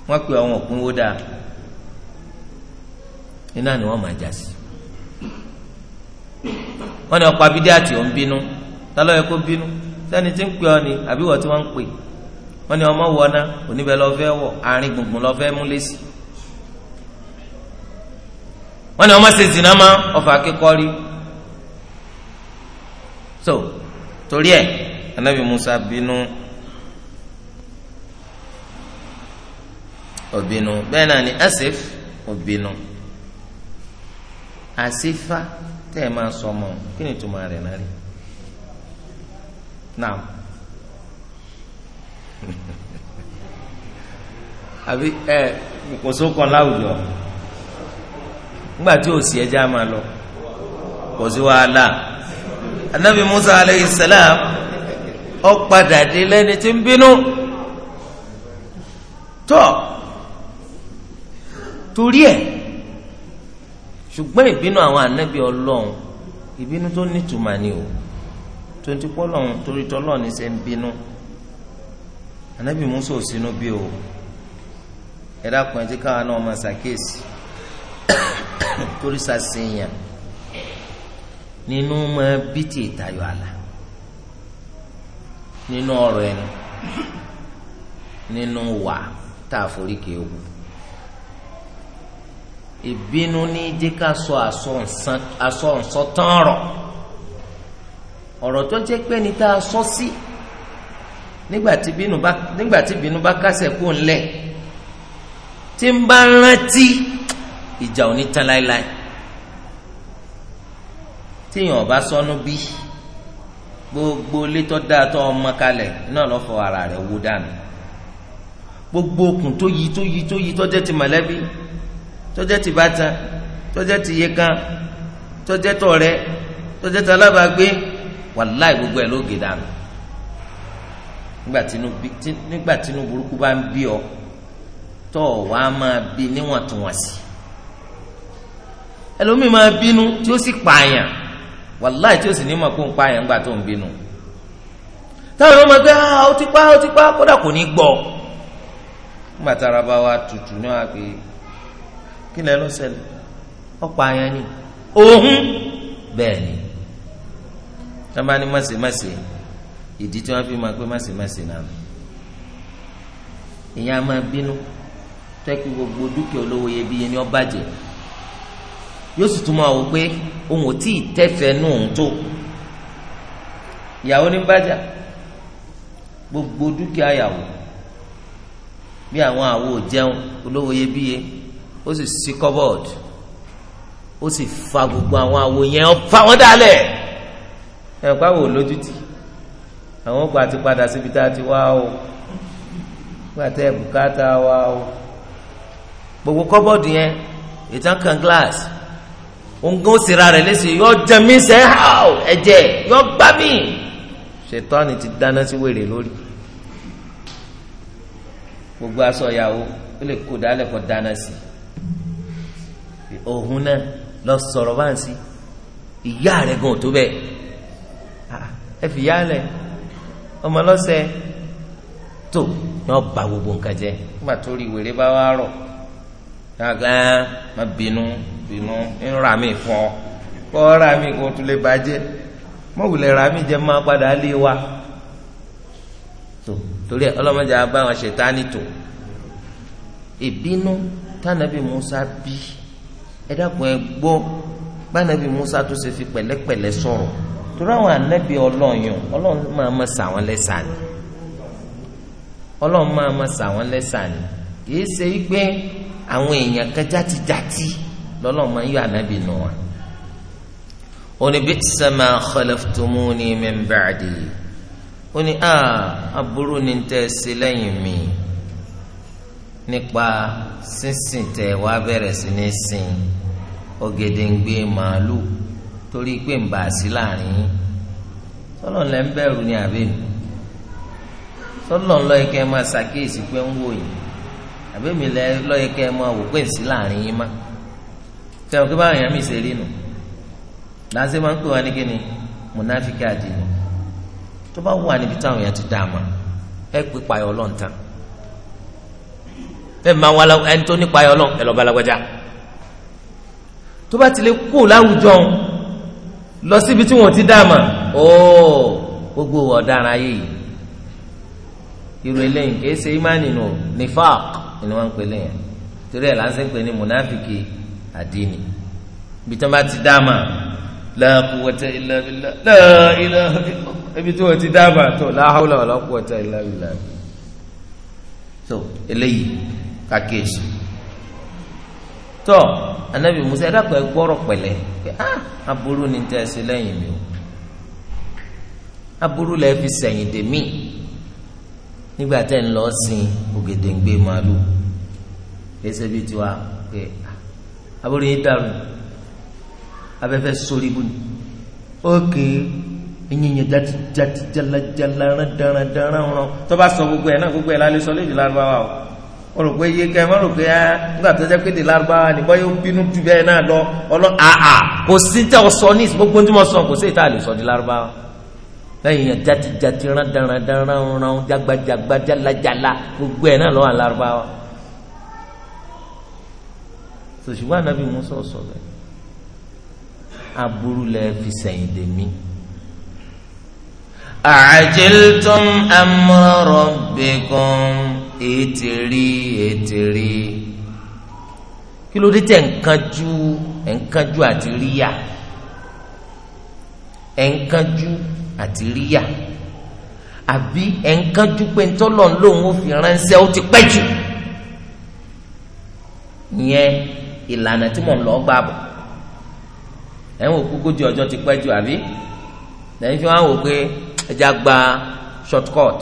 wọ́n pè ọ́ wọn ò kúnwó dáa iná ni wọ́n máa jà sí wọ́n ní ọ̀pá bídíà tí ò bínú tálọ́ yẹ kó bínú sẹ́ni tí ń pè ọ́ ni àbí wọ́n tí wọ́n ń pè wọ́n ní ọmọ wọ́ná oníbẹ̀ lọ́ fẹ́ wọ̀ àárín gbùngbùn lọ́ fẹ́ mú lẹ́sì wọ́n ní ọmọ ṣe zìnnà mọ́ ọfà kíkọ́ rí so torí ẹ̀ anábì Musa bínú. obinu bẹẹ náà ni asif obinu asifa tẹ́ ẹ máa sọ ọmọ kí ni ìtumọ̀ rẹ̀ náà rí náà àbí ẹ kò sókan láwùjọ nígbà tí máa lọ kò sí wàhálà anabi musa aleyhi salam ọ padà dé lẹ́ni tí ń bínú torí ẹ̀ ṣùgbọ́n ìbínú àwọn ànábì ọlọ́run ìbínú tó nítumọ̀ ni o tonti pọ́lọ́run torí tọ́lọ́run ṣe ń bínú ànábì Mùsá ò sínú bí o ẹ dákun ẹ ti káwọn náà máa ṣàkíyèsí torí sàṣeyàn nínú máa bí ti ìtayọ àlà nínú ọ̀rọ̀ ẹnu nínú wà tá a forí kéwù ìbínú ní jẹ́ ká sọ aṣọ ǹsọ tán rọ̀ ọ̀rọ̀ tó jẹ́ pé ní tá a sọ sí nígbà tí bínú bá kásẹ̀ kó ńlẹ̀ tí ń bá rántí ìjà ò ní tán láéláé tíyàn ọba sọnù bí gbogbo létọ́ dáa tó ọmọ kalẹ̀ náà lọ́ fọ ara rẹ̀ wó dànù gbogbo okùn tó yí tó yí tó yí tó jẹ́ ti mọ̀lẹ́bí tọjẹ ti bàtàn tọjẹ ti yekan tọjẹ tọ̀rẹ́ tọjẹ ti alábàágbé wàláì gbogbo ẹ ló gé dànù nígbà tínú burúkú bá ń bí ọ tọ wà á máa bí níwọ̀ntúnwọ̀nsì ẹlòmíì máa bínú tí ó sì pààyàn wàláì tí ó sì ní mọ̀ kó ń pààyàn nígbà tó ń bínú táwọn ọmọ gbé ah ó ti pa ó ti pa kódà kò ní gbọ́ nígbà tára bá wa tutù ní wàá pé kí lẹ ló ṣẹlẹ̀ ọ̀pọ̀ àyàn ni òhun bẹ́ẹ̀ ni sábà ní màsèmàsè ìdí tí wọ́n fi máa pé màsèmàsè náà ìyá máa bínú tẹ́kí gbogbo dúkìá olówó iyebíye ni ó bàjẹ́ yóò sì tún máa wò pé òun ò tíì tẹ́fẹ̀ẹ́ nù òun tó ìyàwó ní bàjá gbogbo dúkìá yàwó bí àwọn àwo jẹun olówó iyebíye ó sì sí cupboard ó sì fa gbogbo àwọn àwo yẹn ó fa wọn dálẹ̀ ẹ̀ pa wò lójútì àwọn gba ti padà síbi tá a ti wá o gba bùkátà wá o gbogbo cupboard yẹn ìtàn kan glass òǹgàn òsèrà rẹ̀ lẹ́sì yọ jẹ mí sẹ́ háò ẹ̀jẹ̀ yọ gbá mi ṣètọ́ni ti dáná sí wèrè lórí gbogbo aṣọ ìyàwó ó lè kó dálẹ̀ kó dáná sí i òun náà lọ sọ̀rọ̀ bá ń sí ìyá rẹ̀ gan tó bẹ́ẹ̀ ẹ fi yá lẹ̀ ọmọ lọ́sẹ̀ tó yọ ba gbogbo nǹkan jẹ nígbà tó rí wèrè bá wà rọ̀ gàgán má bínú bínú ń ra mi fún ọ kọ́ ra mi kó tún lè bàjẹ́ mọ̀wùlẹ̀ ra mi jẹ́ máa padà lé wa tó torí ẹ ọlọ́mọdé abáwọn ṣètánì tó ìbínú tánàbí Musa bíi ẹ dákun ẹ gbọ́ gbanabi musa tó ṣe fi pẹ̀lẹ́pẹ̀lẹ́ sọ̀rọ̀ torí àwọn anabi ọlọyàn Ọlọ́run máa ma sà wọn lẹsà ni Ọlọ́run máa ma sà wọn lẹsà ni kìí ṣe pé àwọn èèyàn kan játijáti lọ́lọ́run máa ń yọ anabi nù wa. oni bitsa ma khalaftumuni min oni a aburú ni tẹ́ ẹ ṣe lẹ́yìn mi. nípa sínsìn tẹ wá bẹ̀rẹ̀ sí ní sìn ọ̀gẹ̀dẹ̀ǹgbẹ̀ màálù torí pé ń bà sí láàrin yín sọlọ́n ń bẹ̀rù ní àbẹ́nu sọlọ́n lọ́ọ́ kẹ́ ẹ máa ṣàkíyèsí pé ń wò ẹ máa má nù máa ń pè wá ní kíni tó bá wà níbi bẹ́ẹ̀ máa wá ẹni tó nípa ayọ̀ náà ẹ lọ bá alágbájá tó bá tilẹ̀ kú láwùjọ lọ síbi tí wọ́n ti dá àmà óò gbogbo ọ̀daràn ayé yìí irú eléyìí kìí ṣe imáni nù nifaq ni wọ́n ń pè léyìn torí ẹ̀ láǹṣẹ́ ń pè ní munafiki àdínì ibi tí wọ́n bá ti dá àmà la quwwata illa billah la ilaha illallah ibi tí wọ́n ti dá àmà tó la hawla wala quwwata illa so eléyìí kàkéèsì tọ anabi musa ẹdàkọ ẹgbọrọ pẹ̀lẹ́ pé ah aburú ni tẹ ẹ sí lẹ́yìn mi o aburú lẹ fi sẹ́yìn dè mí nígbà tẹ ń lọ sin ògèdèǹgbè màálù ẹsẹ bíi tiwa pé aburú yìí dàrú abẹ́fẹ́ sórí ibú ni ókè ẹ̀yìnyẹn jati jati jalajala dáradára rán tọ́ bá sọ gbogbo ẹ̀ náà gbogbo ẹ̀ lálẹ́ sọ léjì lárúbáwá o wọn rò pé iye kẹ wọn pé ẹ ah, nígbà tó jẹ pé de Lárúbáwá ni bọ́yọ̀ bínú ju bẹ́ẹ̀ náà lọ ọlọ́ àà kò sí tẹ ọ sọ ní gbogbo tí sọ kò sí ìta lè sọ di Lárúbáwá lẹ́yìn yẹn jati jati rán daran daran rán jagbajagba jalajala gbogbo ẹ̀ náà lọ́wọ́ alárúbáwá sòṣùgbọ́n anabi musa sọ bẹ́ẹ̀ aburú lẹ fi sẹ́yìn dèmí. àjẹlítọ́m amúrọ̀ bẹ́ẹ̀ kan èyí ti rí èyí ti rí kí ló dé tẹ̀ ǹkanjú ǹkanjú àti ríyà ẹ̀ńkájú àti ríyà àbí ẹ̀ńkájú pé ntọ́lọ̀ lòun ò fi ránṣẹ́ ó ti pẹ́ jù ìyẹn ìlànà tí mò ń lọ gbà bọ̀ ẹ̀wọ̀n ogójì ọjọ́ ti pẹ́ jù àbí lẹ́yìn fi wọ́n á wò pé ẹja gba short cut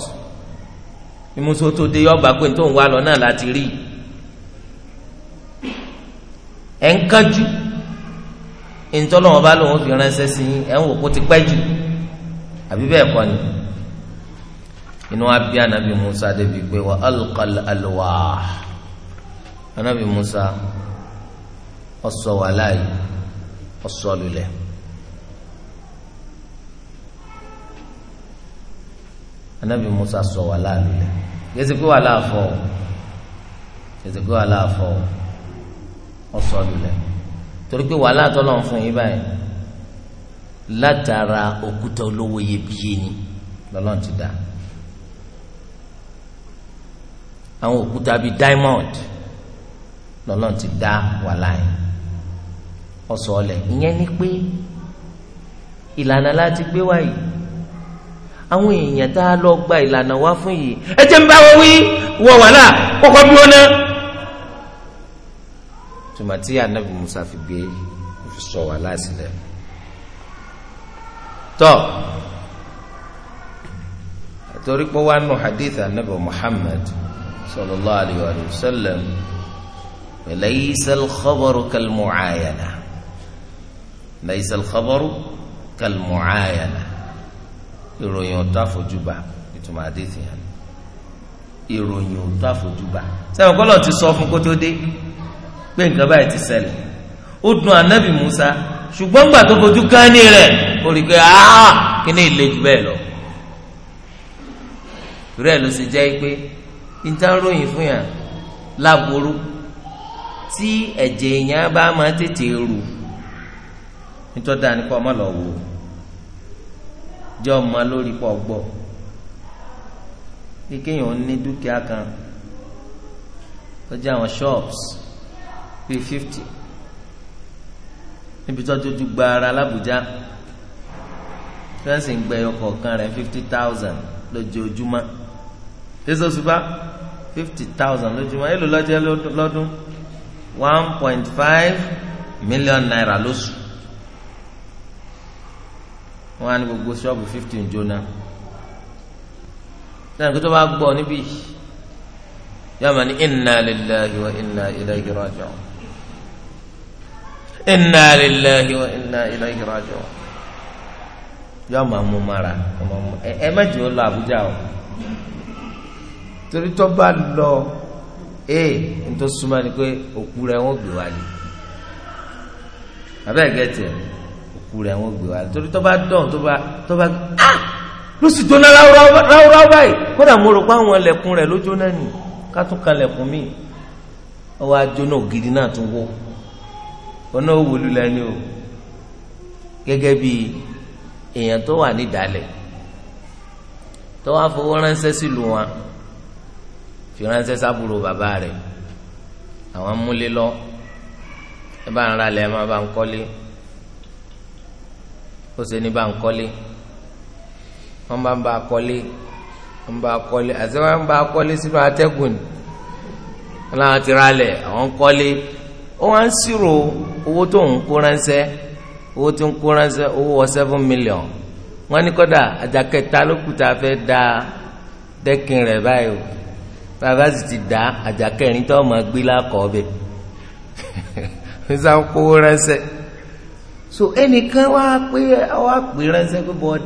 ìmúso tó dé ọba pé tó ń wá lọ náà láti rí ẹ̀ ń kájú ìtọ́lọ́wọ́n bá lòun fi ránṣẹ́ sí yín ẹ̀ ń wò kó ti pẹ́ jù àbí bẹ́ẹ̀ kọ́ ni inú wa anabi musa débi pé wa alqal alwah anabi musa ọsọ wàhálà yìí ọsọ lulẹ̀. anabi musa sọ wà láàlú lẹ wà láàfọ wà láàfọ ọsọ lulẹ torí pé fún yín báyìí látara òkúta olówó iyebíye ni ti àwọn òkúta ni pé ìlànà láti gbé wáyìí. àwọn èèyàn tá a lọ gba ìlànà wá fún yìí ẹ jẹ́ ń bá wọn wí wọ wàhálà kọ́kọ́ bí wọn ná. tòmátì anabi musa fi gbé fi sọ wàhálà sílẹ̀ tọ́ torí pé wàá nù hadith anabi muhammad sallallahu alayhi wa sallam laysa al-khabaru kal-mu'ayana laysa ìròyìn ọ̀tá àfojúbà ìtumọ̀ àdéhìí yẹn ìròyìn ọ̀tá àfojúbà sẹ́wọ̀n kọ́lọ̀ ti sọ fún kótó dé pé nǹkan báyìí ti ṣẹlẹ̀ ó dùn ànábì Musa ṣùgbọ́n gbà tó fojú kání rẹ̀ ó rí i pé aah kí ni ìlejò bẹ́ẹ̀ lọ rẹ̀ ló ṣe jẹ́ pé ìtàròyìn fún yàn láboró tí ẹ̀jẹ̀ èèyàn bá máa tètè rù nítorí dáa ní kó ọmọ lọ wò ó jẹ́ ọmọ lórí pọ̀ gbọ́ bí kéèyàn ní dúkìá kan tó jẹ́ àwọn shops bíi fifty níbi tó tójú gba ara l'Abuja fẹ́ǹsì ń gbẹ ọkọ̀ kan rẹ̀ fifty thousand lójoojúmọ́ tẹ́sọ̀sùpá fifty thousand lójúmọ́ èlò lọ́jẹ́ lọ́dún one point five million naira lóṣù wọn á ní gbogbo ṣọ́ọ̀bù fifteen jóná sẹ́yìn kí tó bá gbọ́ níbí yóò máa ní inna lillahi wa inna ilayhi raji'un inna lillahi wa inna ilayhi raji'un yóò máa mú mara ẹ mẹ́jọ ó lọ Àbújá o torí tó bá lọ ee nítorí súnmọ́ ni pé òkú rẹ̀ wọ́n gbé wáyé abẹ́ẹ̀ gẹ́tì ẹ̀ òkú rẹ̀ wọ́n gbé wa torí tó bá dán tó bá tó bá á ah! ló sì jóná ráúráú báyìí kódà mo rò pé àwọn ẹlẹ́kùn rẹ̀ ló jóná nì ká tún kan ẹlẹ́kùn míì ọwọ́ ajóná ògidì náà tún wó ọ̀nà òwòlú lẹ́ni o gẹ́gẹ́ bí èèyàn tó wà nídàálẹ̀ tó wá fowó ránṣẹ́ sílùú wọn fi ránṣẹ́ sábúrò bàbá rẹ̀ àwọn múlé lọ ẹ bá ń ralẹ̀ ẹ má bá ń kọ́lé ó ṣe ní bá ń kọ́lé wọ́n bá ń bá a kọ́lé wọ́n bá a kọ́lé àti wọ́n bá a kọ́lé sínú atẹ́gùn ni wọ́n láwọn ti ralẹ̀ àwọn ń kọ́lé ó wá ń ṣírò owó tó ń kó ránṣẹ́ owó tó ń kó ránṣẹ́ owó wọ seven million wọ́n ní kọ́dà àjàkẹta ló kù tá a fẹ́ da dẹ́kin rẹ̀ báyìí o bàbá sì ti dá àjàkẹrin tó ọmọ gbé lákọ̀ọ́ bẹ́ẹ̀ ní sáà kó ránṣẹ́ so ẹnìkan wá pé wá pè ránṣẹ́ pé o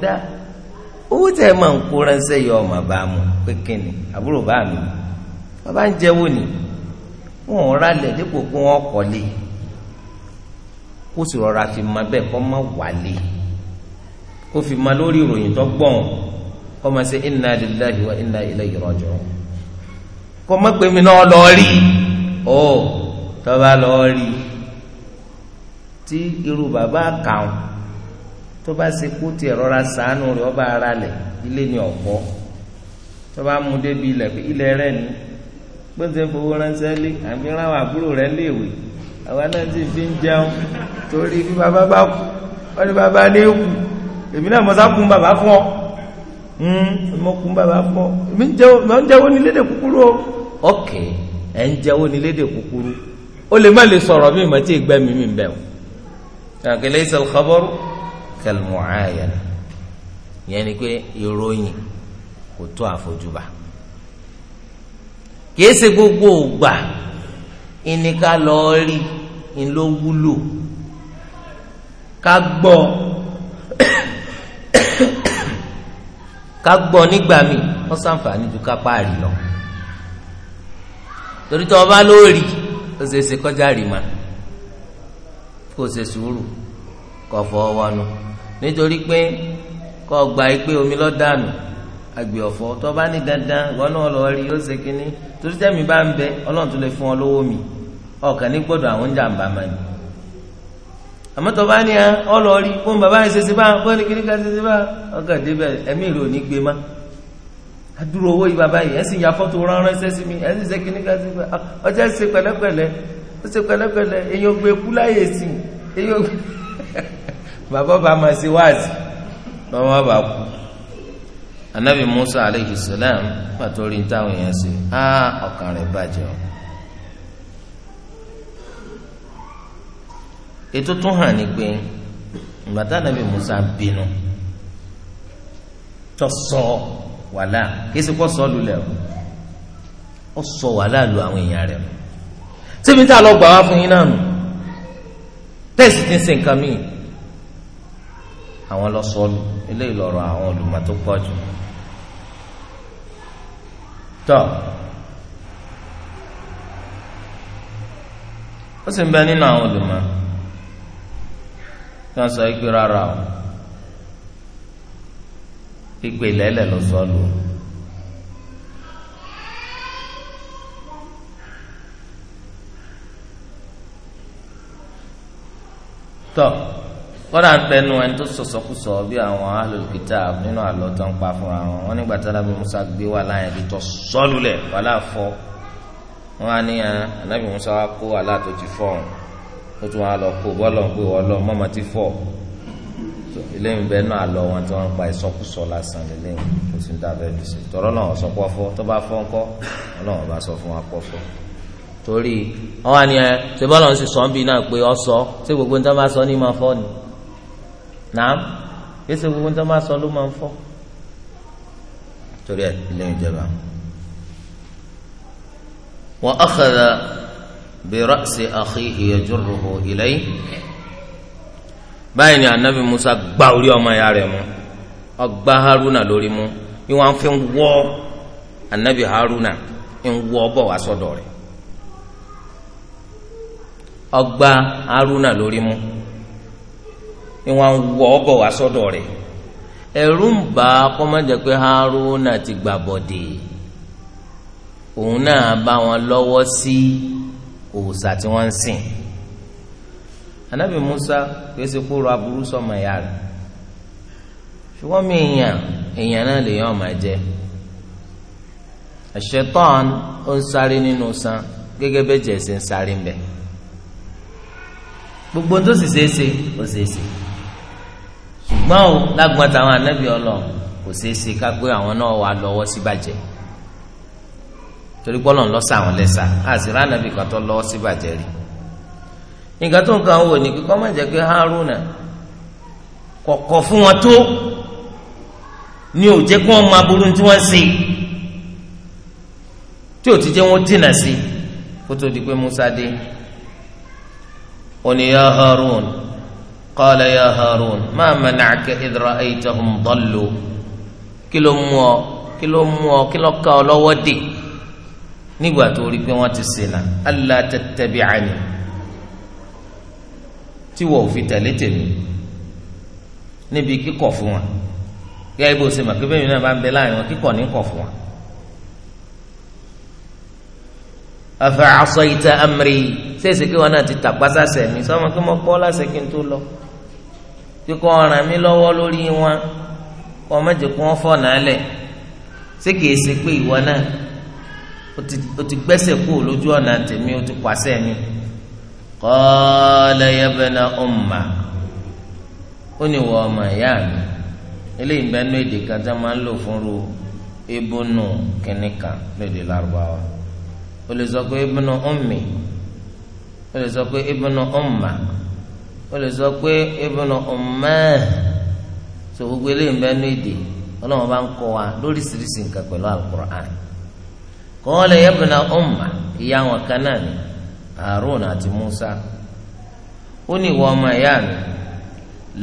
owó tẹ̀ máa ń kó yi yọ ọmọ bá mu pé kíni àbúrò bá mi bàbá ń ni wọn ò le dípò kó wọn kọ́lé kó sì rọra fi ma bẹ́ẹ̀ kọ́ máa wálé kó fi ma lórí ìròyìn tó gbọ̀n kọ́ máa ṣe inna lillahi wa inna ilayhi raji'un kọ́ máa pè náà rí tí irú bàbá kàn tó bá ṣe kú tiẹ̀ rọra sàánú rẹ̀ ọba ara lẹ̀ ilé ni ọ̀pọ̀ tó bá mú débi ilẹ̀ ilẹ̀ rẹ̀ ni gbọ́dọ̀ fowó ránṣẹ́ lé àmì ráwọn àbúrò rẹ̀ léèwé àwa náà sì fi ń jẹun torí bí bàbá bá kú wọ́n ní bàbá ní kú èmi náà mọ̀sá kún bàbá fún ọ hmm, mo kún bàbá fún ọ èmi ń jẹ́wọ́ ní lédè kúkúrú o ok ẹ̀ ń jẹ́wọ́ ní lédè kúkúrú ó lè má lè sọ̀rọ̀ mi ìmọ̀ tí ì gbẹ́mìí mi bẹ̀ wọ́n kàkẹ́ laysa al-khabaru kal-mu'ayana yẹn ni pé ìròyìn kò tó àfojúbà kìí ṣe gbogbo ògbà ìníká lọ rí ńlọ wúlò ká gbọ́ ká gbọ́ nígbà mi wọ́n sàǹfààní ju ká páàrí lọ torí tí wọ́n bá lóòrì ó ṣeé ṣe kọjá rí máa kó o ṣe sùúrù kó o fọwọ́ wọnú nítorí pé kó o gba ìpè omi lọ́dànù àgbè ọ̀fọ́ tó bá ní dandan wọn náà lọ rí ó ṣe kínní torí tẹ́mi bá ń bẹ ọlọ́run tó lè fún ọ lówó mi ọkàn ní gbọ́dọ̀ àwọn jàǹbá máa ní. àmọ́ tó bá ní ah, ọ lọ rí fún bàbá yẹn ṣèṣe bá fún ẹni kíníkà ṣèṣe bá ọkàn débẹ̀ ẹ̀mí rẹ̀ ò ní gbé má. adúrò owó yìí bàbá yìí ẹ̀ sì ya fọ́tò rán ránṣẹ́ sí mi ẹ̀ sì ṣe kíníkà ṣe ah, ọjọ́ ṣe pẹ̀lẹ́pẹ̀lẹ́ ó ṣe pẹ̀lẹ́pẹ̀lẹ́ èyí ò gbé kú láyè sí èyí ò gbé bàbá bá máa ṣe wáàzì lọ́wọ́ bá kú anabi musa aleyhi salam pàtó rí táwọn èèyàn ṣe á ọkàn rẹ̀ bàjẹ́ o. ètò tún hàn ní pé ìgbàtà nàbì Musa bínú tó sọ wàhálà kí esi kó sọ lulẹ̀ ó sọ wàhálà lu àwọn èèyàn rẹ̀ o síbi tá a lọ gbà wá fún yín náà nù tẹ́sì ti ń sin nǹkan míì àwọn lọ sọlù eléyìí lọ́rọ̀ àwọn olùmọ̀ tó pọ̀ jù tọ́ ó sì ń bẹ nínú àwọn olùmọ̀ tí wọ́n sọ ìpè rárá o ìpè tọ́ kọ́dà ń bẹnu ẹni tó sọ̀sọ́kùsọ bí àwọn alòkìtà nínú àlọ́ tó ń pa fúnra wọn wọn nígbà tí alábì musa gbé wà láyé bí tọ́ sọ́lulẹ̀ wà láàfọ́ wọn á ní anábì musa wá kó wà láàtó ti fọ́ ọ̀hún ó tún wá lọ kó bọ́ọ̀lọ̀ ń pè wọ́n lọ mọ́mọ́ ti fọ́ eléyìí bẹ́ẹ̀ náà lọ wọn tí wọ́n ń pa ìsọkúsọ lásán lélẹ́yìn kò sí ní dábẹ́ lùsì tọ́rọ́ náà sọ pọ́ fọ́ tó bá fọ́ ńkọ́ ọlọ́run bá sọ fún wa pọ́ fọ́ torí ọwọ́ àni ẹ ṣe bọ́lá ń sì sọ ń bí náà pé ọ sọ ṣé gbogbo nǹkan bá sọ ní máa fọ́ ni nàám kí ṣe gbogbo nǹkan bá sọ ló máa ń fọ́ torí ẹ ilé ìjọba. وأخذ برأس أخيه يجره إليه báyìí ni anabi musa gba orí ọmọ ya rẹ̀ mú ọgbà haruna lórí mú ni wọn fi ń wọ́ anabi haruna ń wọ́ bọ̀ wá sọ́dọ̀ rẹ̀ ọgbà haruna lórí mu ìwọ̀n wọ́ ọ bọ̀ wá sọ́dọ̀ rẹ̀ ń bà á pé haruna ti gbà bọ̀dé òun náà bá wọn lọ́wọ́ sí òòṣà tí wọ́n ń sìn anabi musa kìí ṣe kó ro aburú sọmọ ìyá rẹ̀ ṣùgbọ́n mi èèyàn èèyàn náà lè yàn ọmọ jẹ ṣẹ̀tán ó ń sáré nínú san gẹ́gẹ́ bẹ́ẹ̀ jẹ́ ṣe ń sáré ń bẹ̀ gbogbo tó sì ṣeé ṣe kò ṣeé ṣe ṣùgbọ́n o lágbọ́n táwọn anábì ọlọ kò ṣeé ṣe ká pé àwọn náà wà lọ́wọ́ sí bàjẹ́ torí pé Ọlọ́run ló ṣà àwọn lẹ́ṣà àṣírí anábì kan tó lọ́wọ́ sí rí nǹkan tó Haruna fún wọn tó ni ò jẹ́ kí wọ́n máa burú tí wọ́n ṣe tí ò Musa dé. oni ya harun qala ya harun ma mana'aka idh ra'aytahum dallu kí ló mú ọ kí ló mú ọ kí ló ká ọ lọ́wọ́ dè nígbà tó rí pé wọ́n ti ṣìnà alla tattabi'ani tí wọ́n ò fi tẹ̀lé tèmi níbi kíkọ̀ fún wa gẹ́gẹ́ bó ṣe mọ̀ kí bẹ́ẹ̀ mi náà bá ń bẹ láàrin wọn kíkọ̀ ní kọ̀ fún wa. afa asaita amri sèse kí wọn náà ti tàpásá sẹmi sọmọ kí mo kọ́ lásẹ̀ kí n tó lọ kíkọ́ ọ̀ràn mi lọ́wọ́ lórí wọn kọ́ mẹ́jọ kí wọ́n fọ̀ náà lẹ̀ ṣé kìí ṣe pé ìwọ náà o ti gbẹ́sẹ̀ kú lójú ọ̀nà tèmi o ti pàṣẹ mi qala ya bana umma ó ní wọ ọmọ ìyá mi eléyìí bẹ́ẹ̀ nú èdè kan tí wọ́n máa ń lò fún ru ebónú kìnnìkan lóde lárúbáwá o lè sọ pé ibnu ummi o lè sọ pé ibnu umma o lè sọ pé ibnu umma so gbogbo eléyìí bẹ́ẹ̀ ní èdè ọlọ́run bá ń kọ́ wa lóríṣiríṣi nǹkan pẹ̀lú alukur'an kọ́ọ̀lẹ̀ yẹ́bùnà umma ìyá wọn kan náà ni Harun àti Musa ó ní ìwọ ọmọ ìyá mi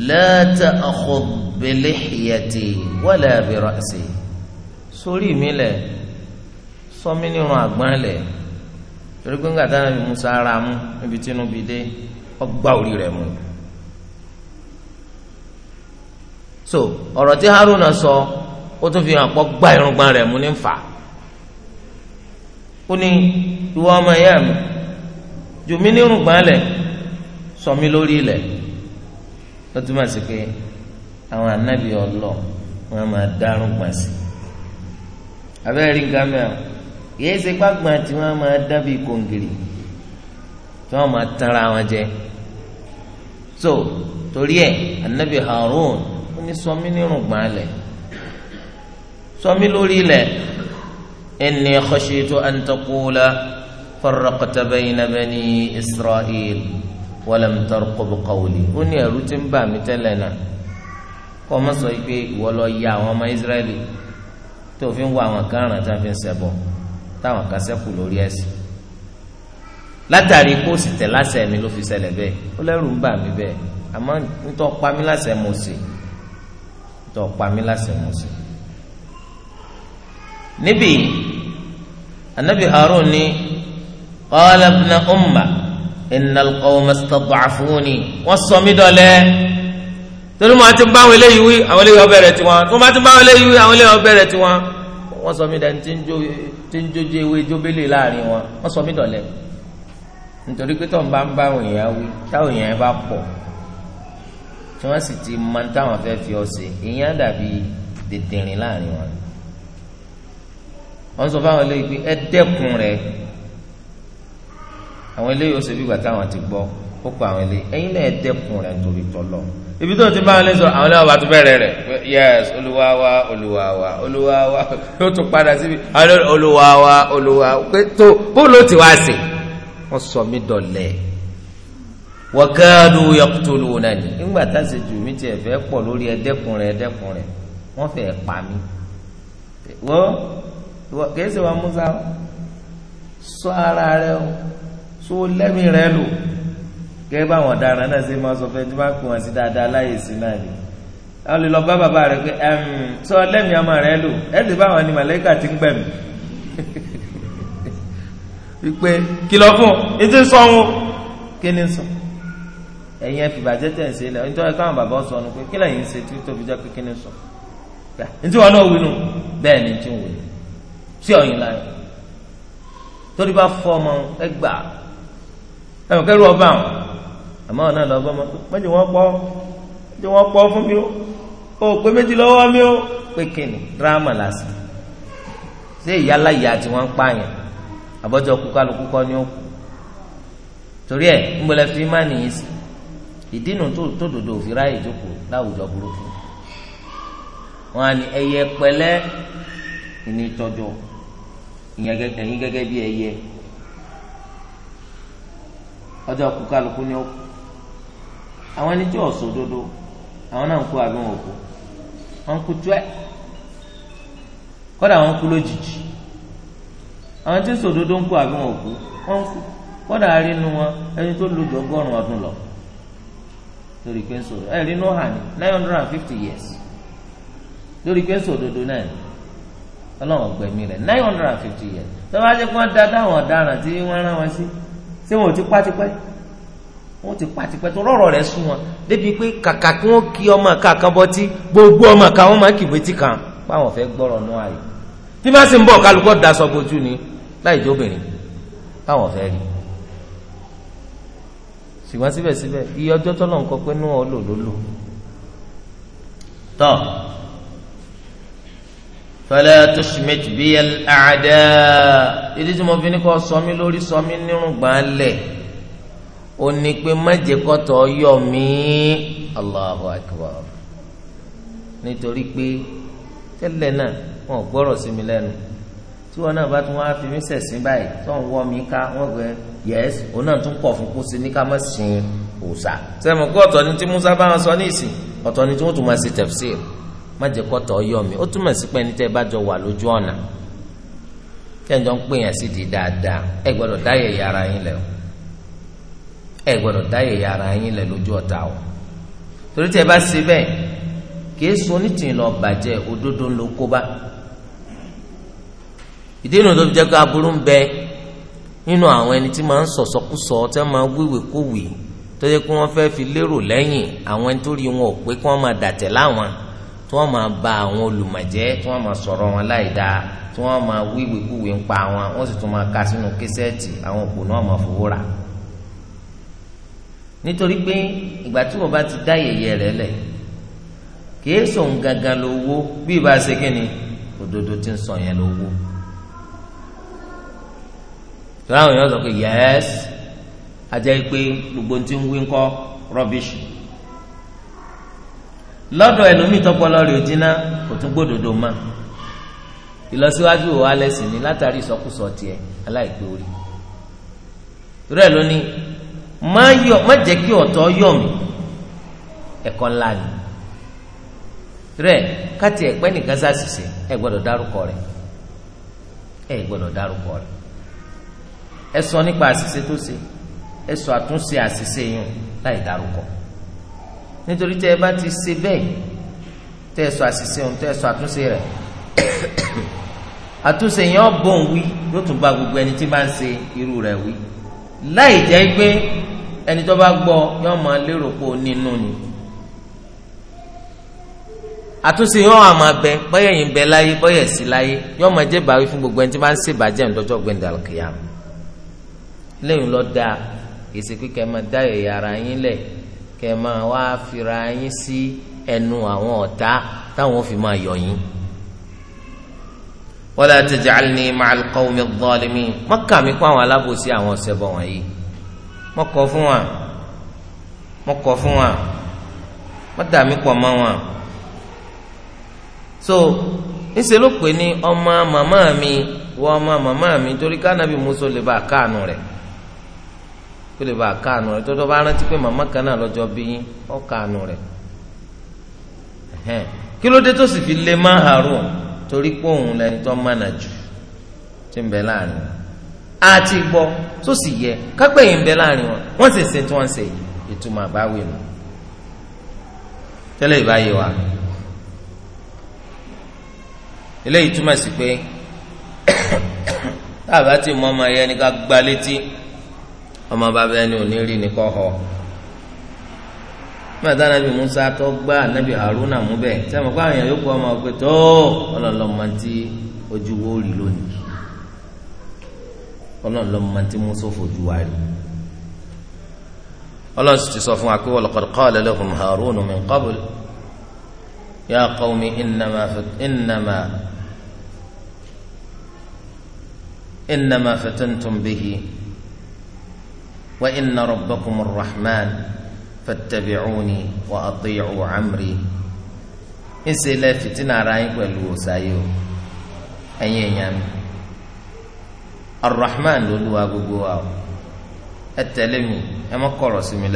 la ta'khudh bi lihyati wala bi ra'si sórí mi lẹ̀ sọmi nírun àgbọn lẹ torí pé ńgbà táwọn ẹbí musa ara mú níbi tínúbi dé ọgbà orí rẹ̀ mú so ọ̀rọ̀ tí haruna sọ ó tún fi hàn pọ gbà irùngbọ̀n rẹ̀ mú ní fà ó ní ìwọ ọmọ ìyá mi jù mí nírùngbọ̀n lẹ sọmi lórí ilẹ̀ ó túmọ̀ sí pé àwọn anábì ọlọ wọn máa dárùngbọ̀n sí abẹ́rẹ́ rí nǹkan mẹ́rin kìí ṣe pàgbọ́n tí wọ́n máa dán bíi kòǹgìrì tí wọ́n máa tanra wọn jẹ so torí ẹ anabi Harun ó ní sọmí nírùngbọ̀n alẹ̀ sọmí lórí ilẹ̀ inni khashitu an taqula farraqta bayna bani Isra'il walam tarqub qawli ó ní ẹ̀rù tí ń bà mí tẹ́lẹ̀ náà kọ́ ọ ma sọ pé ìwọ lọ ya àwọn ọmọ Israẹli tó fi ń wọ àwọn kan ràn tá a fi ń ṣẹbọ táwọn kan ṣẹ́kù lórí ẹ̀sìn látàrí kó sì tẹ̀ lásẹ̀ mi ló fi ṣẹlẹ̀ bẹ́ẹ̀ ó lẹ́rù ń bà mí bẹ́ẹ̀ àmọ́ nítorí ọ̀pá mi lásẹ̀ mo sì nítorí ọ̀pá mi lásẹ̀ mo sì. níbi anabi harun ni qala ibna umma innal qawma istad'afuni wọ́n sọ mí dọ̀lẹ́ torí mo ti bá àwọn eléyìí wí àwọn eléyìí ọbẹ̀ rẹ̀ tiwọn tó mo ti bá àwọn eléyìí wí àwọn eléyìí ọbẹ̀ rẹ̀ tiwọn wọ́n sọ mí dání tí ń jójú ewé jóbélé láàrin wọn wọ́n sọ mí dọ̀lẹ́ nítorí pé tóun bá ń bá àwọn èèyàn wí táwọn èèyàn bá pọ̀ tí wọ́n sì ti máa ń táwọn fẹ́ fi ọ sí ìyẹn dàbí dèdèrìn láàrin wọn wọ́n sọ fáwọn eléyìí pé ẹ dẹ́kun rẹ̀ àwọn eléyìí ó ṣe bí gbà táwọn ti gbọ́ ó kọ àwọn ilé ẹ̀yin náà dẹ́kun rẹ̀ nítorí tọlọ ibi tó ti máa ń lé sọ àwọn náà wà tó bẹ̀rẹ̀ rẹ̀ yes olúwawa olúwawa olúwawa ó tún padà síbi olúwawa olúwawa pé tó bó ló ti wá sí wọ́n sọ mí dọ̀lẹ wọ́kẹ́rù yọkùtùlù nàní nígbà tá a ṣe jù mí tiẹ̀ fẹ́ pọ̀ lórí ẹ̀dẹ́kun rẹ̀ ẹ̀dẹ́kun rẹ̀ wọ́n fẹ́ pa mí wọ́n kìí ṣe wa musa sọ ara rẹ o sọ lẹ́mìí rẹ lò gẹ́gẹ́ bá àwọn ọ̀daràn náà ṣe máa sọ fẹ́ tí wọ́n pè wọ́n sí dáadáa láyè sí náà ni wọ́n lè lọ bá bàbá rẹ̀ pé sọ lẹ́mìí ọmọ rẹ̀ lò ẹ̀sìn báwọn ni màlẹ́kà ti ń gbẹ̀mí wípé kìlọ̀ fún etí ń sọ wọn kí ni sọ ẹ̀yin ẹ̀fì bàjẹ́ tẹ̀ ń ṣe lẹ̀ ọjọ́ ẹ̀ka bàbá sọ ọ́nù pé kí lẹ́yìn ṣe tí tóbi jẹ́ pé kí ni sọ ntí wọn náà wínú bẹ́ẹ̀ ni tí ń wínú sí ọ̀yìn láyọ̀ torí ẹ̀wọ̀n ọba àwọn àmọ́ ọ̀nà lọ bọ́ mọ́jì wọ́n pọ́ mọ́jì wọ́n pọ́ fún mi ó ó pé méjì lọ́wọ́ mi ó pé kíni dírámà lásán ṣé ìyáláyà ń pààyàn àbọ̀jọ kọ́ ni ó kú torí ẹ̀ ń fi má nìyí sí tó dòdò òfin jókòó láwùjọ burúkú wọn ẹyẹ ìní ọjọ́ kú kálukú ni òkú àwọn ẹni tí ò sọ òdodo àwọn náà ń kú àbí wọn kú wọn kú tíwẹ wọn kú lójijì àwọn tí sọ òdodo ń kú àbí wọn kú wọn kú arínú wọn ẹni tó lójú ọgọ́rùn ọdún lọ lórí pé ń sọ ẹ nine hundred and fifty years lórí pé ń sọ ni ọlọ́run ọgbẹ̀mí rẹ̀ nine hundred and fifty years tí wọn ò ti pátipẹ́ wọn ti pátipẹ́ tó rọ̀rọ̀ rẹ̀ sún wọn débi pé kàkà kí wọ́n kí ọmọ ká kan bọ́ tí gbogbo ọmọ ká wọ́n máa kìwé tí kan báwọn fẹ́ gbọ́rọ̀ nù ayé tí bá sì ń bọ̀ kálukọ́ daṣọ bojú ni láì jóbìnrin báwọn fẹ́ rí ṣùgbọ́n síbẹ̀síbẹ̀ iye ọjọ́ tọ́lọ̀ ń kọ nù ọ́ lò ló lò fala tushmit bi al-a'da ìdí tí mo fi ní kọ́ sọmi lórí sọmi nírùngbà lẹ̀ ó ní pé májèkọ́tọ̀ yọ mí Allahu akbar nítorí pé tẹ́lẹ̀ náà wọn ò gbọ́rọ̀ sí mi lẹ́nu tí wọn náà bá tún wá fi mí sẹ̀sìn báyìí tó ń wọ́ mi ká wọ́n gbé yẹ́s òun náà tún kọ̀ fún kú sí ní ká má sìn òòṣà sẹ́mi kó ọ̀tọ̀ ni tí Musa bá wọn sọ ní ìsìn ọ̀tọ̀ ni tí wọ́n tún máa ṣe tafsir má jẹ́ kọ́tọ̀ ọ mi ó túmọ̀ sí pé ẹni tẹ́ bá jọ wà lójú ọ̀nà tẹ́jọ́ ń pè yàn sí di dáadáa ẹ gbọ́dọ̀ dáyẹ̀ yàrá yín lẹ̀ ẹ gbọ́dọ̀ dáyẹ̀ yàrá yín lẹ̀ lójú ọ̀tá o torí tẹ́ bá bẹ́ẹ̀ sun onítìyìn lọ bàjẹ́ òdodo ń lo kóbá ìdí inú tó fi jẹ́ kó aburú ń bẹ nínú àwọn ẹni tí máa ń tẹ́ máa tó yẹ wọn tí wọ́n máa ba àwọn olùmọ̀jẹ́ tí wọ́n máa sọ̀rọ̀ wọn láì dáa tí wọ́n máa wíwèkúwe ń pa wọn wọ́n sì tún máa ka sínú késẹ́ẹ̀tì àwọn òpó náà máa fowó rà nítorí pé ìgbà tí wọ́n bá ti dá yẹ̀yẹ́ rẹ̀ lẹ̀ kìí sòun gangan lówó bí ìbá ṣe kí ni òdodo ti ń sọ yẹn lówó tí wọ́n àwọn èèyàn sọ pé yẹ́s ajẹ́ pé gbogbo ti ń wí ń kọ́ rọ́bìṣì lọ́dọ̀ ẹlòmíì tọpọlọ rẹ̀ ò jiná kò tún gbódòdó mọ́ ìlọsíwájú ò wá lẹ́sìn ní látàrí ìsọkúsọ tiẹ̀ aláìpé orí rẹ̀ lónìí má jẹ́ kí ọ̀tọ̀ yọ̀ mí ẹ̀kọ́ ńlá ni rẹ̀ káti ẹ̀pẹ́ nìkan sàṣìṣe ẹ̀ gbọ́dọ̀ dárúkọ rẹ̀ ẹ̀ gbọ́dọ̀ dárúkọ rẹ̀ ẹ sọ nípa àṣìṣe tó ṣe ẹ sọ àtúnṣe àṣìṣe yẹn láì dárúkọ nítorí tẹ́ ẹ bá ti ṣe bẹ́ẹ̀ tẹ́ ẹ sọ àṣìṣe òun tẹ́ ẹ sọ àtúnṣe rẹ̀ àtúnṣe yẹn ọ̀bọ̀n wí yóò tún bá gbogbo ẹni tí bá ń ṣe irú rẹ̀ wí láì jẹ́ pé ẹni tó bá gbọ́ yóò máa lérò pé ó nínú ni àtúnṣe yóò wà máa bẹ bọ́yẹ̀ yìí ń bẹ láyé bọ́yẹ̀ sí láyé yóò máa jẹ́ bàwí fún gbogbo ẹni tí bá ń ṣe bàjẹ́ ńdọ́jọ́ gbẹ̀ndàlùkìyà lẹ́yìn lọ́ọ́ dáa èsì pé kẹ́ máa wá fira yín sí ẹnu àwọn ọ̀tá táwọn fi máa yọ̀ yín. wala taj'alni ma'al qawmi adh-dhalimin má kà mí kó àwọn alábòsí àwọn ọ̀sẹ̀bọ̀ wọ̀nyí mọ́ kọ́ fún wa mọ́ kọ́ fún wa mọ́ dà mí pọ̀ mọ́ wọn. so ńṣe ló pè ní ọmọ màmá mi wọ ọmọ màmá mi torí kánábì mùsùlùmí bá káànù rẹ̀ kó lè bá a rẹ tó tó bá rántí pé màmá kan náà lọ́jọ́ bí yín ọ káànù rẹ kí ló dé tó sì fi lé má torí pé òun lẹni tó mánà jù tí ń bẹ láàrin wọn àti gbọ́ tó sì yẹ kápẹ́ yìí ń bẹ láàrin wọn wọ́n sì ṣe tí wọ́n ṣe ìtumọ̀ àbáwí nù tẹ́lẹ̀ ìbáyé wa eléyìí túmọ̀ sí pé tá a bá ti mọ ọmọ yẹn ni ká gba létí. ọmọ bàbá ẹni ò ní rí ni kọ́ họ mẹ́ta nàbì Musa tó gbá nàbì Haruna mú bẹ́ẹ̀ sẹ́mi kó àwọn èèyàn yókù ọmọ ọgbẹ́ tó ọlọ́lọ́mọ tí ojú wo rí lónìí ọlọ́lọ́mọ tí Musa fojú wa rí ọlọ́sì ti sọ fún wa pé walaqad qala lahum Haruna min qabl ya qawmi innama innama innama fatantum bihi wa inna rabbakumur rahman fattabi'uni wa ati'u amri ńṣe lẹ fìtínà ara yín pẹ̀lú òsáyé o ẹ̀yin èèyàn mi arrahman ló lù wá gbogbo wa o ẹ tẹ̀lé mi ẹ má kọ̀rọ̀ sí mi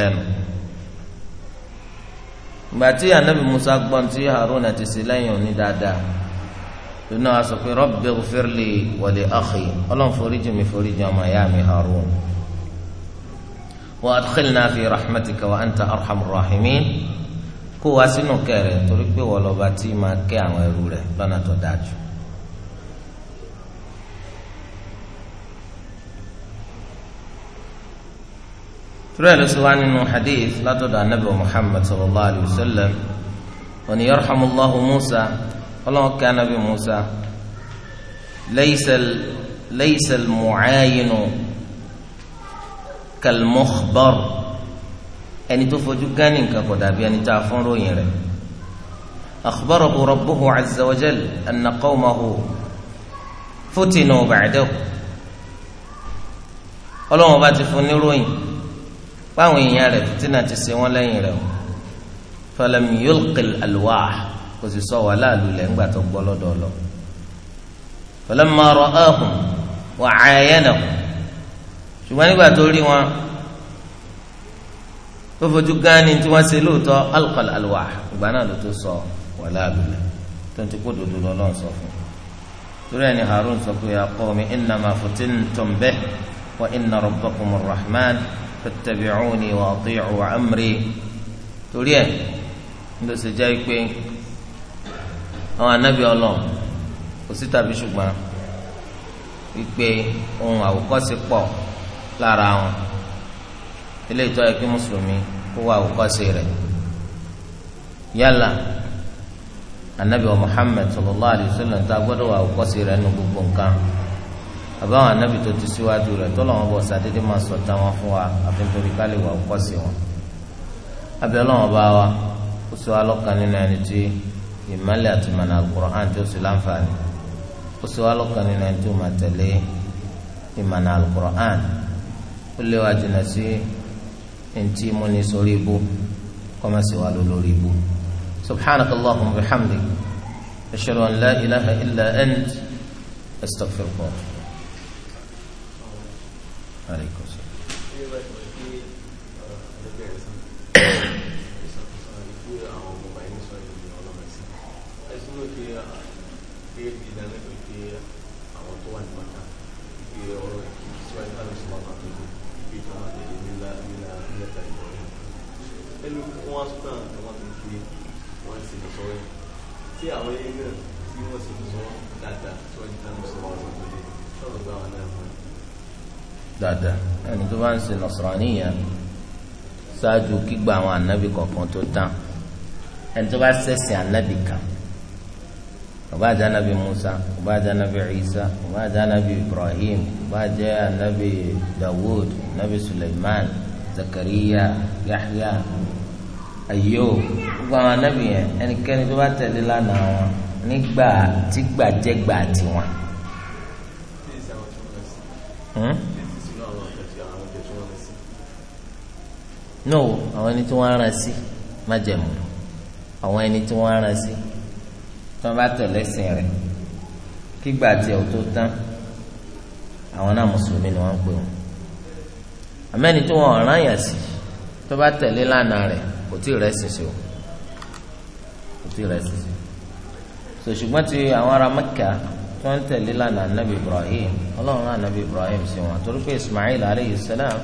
gbàtí anabi musa gbọ́n tí haruna ti ṣe lẹ́yìn òní dáadáa lónà wa sọ pé rabbi ghfirli ọlọ́run foríjì mi foríjì ọmọ ìyá mi haruna. وادخلنا في رحمتك وأنت أرحم الراحمين kó wá sínú kẹrẹ torí pé wọ́n lọ́ba tí máa kẹ́ àwọn ẹrú rẹ̀ lọ́nà tó dáa jù. turu ẹ̀ ló sọ wá nínú hadith látọ̀dọ̀ anabi muhammad sallallahu alayhi wa sallam wọn ni yarhamulahu musa ọlọ́run kẹ́ anabi musa laysal laysal mu'ayinu kalmokhbar ẹni tó fojú gánì nǹkan kò dàbí ẹni tá a fún ròyìn rẹ̀ akhbarahu rabbuhu azza wa jal anna qawmahu futinu ba'dahu ọlọ́wọ́n bá ti fún níròyìn báwọn èèyàn rẹ̀ fìtínà ti ṣe wọ́n lẹ́yìn rẹ̀ o falam yulqil alwah kò sì sọ wàhálà lulẹ̀ ńgbà tó gbọ́ lọ́dọ̀ lọ falamma ra'ahum wa ṣùgbọ́n nígbà tó rí wọn tó fojú gánni tí wọ́n ṣe lóòótọ́ alqal alwah ìgbà náà ló tó sọ wàlá àbílẹ̀ tó ń ti kó dodo lọ́nà sọ fún un torí ẹni Harun sọ pé ya qawmi innama futintum bihi wa inna rabbakumur rahman fattabi'uni wa ati'u amri torí ẹ ló ṣe jẹ́ pé àwọn anábì ọlọ́run kò sí tàbí ṣùgbọ́n wípé ohun àwòkọ́sí pọ̀ lára wọn ilé ìtọ́ yẹ kí mùsùlùmí kó wá àwòkọ́ṣe rẹ̀ yálà anabi wa muhammed sallallahu alayhi wa sallam tá a gbọ́dọ̀ wá àwòkọ́ṣe rẹ̀ nínú gbogbo nǹkan àbáwọn anabi tó ti síwájú rẹ̀ tó lọ́wọ́ bọ̀ sàdédé máa sọ táwọn fún wa àfi nítorí ká lè wá àwòkọ́ṣe wọn abẹ́ ọlọ́wọ́n bá wa ó sọ alọ́kan nínú ẹni tí ìmọ̀lẹ̀ àti mọ̀nà alukur'an tó sì láǹfààní ó sọ alọ́kan nínú ẹni tó máa tẹ̀lé ìmọ̀nà alukur'an ó lé wa jìnnà sí ntí mo ní sórí ibú kọ́má sì wà lórí ibú subhanaka allahumma wa bihamdik ashhadu an la ilaha illa ant astaghfirullah. dáadáa ẹni tó bá ń ṣe nasraniya ṣáájú kígbà àwọn ànábì kọ̀ọ̀kan tó tán ẹni tó bá ṣẹ̀sìn ànábì kan ọba àjẹ́ ànábì Musa ọba àjẹ́ ànábì Isa ọba àjẹ́ ànábì Ibrahim ọba àjẹ́ ànábì Dawud ànábì Suleiman Zakariya Yahya ayo gbogbo àwọn ànábì yẹn ẹnikẹ́ni tó bá tẹ̀lé lánàá wọn nígbà tí gbàjẹ́gbà tiwọn. Hmm? no àwọn ẹni tí wọ́n á rán sí má jẹ̀mú àwọn ẹni tí wọ́n á rán sí tí wọ́n bá tọ̀ lẹ́sìn rẹ̀ kígbà tí ẹ̀ tó tán àwọn náà mùsùlùmí ni wọ́n ń pè wọ́n àmẹ́ni tí wọ́n rán yàn sí tó bá tẹ̀lé lánàá rẹ̀ kò tí ì rẹ́sìn sí o kò tí ì rẹ́sìn sí o ṣùgbọ́n ti àwọn ará Mẹ́kà tó ń tẹ̀lé lánàá nàbì Ibrahim ọlọ́run náà Ibrahim sí wọn torí pé Ismail aleyhi salam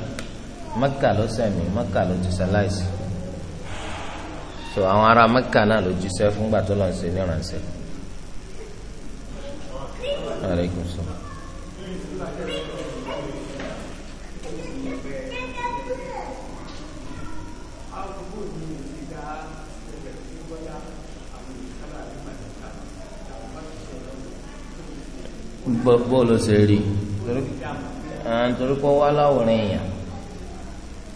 mẹ́kà ló sẹ̀mí mẹ́kà ló ti sẹ́láìsì so àwọn ará mẹ́kà náà ló jíṣẹ́ fúngbà tó lọ́n ṣe ní ìrànṣẹ́. Alaikum salaam. bó ló ṣe rí torí pé wọ́n láwòrán èèyàn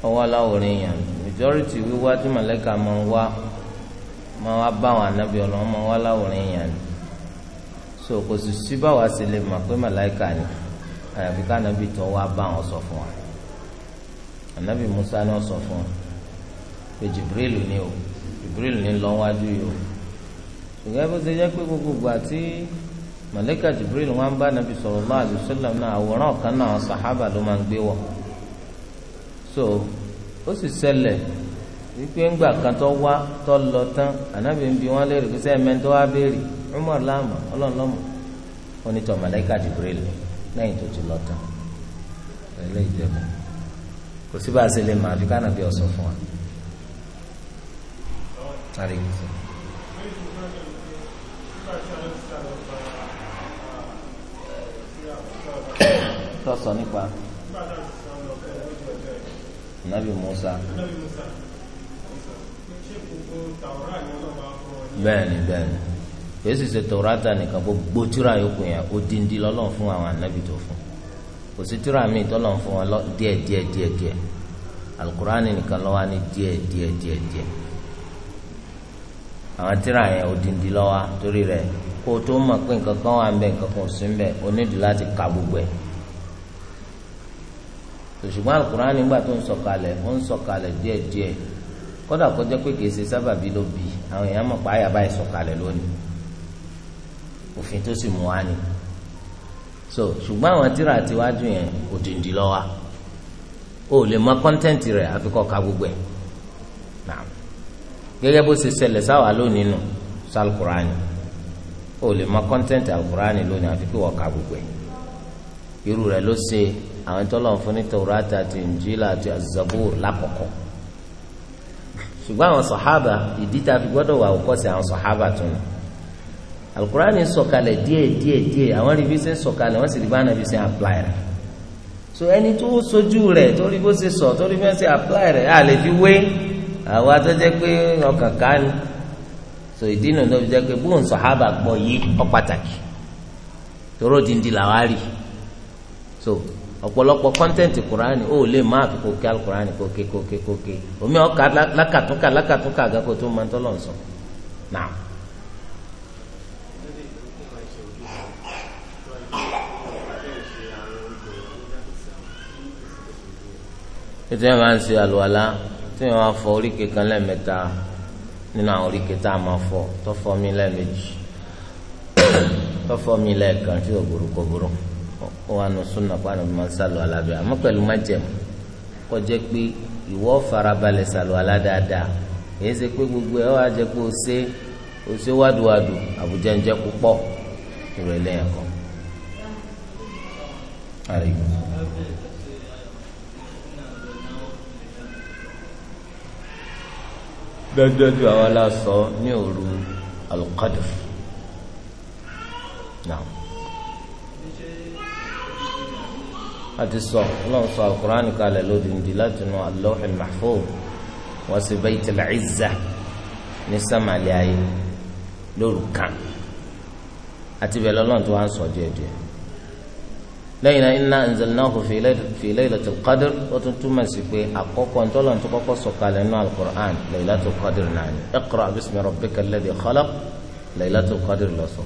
ọwọ́ aláwòrán ya majority wíwá tí màlẹ́kà máa ń wá máa wá bá àwọn anábì ọlọ́run máa wá ni so kò sì sí báwa sì lè mọ̀ pé ni àyàfi ká anábì tó wá bá sọ fún wa anábì Musa náà sọ fún wa Jibril ni o Jibril ni lọ́wájú yìí o ṣùgbọ́n bó ṣe jẹ́ pé gbogbo Jibril wọn bá anábì náà àwòrán ọ̀kan náà sàhábà ló so ó sì ṣẹlẹ̀ wípé ńgbà kan tó wá tó lọ tán ànábì ń bi wọn léèrè kó sẹ́yìn mẹ́tọ́ wá béèrè Umar láàmú ọlọ́ọ̀lọ́mù onítọ̀ màláíkà Jibril lẹ́yìn tó ti lọ tán ẹ̀lẹ́ ìjẹ́bù kò sí bá a ṣe lè mọ àfi kánà bí fún nabi musa bẹ́ẹ̀ni bẹ́ẹ̀ni fèsì ṣe tòrátà nìkan gbogbo tíra yòókù yẹn odindi lọ́lọ́run fún àwọn anabi tó fún kò sí tíra mi tọ́lọ́run fún wọn díẹ̀ díẹ̀ díẹ̀ díẹ̀ alukurani nìkan díẹ̀ díẹ̀ díẹ̀ díẹ̀ àwọn yẹn odindi torí rẹ̀ kó o tó mọ̀ pé nǹkan kan wà ń nǹkan kan ò sí ń ka gbogbo ṣùgbọ́n alukur'an nígbà tó ń sọ̀kalẹ̀ ó ń sọ̀kalẹ̀ díẹ̀díẹ̀ kódà kó pé kìí ṣe sábàbí ló bì àwọn èèyàn mọ̀ pé àyà báyìí sọ̀kalẹ̀ lónìí òfin tó so ṣùgbọ́n àwọn tíra àtiwájú yẹn kò lọ wa o lè mọ kọ́ńtẹ́ǹtì rẹ̀ àfi kó ka gbogbo ẹ̀ náà gẹ́gẹ́ bó ṣe ṣẹlẹ̀ sáwà lónìí nù o lè mọ kọ́ńtẹ́ǹtì àlùkùránì lónìí àfi ka gbogbo ẹ̀ irú rẹ̀ àwọn tó lọ́n fún ní Taurata àti Injila àti Zabur lákọ̀ọ́kọ́ ṣùgbọ́n àwọn sọ̀hábà ìdí tá a fi gbọ́dọ̀ wà òkọ́sí àwọn sọ̀hábà tó nù alukurani sọ̀kalẹ̀ díẹ̀ díẹ̀ díẹ̀ àwọn ríbi ṣe sọ̀kalẹ̀ wọ́n sì rí bá nàbí ṣe apply rẹ̀ so ẹni tó sojú rẹ̀ tó rí bó ṣe sọ tó rí bó ṣe apply rẹ̀ a lè fi wé àwọn atẹ́jẹ́ pé ọkàn ká ni so ìdí nù tó fi jẹ́ pé bóun sọ̀hábà gbọ́ yé ọ pàtàkì toró dindi làwárí so ọ̀pọ̀lọpọ̀ kọ́ńtẹ́ǹtì kùránì ó lè má àfi kókè alukùránì kókè kókè kókè omi ọ̀ka lákàtúnkà lákàtúnkà àgàkó tó máa ń tọ́lọ̀ ń sọ. Naam. ètò máa ń ṣe àlùwàlá tí wọn máa fọ oríkèé kan lẹ́ẹ̀mẹ́ta nínú àwọn oríkèé tá a máa fọ wọn nù súnà pa ànàbì máa sálọ alábẹ àmọ́ pẹ̀lú májẹ̀mú kó jẹ́ pé ìwọ farabalẹ̀ sálọ èyí ṣe pé gbogbo ẹ wàá jẹ́ pé o ṣe o ṣe wádùwádù àbújá ń jẹ púpọ̀ ìrẹ̀lẹ̀ ní òru àti sọ ọlọ́run sọ alukur'an kalẹ̀ lódìndí láti nu alọ́hìn mahfuz wọ́n sì baytil izza ní sàmàlẹ́ ayé lóru kan àti bẹ̀rẹ̀ ọlọ́run tó wà ń sọ díẹ̀ díẹ̀ lẹ́yìn náà inna anzalnahu fi laylatil qadr ó tún túmọ̀ sí pé àkọ́kọ́ ntọ́lọ́run tó kọ́kọ́ sọ kalẹ̀ nínú alukur'an laylatil qadr náà ni iqra bismi rabbikal ladhi khalaq laylatil qadr lọ́sọ̀ọ́.